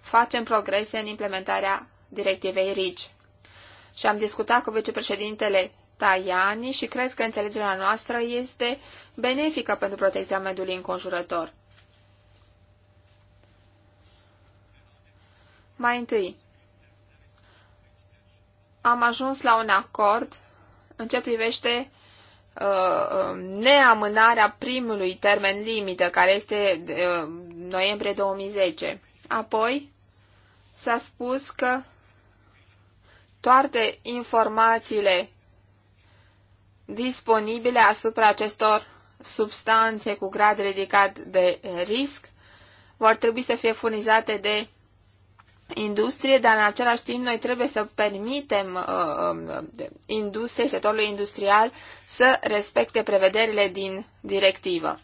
facem progrese în implementarea directivei RIGI. Și am discutat cu vicepreședintele Tajani și cred că înțelegerea noastră este benefică pentru protecția mediului înconjurător. Mai întâi, am ajuns la un acord în ce privește uh, neamânarea primului termen limită, care este uh, noiembrie 2010. Apoi s-a spus că toate informațiile disponibile asupra acestor substanțe cu grad ridicat de risc vor trebui să fie furnizate de industrie, dar în același timp noi trebuie să permitem uh, um, industriei, sectorului industrial să respecte prevederile din directivă.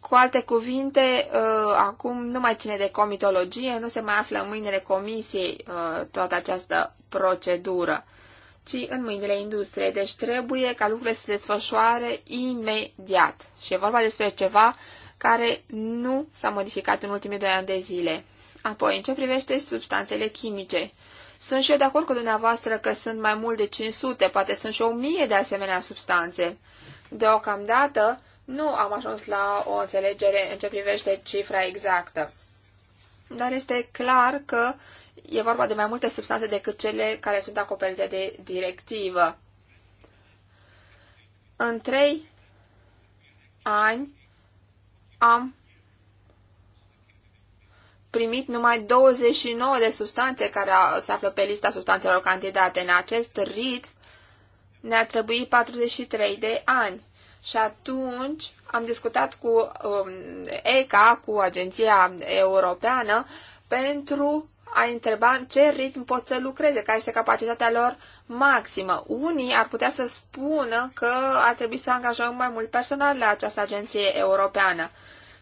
Cu alte cuvinte, uh, acum nu mai ține de comitologie, nu se mai află în mâinile comisiei uh, toată această procedură, ci în mâinile industriei. Deci trebuie ca lucrurile să se desfășoare imediat. Și e vorba despre ceva care nu s-a modificat în ultimii doi ani de zile. Apoi, în ce privește substanțele chimice, sunt și eu de acord cu dumneavoastră că sunt mai mult de 500, poate sunt și o mie de asemenea substanțe. Deocamdată nu am ajuns la o înțelegere în ce privește cifra exactă. Dar este clar că e vorba de mai multe substanțe decât cele care sunt acoperite de directivă. În trei ani am primit numai 29 de substanțe care se află pe lista substanțelor candidate. În acest ritm ne-a trebuit 43 de ani. Și atunci am discutat cu um, ECA, cu Agenția Europeană, pentru a întreba în ce ritm pot să lucreze, care este capacitatea lor maximă. Unii ar putea să spună că ar trebui să angajăm mai mult personal la această agenție europeană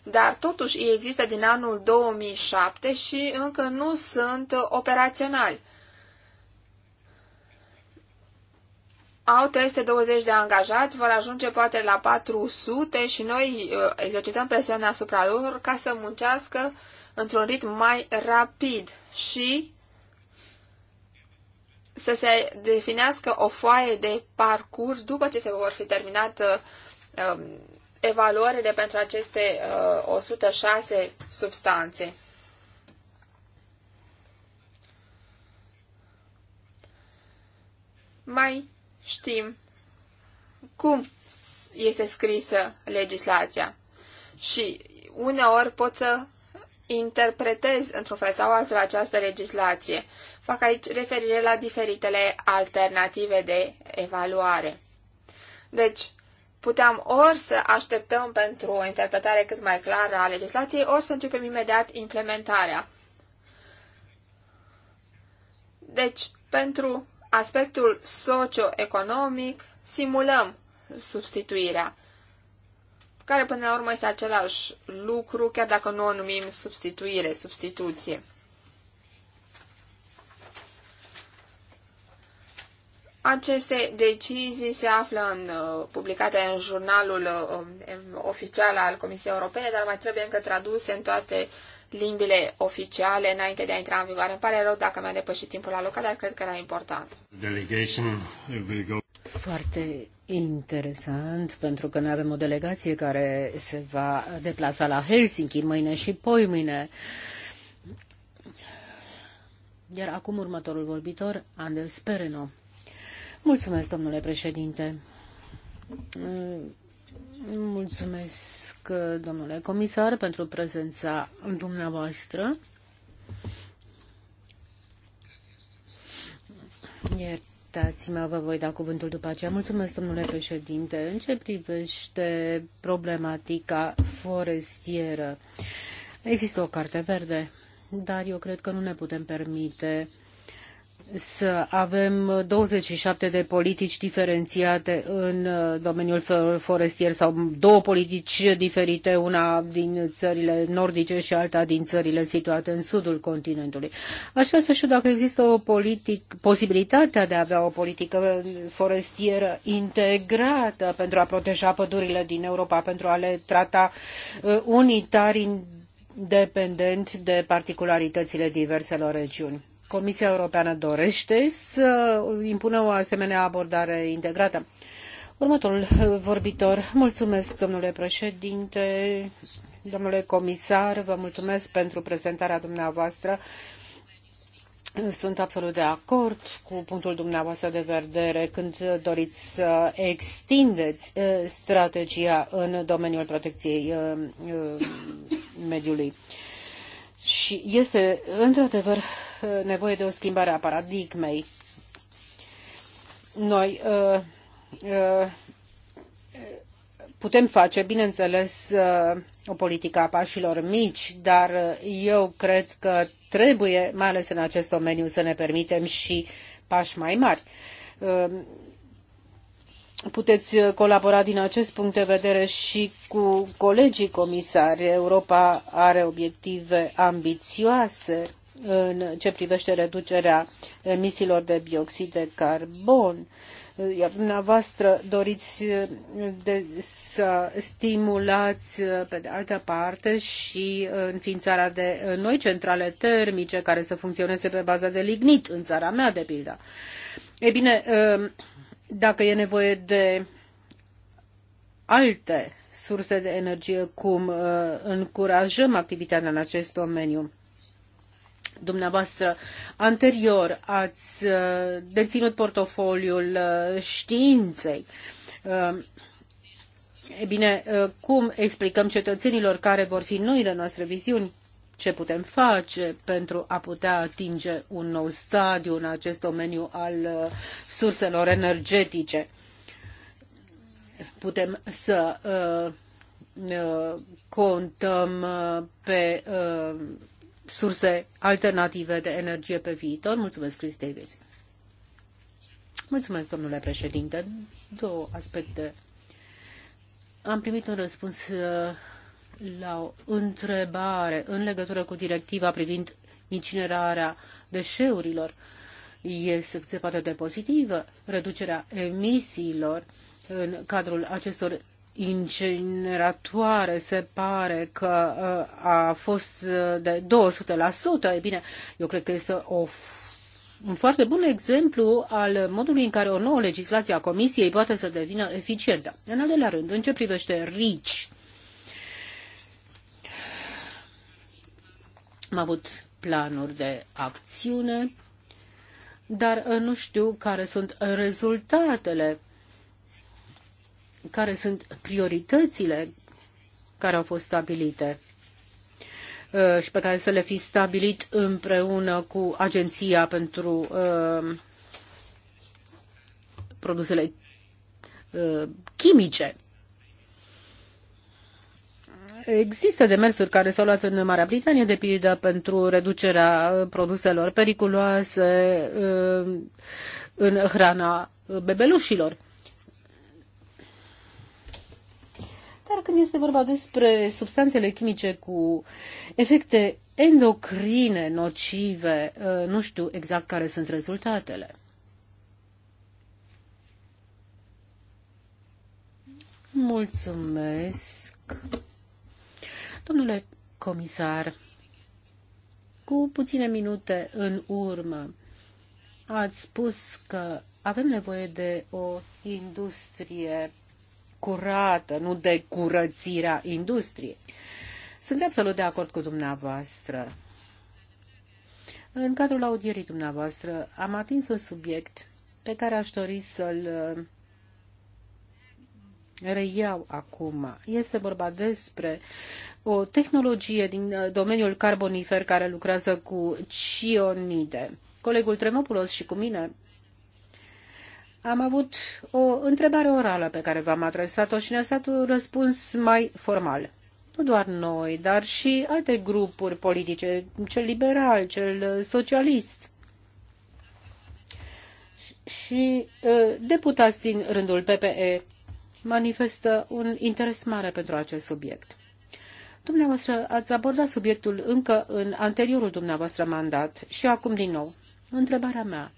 dar totuși ei există din anul 2007 și încă nu sunt operaționali. Au 320 de angajați, vor ajunge poate la 400 și noi uh, exercităm presiunea asupra lor ca să muncească într-un ritm mai rapid și să se definească o foaie de parcurs după ce se vor fi terminat uh, um, evaluările pentru aceste uh, 106 substanțe. Mai știm cum este scrisă legislația și uneori pot să interpretez într-un fel sau altul această legislație. Fac aici referire la diferitele alternative de evaluare. Deci, puteam ori să așteptăm pentru o interpretare cât mai clară a legislației, ori să începem imediat implementarea. Deci, pentru aspectul socioeconomic, simulăm substituirea, care până la urmă este același lucru, chiar dacă nu o numim substituire, substituție. Aceste decizii se află în, uh, publicate în jurnalul uh, um, oficial al Comisiei Europene, dar mai trebuie încă traduse în toate limbile oficiale înainte de a intra în vigoare. Îmi pare rău dacă mi-a depășit timpul alocat, dar cred că era important. foarte interesant, pentru că noi avem o delegație care se va deplasa la Helsinki mâine și poi mâine. Iar acum următorul vorbitor, Anders Pereno. Mulțumesc, domnule președinte. Mulțumesc, domnule comisar, pentru prezența dumneavoastră. Iertați-mă, vă voi da cuvântul după aceea. Mulțumesc, domnule președinte. În ce privește problematica forestieră, există o carte verde, dar eu cred că nu ne putem permite uh, să avem șapte de politici diferențiate în uh, domeniul forestier sau două politici diferite, una din țările nordice și alta din țările situate în sudul continentului. Aș vrea să știu dacă există o politic, posibilitatea de a avea o politică forestieră integrată pentru a proteja pădurile din Europa, pentru a le trata uh, unitar independent de particularitățile diverselor regiuni. Comisia Europeană dorește să impună o asemenea abordare integrată. Următorul vorbitor. Mulțumesc, domnule președinte, domnule comisar, vă mulțumesc pentru prezentarea dumneavoastră. Sunt absolut de acord cu punctul dumneavoastră de vedere când doriți să extindeți uh, strategia în domeniul protecției uh, uh, mediului și este într-adevăr nevoie de o schimbare a paradigmei. Noi uh, uh, putem face, bineînțeles, uh, o politică a pașilor mici, dar eu cred că trebuie, mai ales în acest domeniu, să ne permitem și pași mai mari puteți uh, colabora din acest punct de vedere și cu colegii comisari. Europa are obiective ambițioase în ce privește reducerea emisiilor de dioxid de carbon. Uh, iar dumneavoastră doriți uh, de, să stimulați, pe de altă parte, și înființarea de noi centrale termice care să funcționeze pe bază de lignit în țara mea, de pildă. Ei bine, dacă e nevoie de alte surse de energie, cum uh, încurajăm activitatea în acest domeniu. Dumneavoastră, anterior ați uh, deținut portofoliul uh, științei. E bine, cum explicăm cetățenilor care vor fi noile noastre viziuni ce putem face pentru a putea atinge un nou stadiu în acest domeniu al uh, surselor energetice. Putem să uh, uh, contăm pe surse alternative de energie pe viitor. Mulțumesc, Chris Davis. Mulțumesc, domnule președinte. Două aspecte. Am primit un răspuns la o întrebare în legătură cu directiva privind incinerarea deșeurilor este se poate de pozitivă. Reducerea emisiilor în cadrul acestor incineratoare se pare că uh, a fost uh, de 200%. E bine, eu cred că este o un foarte bun exemplu al modului în care o nouă legislație a Comisiei poate să devină eficientă. În al doilea rând, în ce privește RICI, Am avut planuri de acțiune, dar uh, nu știu care sunt rezultatele, care sunt prioritățile care au fost stabilite uh, și pe care să le fi stabilit împreună cu Agenția pentru uh, produsele chimice. Există demersuri care s-au luat în Marea Britanie, de pildă, pentru reducerea uh, produselor periculoase uh, în hrana uh, bebelușilor. Dar când este vorba despre substanțele chimice cu efecte endocrine nocive, nu știu exact care sunt rezultatele. Mulțumesc. Domnule comisar, cu puține minute în urmă, ați spus că avem nevoie de o industrie curată, nu de curățirea industriei. Sunt absolut de acord cu dumneavoastră. În cadrul audierii dumneavoastră am atins un subiect pe care aș dori să-l reiau acum. Este vorba despre o tehnologie din uh, domeniul carbonifer care lucrează cu cionide. Colegul Tremopulos și cu mine am avut o întrebare orală pe care v-am adresat-o și ne-a stat un răspuns mai formal. Nu doar noi, dar și alte grupuri politice, cel liberal, cel uh, socialist. Și uh, deputați din rândul PPE manifestă un interes mare pentru acest subiect. Dumneavoastră ați abordat subiectul încă în anteriorul dumneavoastră mandat și acum din nou. Întrebarea mea.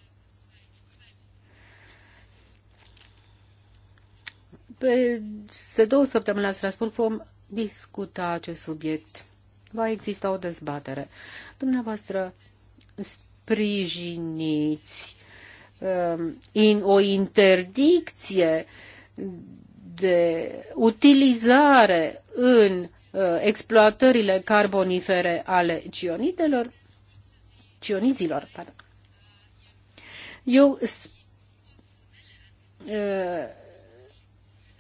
Peste două săptămâni la Strasburg vom discuta acest subiect. Va exista o dezbatere. Dumneavoastră sprijiniți um, in, o interdicție de utilizare în uh, exploatările carbonifere ale cionidelor, cionizilor. Pardon. Eu uh,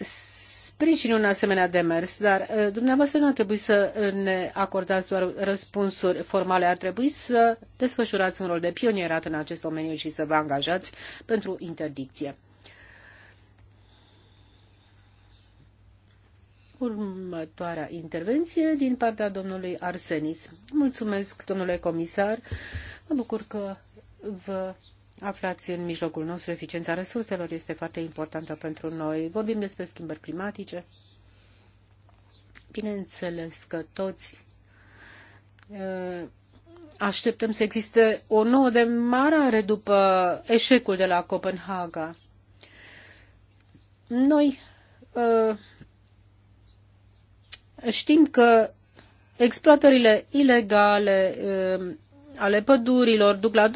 sprijin un asemenea demers, dar uh, dumneavoastră nu ar trebui să ne acordați doar răspunsuri formale, ar trebui să desfășurați un rol de pionierat în acest domeniu și să vă angajați pentru interdicție. Următoarea intervenție din partea domnului Arsenis. Mulțumesc, domnule comisar. Mă bucur că vă aflați în mijlocul nostru. Eficiența resurselor este foarte importantă pentru noi. Vorbim despre schimbări climatice. Bineînțeles că toți uh, așteptăm să existe o nouă demarare după eșecul de la Copenhaga. Noi uh, Știm că exploatările ilegale um, ale pădurilor duc la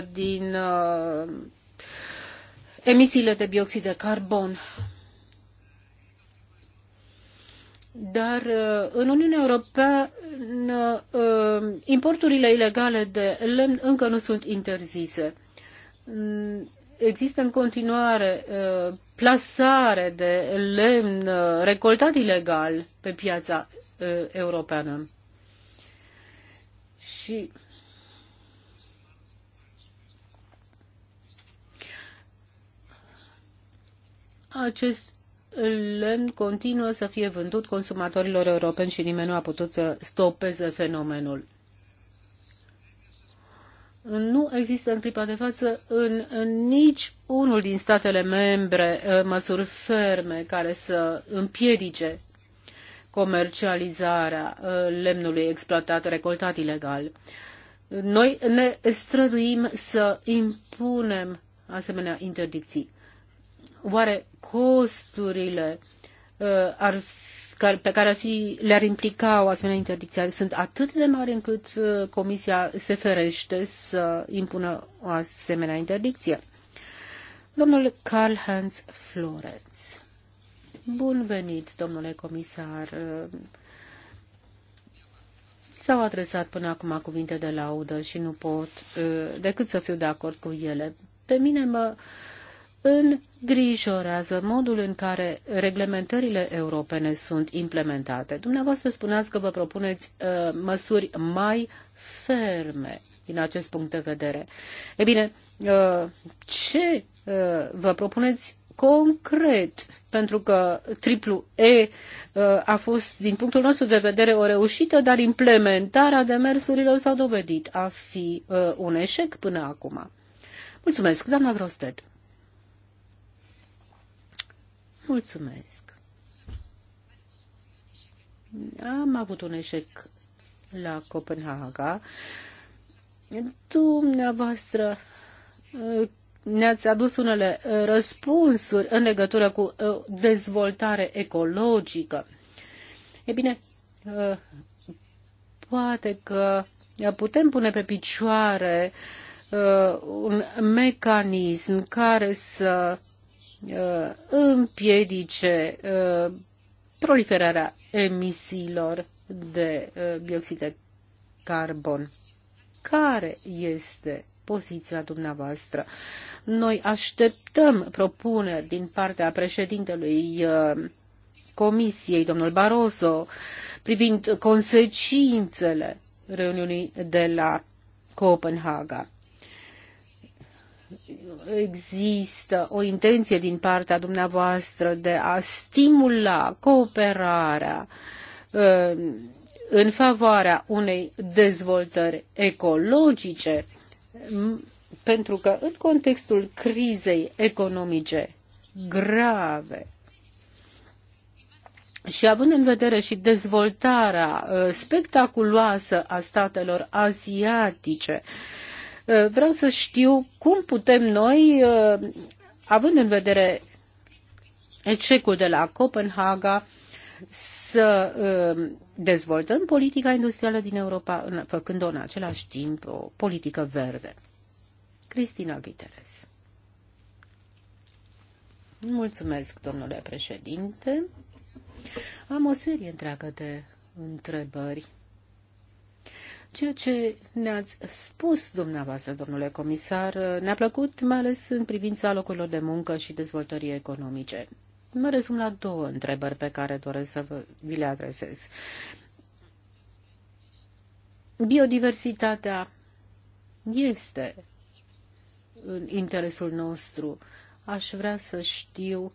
20% din um, emisiile de bioxid de carbon. Dar uh, în Uniunea Europeană um, importurile ilegale de lemn încă nu sunt interzise. Mm, există în continuare uh, plasare de lemn uh, recoltat ilegal pe piața uh, europeană. Și acest lemn continuă să fie vândut consumatorilor europeni și nimeni nu a putut să stopeze fenomenul nu există în clipa de față în, în nici unul din statele membre uh, măsuri ferme care să împiedice comercializarea uh, lemnului exploatat, recoltat ilegal. Noi ne străduim să impunem asemenea interdicții. Oare costurile uh, ar fi pe care ar fi, le-ar implica o asemenea interdicție adică sunt atât de mari încât uh, Comisia se ferește să impună o asemenea interdicție. Domnul karl Hans Florenz. Bun venit, domnule comisar. Uh, s-au adresat până acum cuvinte de laudă și nu pot uh, decât să fiu de acord cu ele. Pe mine mă uh, îngrijorează modul în care reglementările europene sunt implementate. Dumneavoastră spuneați că vă propuneți uh, măsuri mai ferme din acest punct de vedere. E bine, uh, ce uh, vă propuneți concret, pentru că triplu E uh, a fost, din punctul nostru de vedere, o reușită, dar implementarea demersurilor s-a dovedit a fi uh, un eșec până acum. Mulțumesc, doamna Grostet. Mulțumesc. Am avut un eșec la Copenhaga. Dumneavoastră uh, ne-ați adus unele uh, răspunsuri în legătură cu uh, dezvoltare ecologică. E bine, poate că putem pune pe picioare un mecanism care să Uh, împiedice uh, proliferarea emisiilor de uh, dioxid de carbon. Care este poziția dumneavoastră. Noi așteptăm propuneri din partea președintelui Comisiei, domnul Barroso, privind consecințele reuniunii de la Copenhaga există o intenție din partea dumneavoastră de a stimula cooperarea uh, în favoarea unei dezvoltări ecologice, pentru că în contextul crizei economice grave și având în vedere și dezvoltarea uh, spectaculoasă a statelor asiatice, Uh, vreau să știu cum putem noi, uh, având în vedere eșecul de la Copenhaga, să uh, dezvoltăm politica industrială din Europa, făcând-o în același timp o politică verde. Cristina Guiteres. Mulțumesc, domnule președinte. Am o serie întreagă de întrebări Ceea ce ne-ați spus dumneavoastră, domnule comisar, ne-a plăcut mai ales în privința locurilor de muncă și dezvoltării economice. Mă rezum la două întrebări pe care doresc să vă, vi le adresez. Biodiversitatea este în interesul nostru. Aș vrea să știu uh,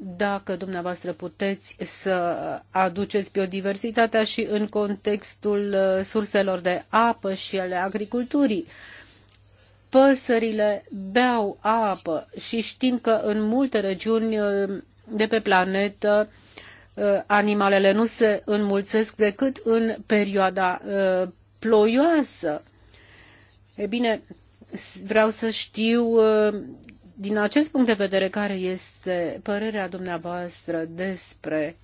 dacă dumneavoastră puteți să aduceți biodiversitatea și în contextul uh, surselor de apă și ale agriculturii. Păsările beau apă și știm că în multe regiuni uh, de pe planetă uh, animalele nu se înmulțesc decât în perioada ploioasă. E bine, vreau să știu din acest punct de vedere, care este părerea dumneavoastră despre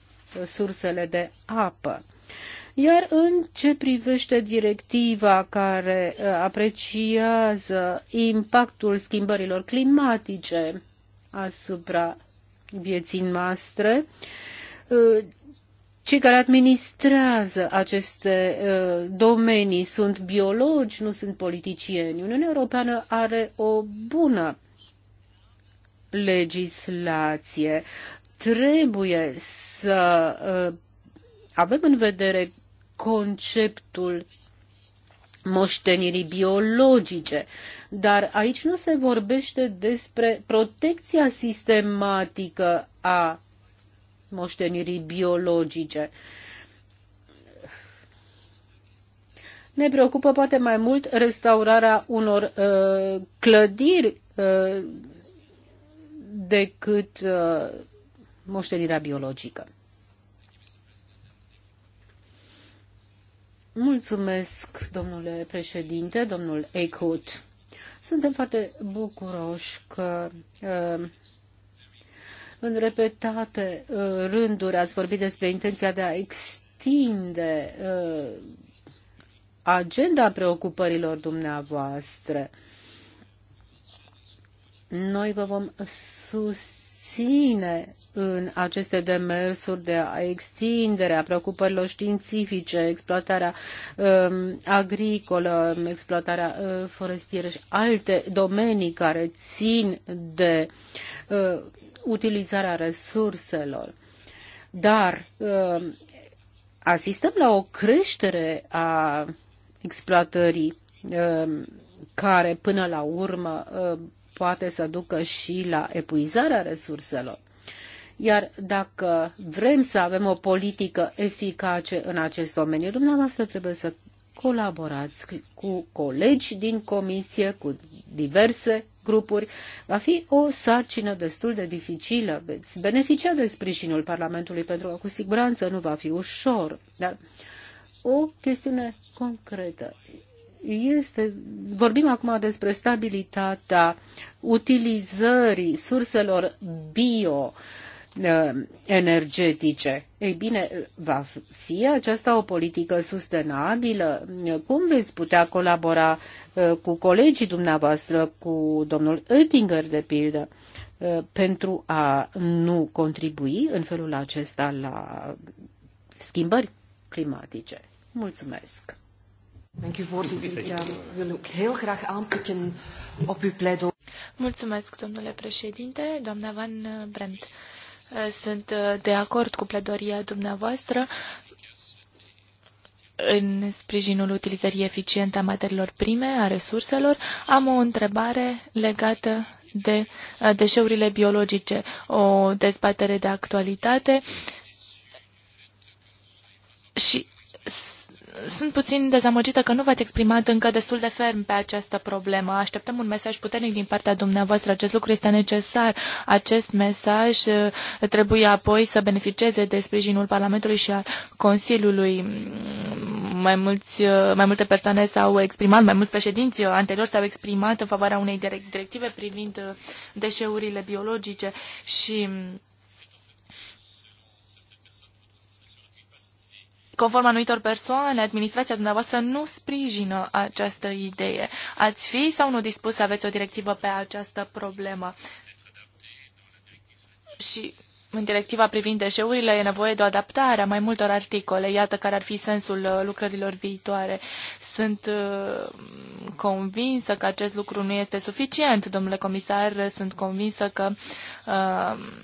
sursele de apă? Iar în ce privește directiva care uh, apreciază impactul schimbărilor climatice asupra vieții noastre, uh, cei care administrează aceste uh, domenii sunt biologi, nu sunt politicieni. Uniunea Europeană are o bună legislație. Trebuie să uh, avem în vedere conceptul moștenirii biologice. Dar aici nu se vorbește despre protecția sistematică a moștenirii biologice. Ne preocupă poate mai mult restaurarea unor uh, clădiri uh, decât uh, moștenirea biologică. Mulțumesc, domnule președinte, domnul Eichhout. Suntem foarte bucuroși că uh, în repetate uh, rânduri ați vorbit despre intenția de a extinde agenda preocupărilor dumneavoastră. Noi vă vom susține în aceste demersuri de a a preocupărilor științifice, exploatarea um, agricolă, exploatarea uh, forestieră și alte domenii care țin de uh, utilizarea resurselor. Dar uh, asistăm la o creștere a exploatării um, care până la urmă uh, poate să ducă și la epuizarea resurselor. Iar dacă vrem să avem o politică eficace în acest domeniu, dumneavoastră trebuie să colaborați cu colegi din comisie, cu diverse grupuri. Va fi o sarcină destul de dificilă. Veți beneficia de sprijinul Parlamentului pentru că cu siguranță nu va fi ușor. Dar o chestiune concretă este, vorbim acum despre stabilitatea utilizării surselor bioenergetice. Uh, Ei bine, va fi aceasta o politică sustenabilă? Cum veți putea colabora uh, cu colegii dumneavoastră, cu domnul Oettinger, de pildă, uh, pentru a nu contribui în felul acesta la schimbări climatice? Mulțumesc! Dank u, voorzitter. Ik wil ook heel graag aanpikken op uw pleidooi. Mulțumesc, domnule președinte, doamna Van eh, Bremt. Eh, sunt eh, de acord cu pledoria dumneavoastră în sprijinul utilizării eficiente a materiilor prime, a resurselor. Am o întrebare legată de deșeurile biologice, o dezbatere de actualitate și sunt puțin dezamăgită că nu v-ați exprimat încă destul de ferm pe această problemă. Așteptăm un mesaj puternic din partea dumneavoastră. Acest lucru este necesar. Acest mesaj uh, trebuie apoi să beneficieze de sprijinul Parlamentului și al Consiliului. Mm, mai, mulți, uh, mai multe persoane s-au exprimat, mai mulți președinți anterior s-au exprimat în favoarea unei directive privind uh, deșeurile biologice și mm, Conform anumitor persoane, administrația dumneavoastră nu sprijină această idee. Ați fi sau nu dispus să aveți o directivă pe această problemă? Și în directiva privind deșeurile e nevoie de o adaptare a mai multor articole. Iată care ar fi sensul uh, lucrărilor viitoare. Sunt uh, convinsă că acest lucru nu este suficient, domnule comisar. Sunt convinsă că uh,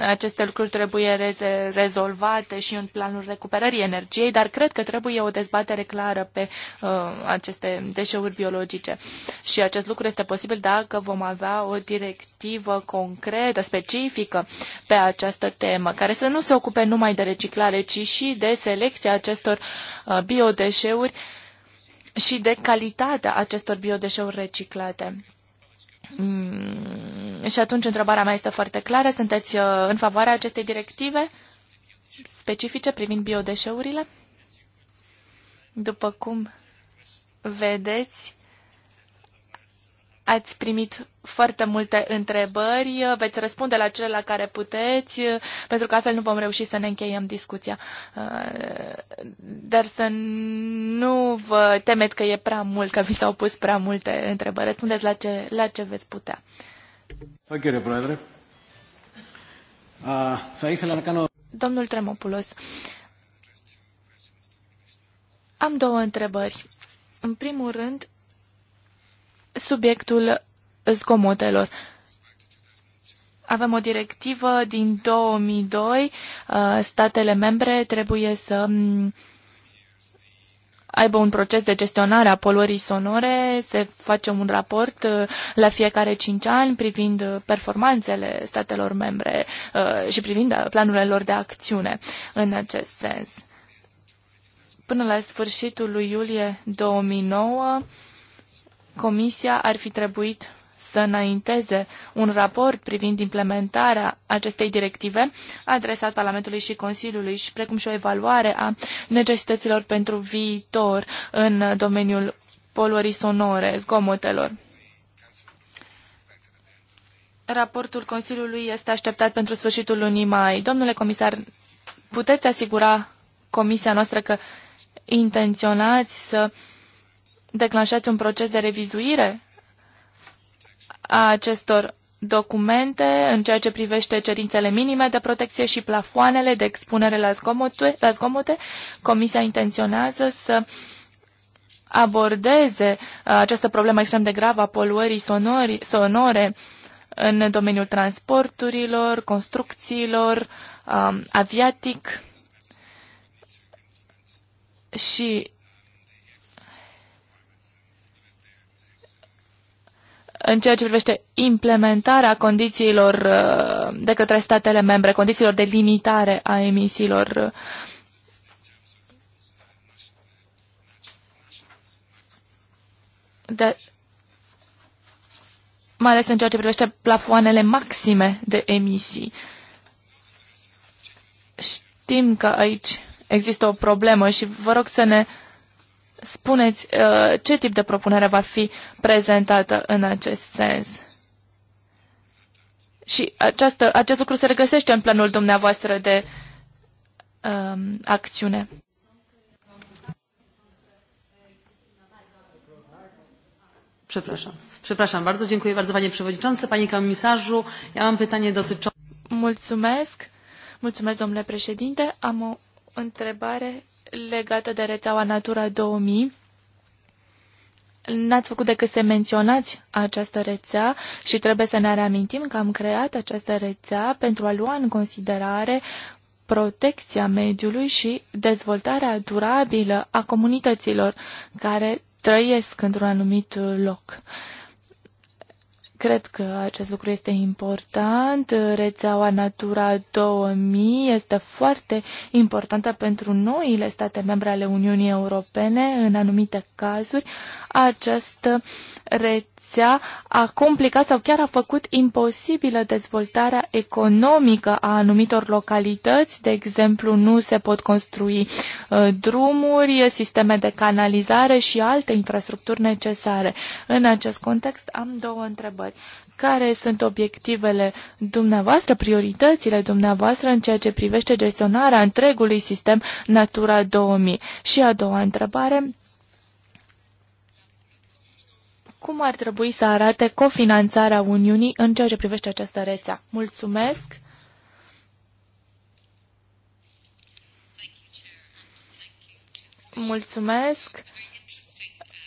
aceste lucruri trebuie rezolvate și în planul recuperării energiei, dar cred că trebuie o dezbatere clară pe uh, aceste deșeuri biologice. Și acest lucru este posibil dacă vom avea o directivă concretă, specifică pe această temă, care să nu se ocupe numai de reciclare, ci și de selecția acestor uh, biodeșeuri și de calitatea acestor biodeșeuri reciclate. Mm, și atunci întrebarea mea este foarte clară. Sunteți uh, în favoarea acestei directive specifice privind biodeșeurile? După cum vedeți, Ați primit foarte multe întrebări, veți răspunde la cele la care puteți, pentru că altfel nu vom reuși să ne încheiem discuția. Dar să nu vă temeți că e prea mult, că vi s-au pus prea multe întrebări. Răspundeți la ce, la ce veți putea. Domnul Tremopulos, am două întrebări. În primul rând, subiectul zgomotelor. Avem o directivă din 2002. Uh, statele membre trebuie să mm, aibă un proces de gestionare a poluării sonore, se face un raport uh, la fiecare cinci ani privind performanțele statelor membre uh, și privind planurile lor de acțiune în acest sens. Până la sfârșitul lui iulie 2009, Comisia ar fi trebuit să înainteze un raport privind implementarea acestei directive adresat Parlamentului și Consiliului și precum și o evaluare a necesităților pentru viitor în domeniul poluării sonore, zgomotelor. Raportul Consiliului este așteptat pentru sfârșitul lunii mai. Domnule comisar, puteți asigura comisia noastră că intenționați să uh, declanșați un proces de revizuire a acestor documente în ceea ce privește cerințele minime de protecție și plafoanele de expunere la zgomote. La zgomote. Comisia intenționează să abordeze uh, această problemă extrem de gravă a poluării sonori, sonore în domeniul transporturilor, construcțiilor, um, aviatic și în ceea ce privește implementarea condițiilor uh, de către statele membre, condițiilor de limitare a emisiilor. De, mai ales în ceea ce privește plafoanele maxime de emisii. Știm că aici există o problemă și vă rog să ne uh, spuneți uh, ce tip de propunere va fi prezentată în acest sens. Și această, acest lucru se regăsește în planul dumneavoastră de um, acțiune. Przepraszam. Przepraszam bardzo. Dziękuję bardzo Panie Przewodniczący, Panie Komisarzu. Ja mam pytanie dotyczące... Mulțumesc. Mulțumesc, domnule președinte. Am o întrebare legată de rețeaua Natura 2000. N-ați făcut decât să menționați această rețea și trebuie să ne reamintim că am creat această rețea pentru a lua în considerare protecția mediului și dezvoltarea durabilă a comunităților care trăiesc într-un anumit loc. Cred că acest lucru este important. Rețeaua Natura 2000 este foarte importantă pentru noile state membre ale Uniunii Europene. În anumite cazuri, această rețea a complicat sau chiar a făcut imposibilă dezvoltarea economică a anumitor localități. De exemplu, nu se pot construi uh, drumuri, sisteme de canalizare și alte infrastructuri necesare. În acest context am două întrebări care sunt obiectivele dumneavoastră, prioritățile dumneavoastră în ceea ce privește gestionarea întregului sistem Natura 2000. Și a doua întrebare, cum ar trebui să arate cofinanțarea Uniunii în ceea ce privește această rețea? Mulțumesc! Mulțumesc!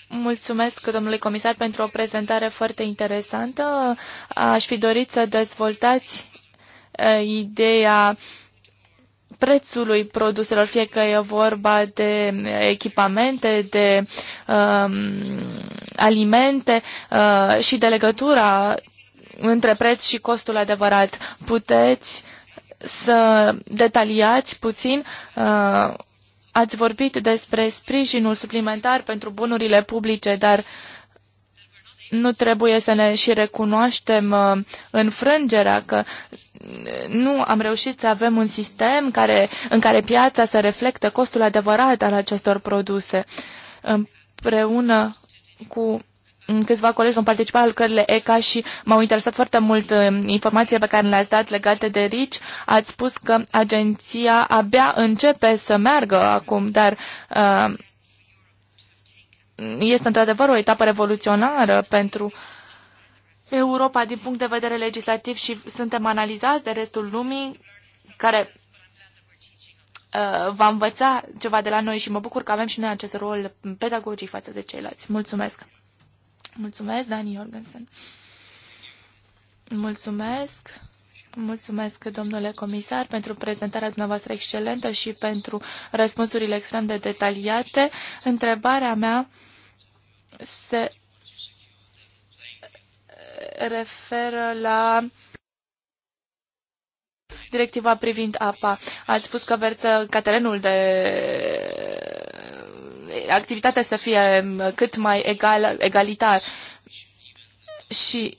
Mulțumesc, domnului comisar, pentru o prezentare foarte interesantă. Aș fi dorit să dezvoltați eh, ideea prețului produselor, fie că e vorba de echipamente, de um, alimente uh, și de legătura între preț și costul adevărat. Puteți să detaliați puțin uh, Ați vorbit despre sprijinul suplimentar pentru bunurile publice, dar nu trebuie să ne și recunoaștem uh, înfrângerea că nu am reușit să avem un sistem care, în care piața să reflectă costul adevărat al acestor produse. Împreună cu câțiva colegi vom participa la lucrările ECA și m-au interesat foarte mult uh, informația pe care le-ați dat legate de RICI. Ați spus că agenția abia începe să meargă acum, dar uh, este într-adevăr o etapă revoluționară pentru Europa din punct de vedere legislativ și suntem analizați de restul lumii care uh, va învăța ceva de la noi și mă bucur că avem și noi acest rol pedagogic față de ceilalți. Mulțumesc! Mulțumesc, Dani Jorgensen! Mulțumesc! Mulțumesc, domnule comisar, pentru prezentarea dumneavoastră excelentă și pentru răspunsurile extrem de detaliate. Întrebarea mea se referă la directiva privind apa. Ați spus că verță ca terenul de activitate să fie cât mai egal, egalitar și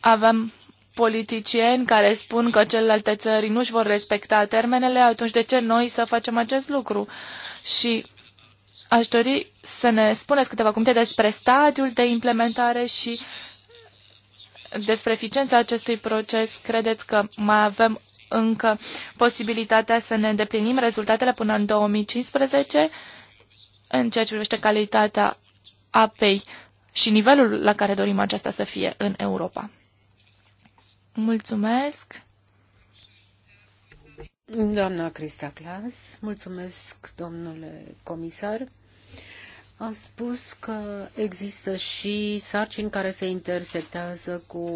avem politicieni care spun că celelalte țări nu și vor respecta termenele, atunci de ce noi să facem acest lucru? Și Aș dori să ne spuneți câteva cuvinte despre stadiul de implementare și despre eficiența acestui proces. Credeți că mai avem încă posibilitatea să ne îndeplinim rezultatele până în 2015 în ceea ce privește calitatea apei și nivelul la care dorim aceasta să fie în Europa. Mulțumesc! Doamna Crista Clas, mulțumesc, domnule comisar a spus că există și sarcini care se intersectează cu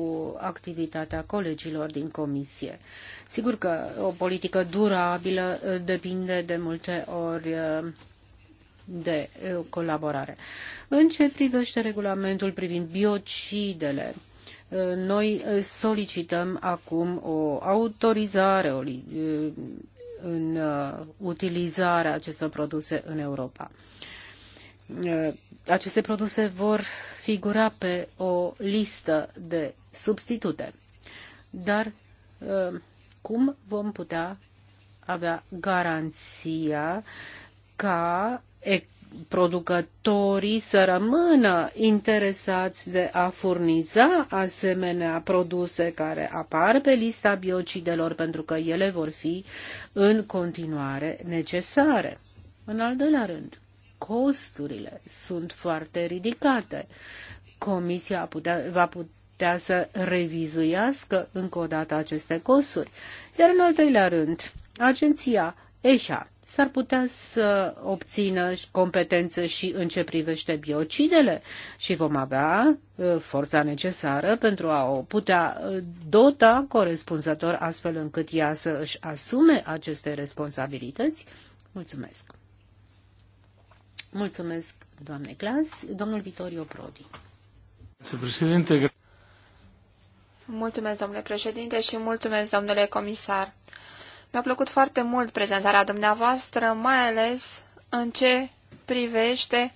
activitatea colegilor din comisie. Sigur că o politică durabilă uh, depinde de multe ori uh, de uh, colaborare. În ce privește regulamentul privind biocidele, noi solicităm acum o autorizare o, în utilizarea acestor produse în Europa. Eh, aceste produse vor figura pe o listă de substitute. Dar eh, cum vom putea avea garanția ca producătorii să rămână interesați de a furniza asemenea produse care apar pe lista biocidelor pentru că ele vor fi în continuare necesare. În al doilea rând, costurile sunt foarte ridicate. Comisia putea, va putea să revizuiască încă o dată aceste costuri. Iar în al doilea rând, agenția ESHA s-ar putea să obțină competențe și în ce privește biocidele și vom avea uh, forța necesară pentru a o putea uh, dota corespunzător astfel încât ea să își asume aceste responsabilități. Mulțumesc! Mulțumesc, doamne Clas. Domnul Vitorio Prodi. Președinte. Mulțumesc, domnule președinte, și mulțumesc, domnule comisar. Mi-a plăcut foarte mult prezentarea dumneavoastră, mai ales în ce privește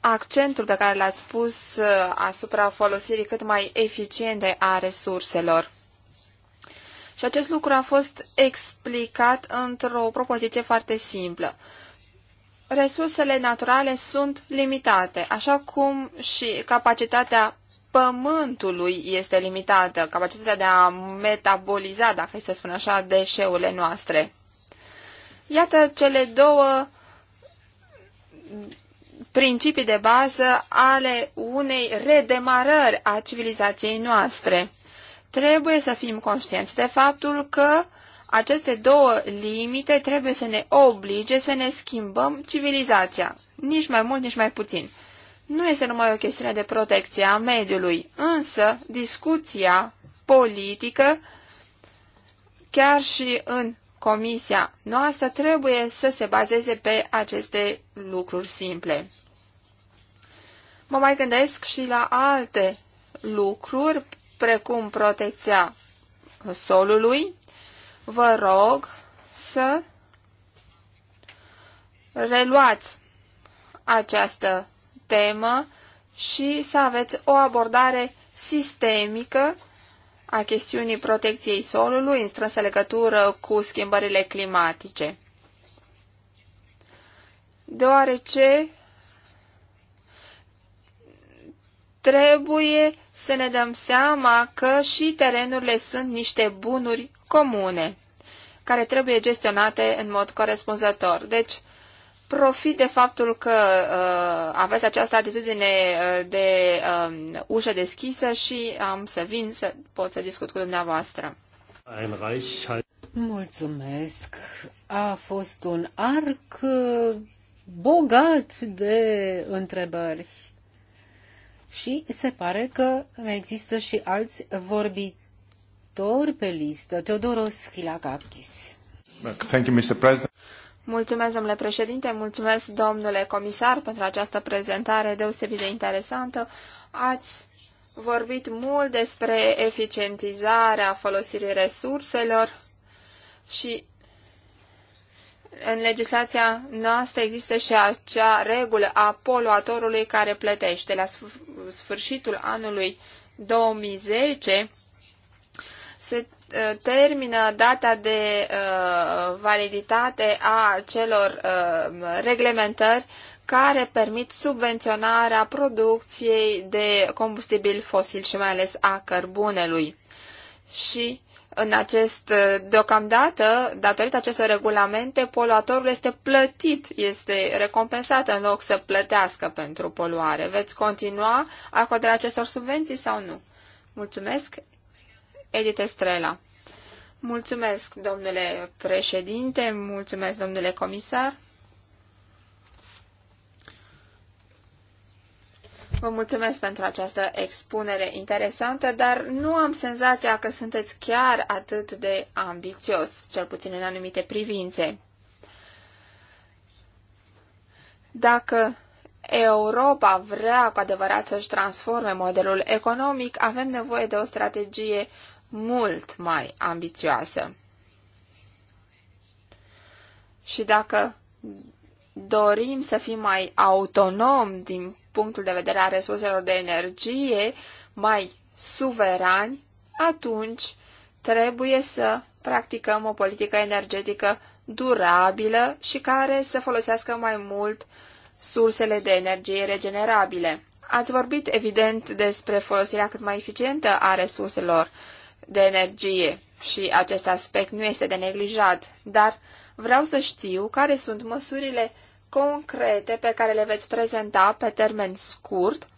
accentul pe care l-ați pus uh, asupra folosirii cât mai eficiente a resurselor. Și acest lucru a fost explicat într-o propoziție foarte simplă resursele naturale sunt limitate, așa cum și capacitatea pământului este limitată, capacitatea de a metaboliza, dacă este să spun așa, deșeurile noastre. Iată cele două principii de bază ale unei redemarări a civilizației noastre. Trebuie să fim conștienți de faptul că aceste două limite trebuie să ne oblige să ne schimbăm civilizația, nici mai mult, nici mai puțin. Nu este numai o chestiune de protecție a mediului, însă discuția politică, chiar și în comisia noastră, trebuie să se bazeze pe aceste lucruri simple. Mă mai gândesc și la alte lucruri, precum protecția solului, vă rog să reluați această temă și să aveți o abordare sistemică a chestiunii protecției solului în strânsă legătură cu schimbările climatice. Deoarece trebuie să ne dăm seama că și terenurile sunt niște bunuri comune, care trebuie gestionate în mod corespunzător. Deci, profit de faptul că uh, aveți această atitudine uh, de uh, ușă deschisă și am să vin să pot să discut cu dumneavoastră. Mulțumesc. A fost un arc uh, bogat de întrebări. Și se pare că există și alți vorbitori următor pe listă, Teodoros Hilakakis. Thank you, Mr. President. Mulțumesc, domnule președinte, mulțumesc, domnule comisar, pentru această prezentare deosebit de interesantă. Ați vorbit mult despre eficientizarea folosirii resurselor și în legislația noastră există și acea regulă a poluatorului care plătește. La sfârșitul anului 2010 se uh, termină data de uh, validitate a celor uh, reglementări care permit subvenționarea producției de combustibil fosil și mai ales a cărbunelui. Și în acest, deocamdată, datorită acestor regulamente, poluatorul este plătit, este recompensat în loc să plătească pentru poluare. Veți continua acordarea acestor subvenții sau nu? Mulțumesc! Edith Estrela. Mulțumesc, domnule președinte, mulțumesc, domnule comisar. Vă mulțumesc pentru această expunere interesantă, dar nu am senzația că sunteți chiar atât de ambițios, cel puțin în anumite privințe. Dacă Europa vrea cu adevărat să-și transforme modelul economic, avem nevoie de o strategie mult mai ambițioasă. Și dacă dorim să fim mai autonomi din punctul de vedere a resurselor de energie, mai suverani, atunci trebuie să practicăm o politică energetică durabilă și care să folosească mai mult sursele de energie regenerabile. Ați vorbit, evident, despre folosirea cât mai eficientă a resurselor de energie și acest aspect nu este de neglijat, dar vreau să știu care sunt măsurile concrete pe care le veți prezenta pe termen scurt,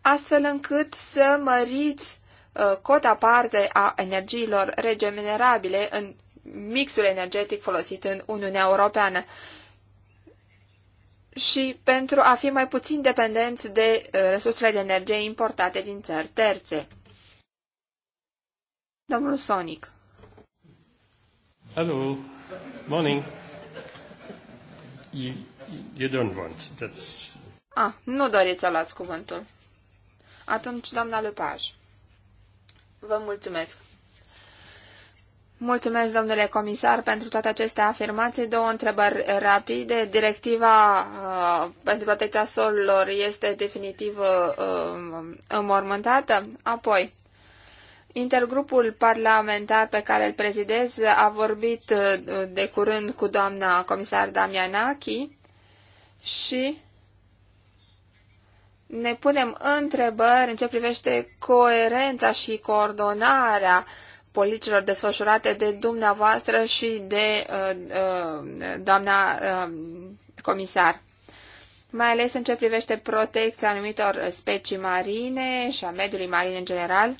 astfel încât să măriți uh, cota parte a energiilor regenerabile în mixul energetic folosit în Uniunea Europeană și pentru a fi mai puțin dependenți de uh, resursele de energie importate din țări terțe. Domnul Sonic. Hello. Morning. You, you don't want. That's... Ah, nu doriți să luați cuvântul. Atunci, doamna Lupaj. Vă mulțumesc. Mulțumesc, domnule comisar, pentru toate aceste afirmații. Două întrebări rapide. Directiva uh, pentru protecția solurilor este definitiv uh, um, înmormântată? Apoi, Intergrupul parlamentar pe care îl prezidez a vorbit uh, de curând cu doamna comisar Damianaki și ne punem întrebări în ce privește coerența și coordonarea politicilor desfășurate de dumneavoastră și de uh, uh, doamna uh, comisar mai ales în ce privește protecția anumitor specii marine și a mediului marin în general,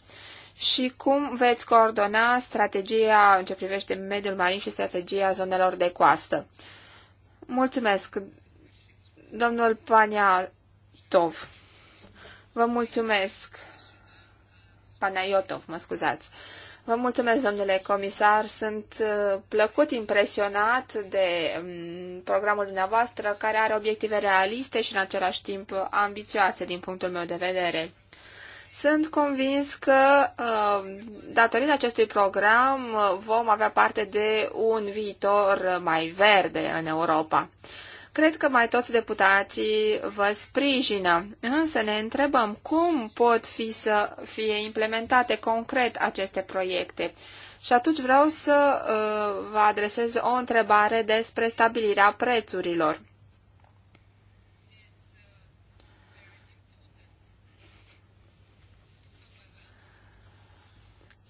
și cum veți coordona strategia în ce privește mediul marin și strategia zonelor de coastă. Mulțumesc, domnul Tov. Vă mulțumesc, Panaiotov, mă scuzați. Vă mulțumesc, domnule comisar. Sunt uh, plăcut impresionat de um, programul dumneavoastră, care are obiective realiste și în același timp ambițioase din punctul meu de vedere. Sunt convins că uh, datorită acestui program uh, vom avea parte de un viitor uh, mai verde în Europa. Cred că mai toți deputații vă sprijină, însă ne întrebăm cum pot fi să fie implementate concret aceste proiecte. Și atunci vreau să vă adresez o întrebare despre stabilirea prețurilor.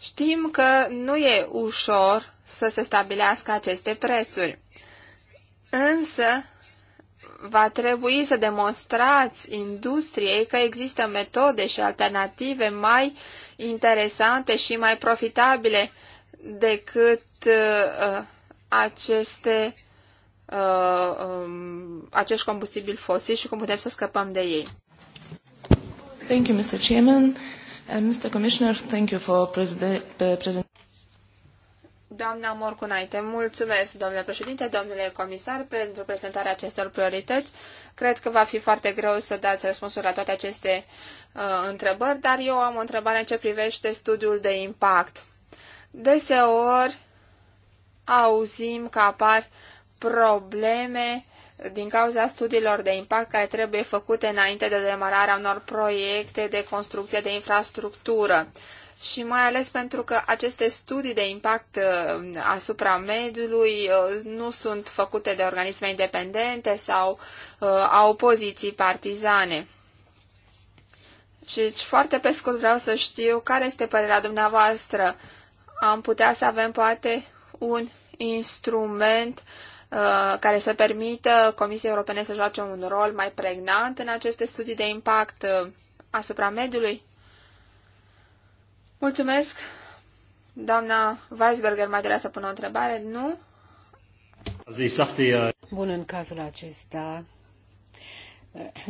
Știm că nu e ușor să se stabilească aceste prețuri, însă va trebui să demonstrați industriei că există metode și alternative mai interesante și mai profitabile decât uh, aceste uh, um, acești combustibili fosili și cum putem să scăpăm de ei. Thank you, Mr. Chairman. And uh, Mr. Commissioner, thank you for Doamna Morcunaite, mulțumesc, domnule președinte, domnule comisar, pentru prezentarea acestor priorități. Cred că va fi foarte greu să dați răspunsuri la toate aceste uh, întrebări, dar eu am o întrebare în ce privește studiul de impact. Deseori auzim că apar probleme din cauza studiilor de impact care trebuie făcute înainte de demararea unor proiecte de construcție de infrastructură și mai ales pentru că aceste studii de impact uh, asupra mediului uh, nu sunt făcute de organisme independente sau uh, au poziții partizane. Și deci, foarte pe scurt vreau să știu care este părerea dumneavoastră. Am putea să avem poate un instrument uh, Uh, care să permită Comisiei Europene să joace un rol mai pregnant în aceste studii de impact uh, asupra mediului? Mulțumesc. Doamna Weisberger mai dorea să pună o întrebare, nu? Bun, în cazul acesta.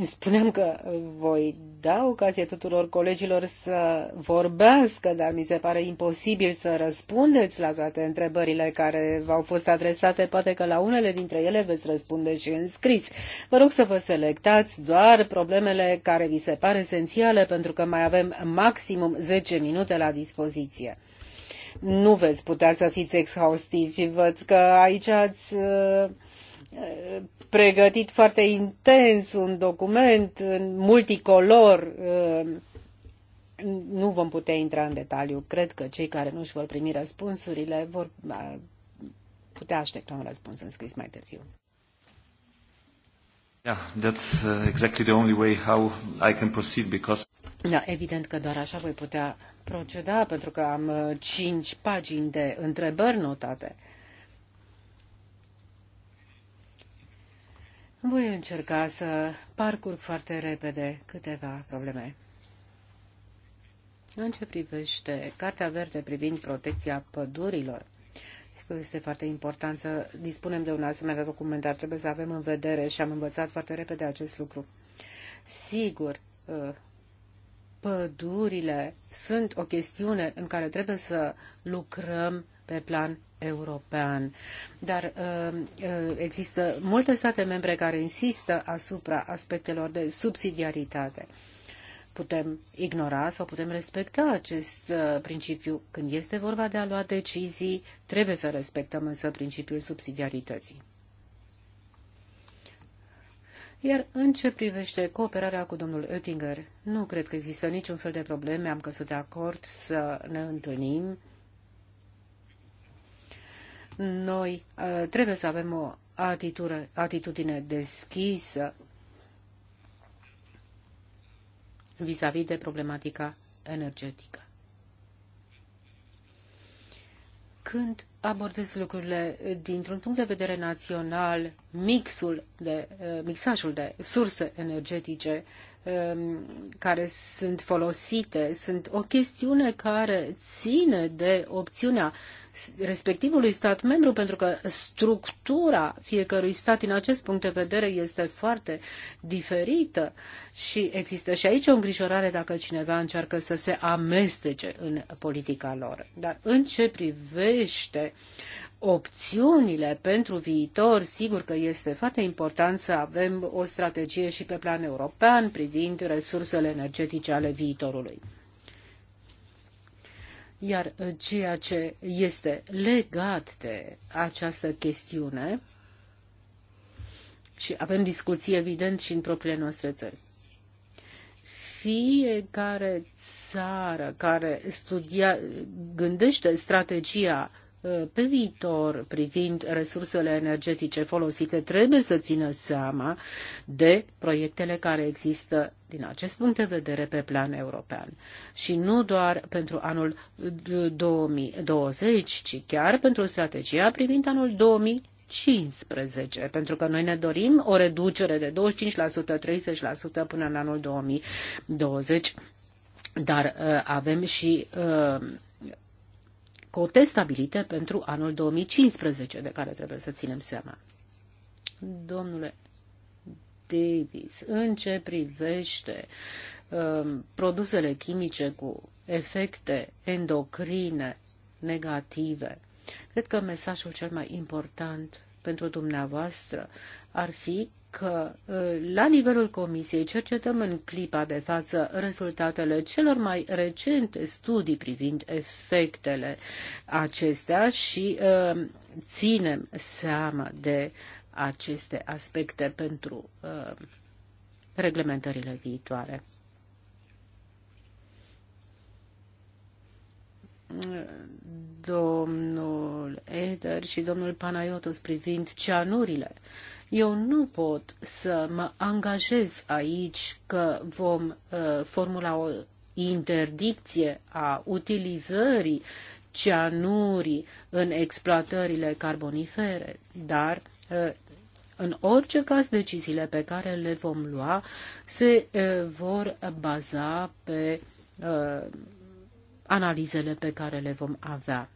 Spuneam că voi da ocazie tuturor colegilor să vorbească, dar mi se pare imposibil să răspundeți la toate întrebările care v-au fost adresate. Poate că la unele dintre ele veți răspunde și în scris. Vă rog să vă selectați doar problemele care vi se par esențiale, pentru că mai avem maximum 10 minute la dispoziție. Nu veți putea să fiți exhaustivi. Văd că aici ați pregătit foarte intens un document multicolor. Uh, nu vom putea intra în detaliu. Cred că cei care nu își vor primi răspunsurile vor uh, putea aștepta un răspuns scris mai târziu. Yeah, that's uh, exactly the only way how I can proceed because da, evident că doar așa voi putea proceda, pentru că am cinci pagini de întrebări notate. Voi încerca să parcurg foarte repede câteva probleme. În ce privește Cartea Verde privind protecția pădurilor, că este foarte important să dispunem de un asemenea document, dar trebuie să avem în vedere și am învățat foarte repede acest lucru. Sigur, uh, pădurile sunt o chestiune în care trebuie să lucrăm pe plan european. Dar uh, uh, există multe state membre care insistă asupra aspectelor de subsidiaritate. Putem ignora sau putem respecta acest uh, principiu. Când este vorba de a lua decizii, trebuie să respectăm însă principiul subsidiarității. Iar în ce privește cooperarea cu domnul Oettinger, nu cred că există niciun fel de probleme, am căzut de acord să ne întâlnim noi uh, trebuie să avem o atitudine, deschisă vis-a-vis -vis de problematica energetică. Când abordez lucrurile dintr-un punct de vedere național, mixul de, uh, mixajul de surse energetice Um, care sunt folosite sunt o chestiune care ține de opțiunea respectivului stat membru, pentru că structura fiecărui stat din acest punct de vedere este foarte diferită și există și aici o îngrijorare dacă cineva încearcă să se amestece în politica lor. Dar în ce privește opțiunile pentru viitor, sigur că este foarte important să avem o strategie și pe plan european privind resursele energetice ale viitorului. Iar ceea ce este legat de această chestiune, și avem discuții evident și în propriile noastre țări, fiecare țară care studia, gândește strategia Uh, pe viitor privind resursele energetice folosite trebuie să țină seama de proiectele care există din acest punct de vedere pe plan european. Și nu doar pentru anul 2020, ci chiar pentru strategia privind anul 2015 15, pentru că noi ne dorim o reducere de 25%, 30% până în anul 2020, dar uh, avem și uh, cote stabilite pentru anul 2015, de care trebuie să ținem seama. Domnule Davis, în ce privește uh, produsele chimice cu efecte endocrine negative, cred că mesajul cel mai important pentru dumneavoastră ar fi că ă, la nivelul Comisiei cercetăm în clipa de față rezultatele celor mai recente studii privind efectele acestea și ă, ținem seama de aceste aspecte pentru ă, reglementările viitoare. Domnul Eder și domnul Panayotos privind ceanurile. Uh, eu nu pot să mă angajez aici că vom uh, formula o interdicție a utilizării cianurii în exploatările carbonifere, dar uh, în orice caz, deciziile pe care le vom lua se uh, vor baza pe uh, analizele pe care le vom avea.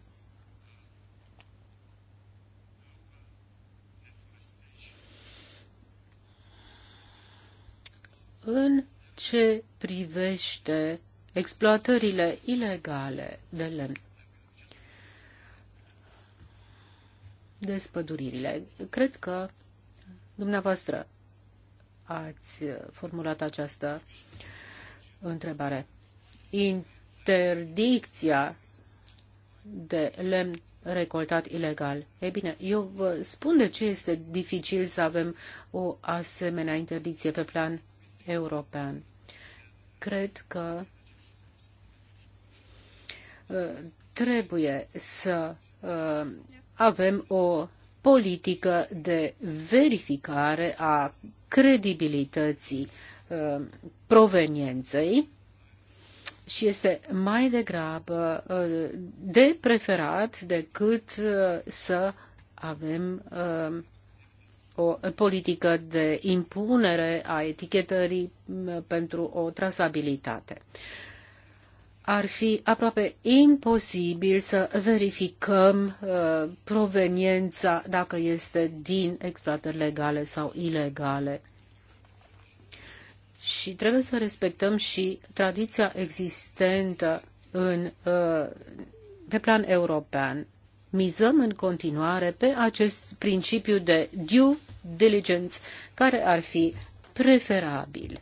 în ce privește exploatările ilegale de lemn. Despăduririle. Cred că dumneavoastră ați formulat această întrebare. Interdicția de lemn recoltat ilegal. Ei bine, eu vă spun de ce este dificil să avem o asemenea interdicție pe plan european. Cred că uh, trebuie să uh, avem o politică de verificare a credibilității uh, provenienței și este mai degrabă de preferat decât să avem o politică de impunere a etichetării pentru o trasabilitate. Ar fi aproape imposibil să verificăm uh, proveniența dacă este din exploatări legale sau ilegale. Și trebuie să respectăm și tradiția existentă în, uh, pe plan european mizăm în continuare pe acest principiu de due diligence care ar fi preferabil.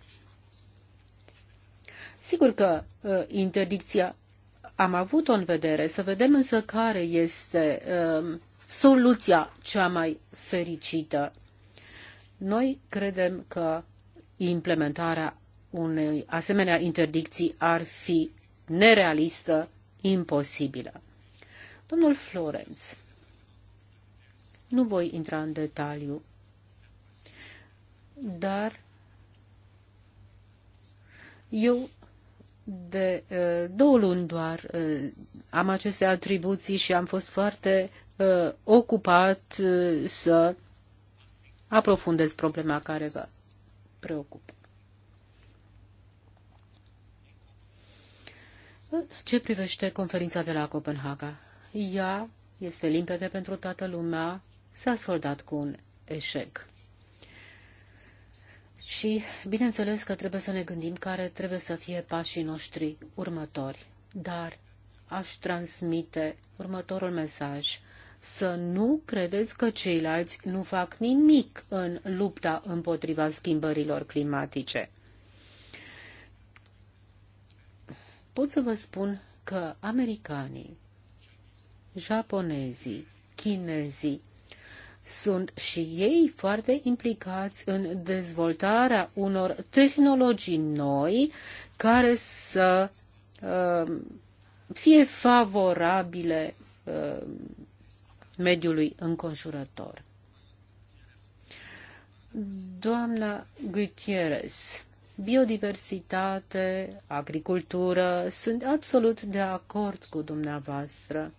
Sigur că uh, interdicția am avut-o în vedere, să vedem însă care este um, soluția cea mai fericită. Noi credem că implementarea unei asemenea interdicții ar fi nerealistă, imposibilă. Domnul Florenz, nu voi intra în detaliu, dar eu de uh, două luni doar uh, am aceste atribuții și am fost foarte uh, ocupat să aprofundez problema care vă preocupă. În ce privește conferința de la Copenhaga? ea este limpede pentru toată lumea, s-a soldat cu un eșec. Și, bineînțeles că trebuie să ne gândim care trebuie să fie pașii noștri următori, dar aș transmite următorul mesaj. Să nu credeți că ceilalți nu fac nimic în lupta împotriva schimbărilor climatice. Pot să vă spun că americanii japonezii, chinezii, sunt și ei foarte implicați în dezvoltarea unor tehnologii noi care să uh, fie favorabile uh, mediului înconjurător. Doamna Gutierrez, biodiversitate, agricultură, sunt absolut de acord cu dumneavoastră.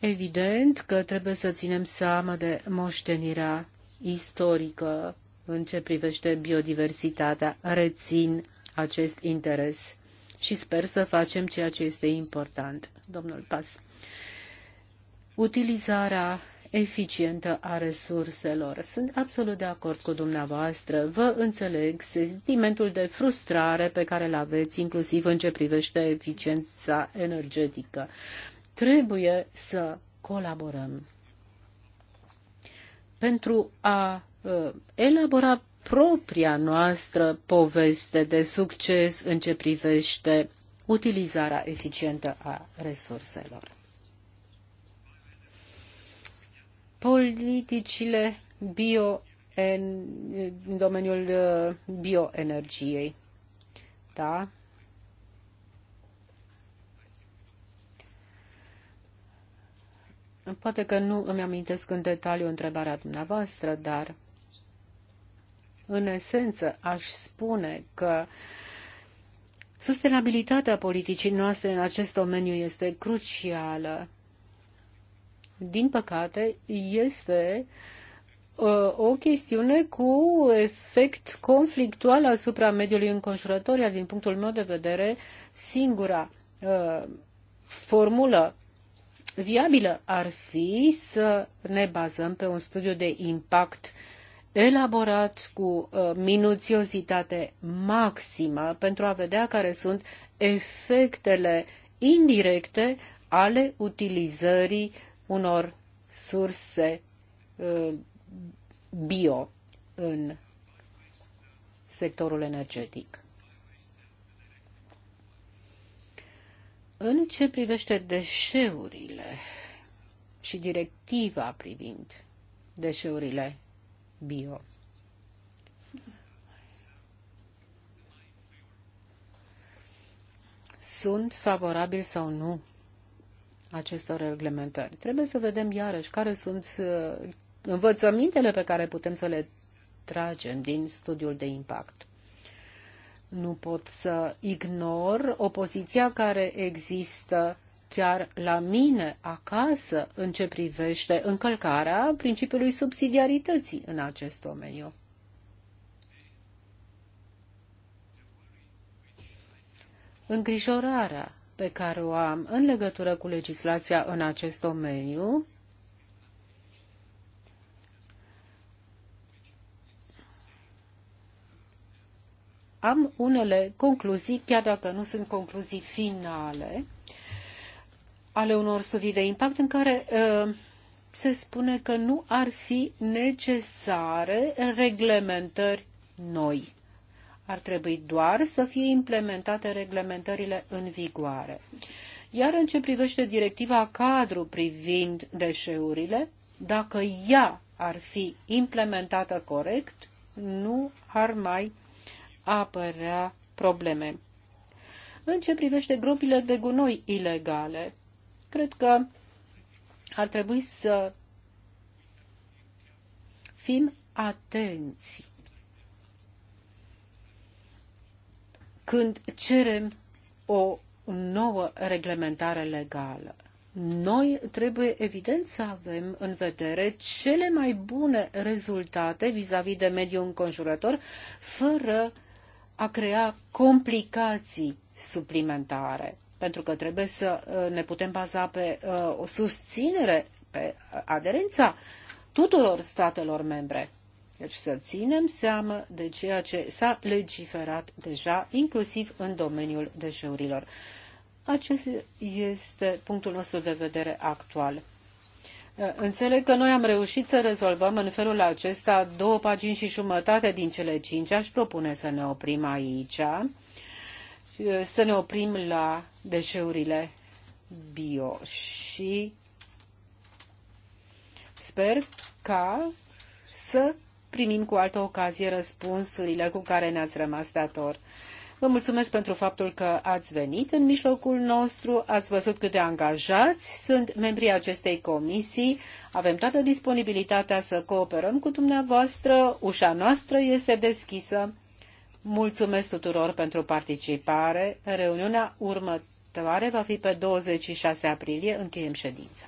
Evident că trebuie să ținem seama de moștenirea istorică în ce privește biodiversitatea. Rețin acest interes și sper să facem ceea ce este important, domnul Pas. Utilizarea eficientă a resurselor. Sunt absolut de acord cu dumneavoastră. Vă înțeleg sentimentul de frustrare pe care îl aveți, inclusiv în ce privește eficiența energetică. Trebuie să colaborăm pentru a uh, elabora propria noastră poveste de succes în ce privește utilizarea eficientă a resurselor. Politicile bio în, în domeniul uh, bioenergiei. Da? Poate că nu îmi amintesc în detaliu întrebarea dumneavoastră, dar în esență aș spune că sustenabilitatea politicii noastre în acest domeniu este crucială. Din păcate, este uh, o chestiune cu efect conflictual asupra mediului înconjurător, iar din punctul meu de vedere, singura uh, formulă viabilă ar fi să ne bazăm pe un studiu de impact elaborat cu uh, minuțiozitate maximă pentru a vedea care sunt efectele indirecte ale utilizării unor surse uh, bio în sectorul energetic. În ce privește deșeurile și directiva privind deșeurile bio, sunt favorabil sau nu acestor reglementări. Trebuie să vedem iarăși care sunt uh, învățămintele pe care putem să le tragem din studiul de impact nu pot să ignor opoziția care există chiar la mine acasă în ce privește încălcarea principiului subsidiarității în acest domeniu. Îngrijorarea pe care o am în legătură cu legislația în acest domeniu am unele concluzii, chiar dacă nu sunt concluzii finale, ale unor studii de impact în care uh, se spune că nu ar fi necesare reglementări noi. Ar trebui doar să fie implementate reglementările în vigoare. Iar în ce privește directiva cadru privind deșeurile, dacă ea ar fi implementată corect, nu ar mai apărea probleme. În ce privește gropile de gunoi ilegale, cred că ar trebui să fim atenți când cerem o nouă reglementare legală. Noi trebuie evident să avem în vedere cele mai bune rezultate vis-a-vis -vis de mediul înconjurător, fără a crea complicații suplimentare, pentru că trebuie să uh, ne putem baza pe uh, o susținere, pe aderența tuturor statelor membre. Deci să ținem seamă de ceea ce s-a legiferat deja, inclusiv în domeniul deșeurilor. Acest este punctul nostru de vedere actual. Eh, înțeleg că noi am reușit să rezolvăm în felul acesta două pagini și jumătate din cele cinci. Aș propune să ne oprim aici, eh, să ne oprim la deșeurile bio și sper ca să primim cu altă ocazie răspunsurile cu care ne-ați rămas dator. Vă mulțumesc pentru faptul că ați venit în mijlocul nostru, ați văzut cât de angajați sunt membrii acestei comisii. Avem toată disponibilitatea să cooperăm cu dumneavoastră, ușa noastră este deschisă. Mulțumesc tuturor pentru participare. Reuniunea următoare va fi pe 26 aprilie. Încheiem ședința.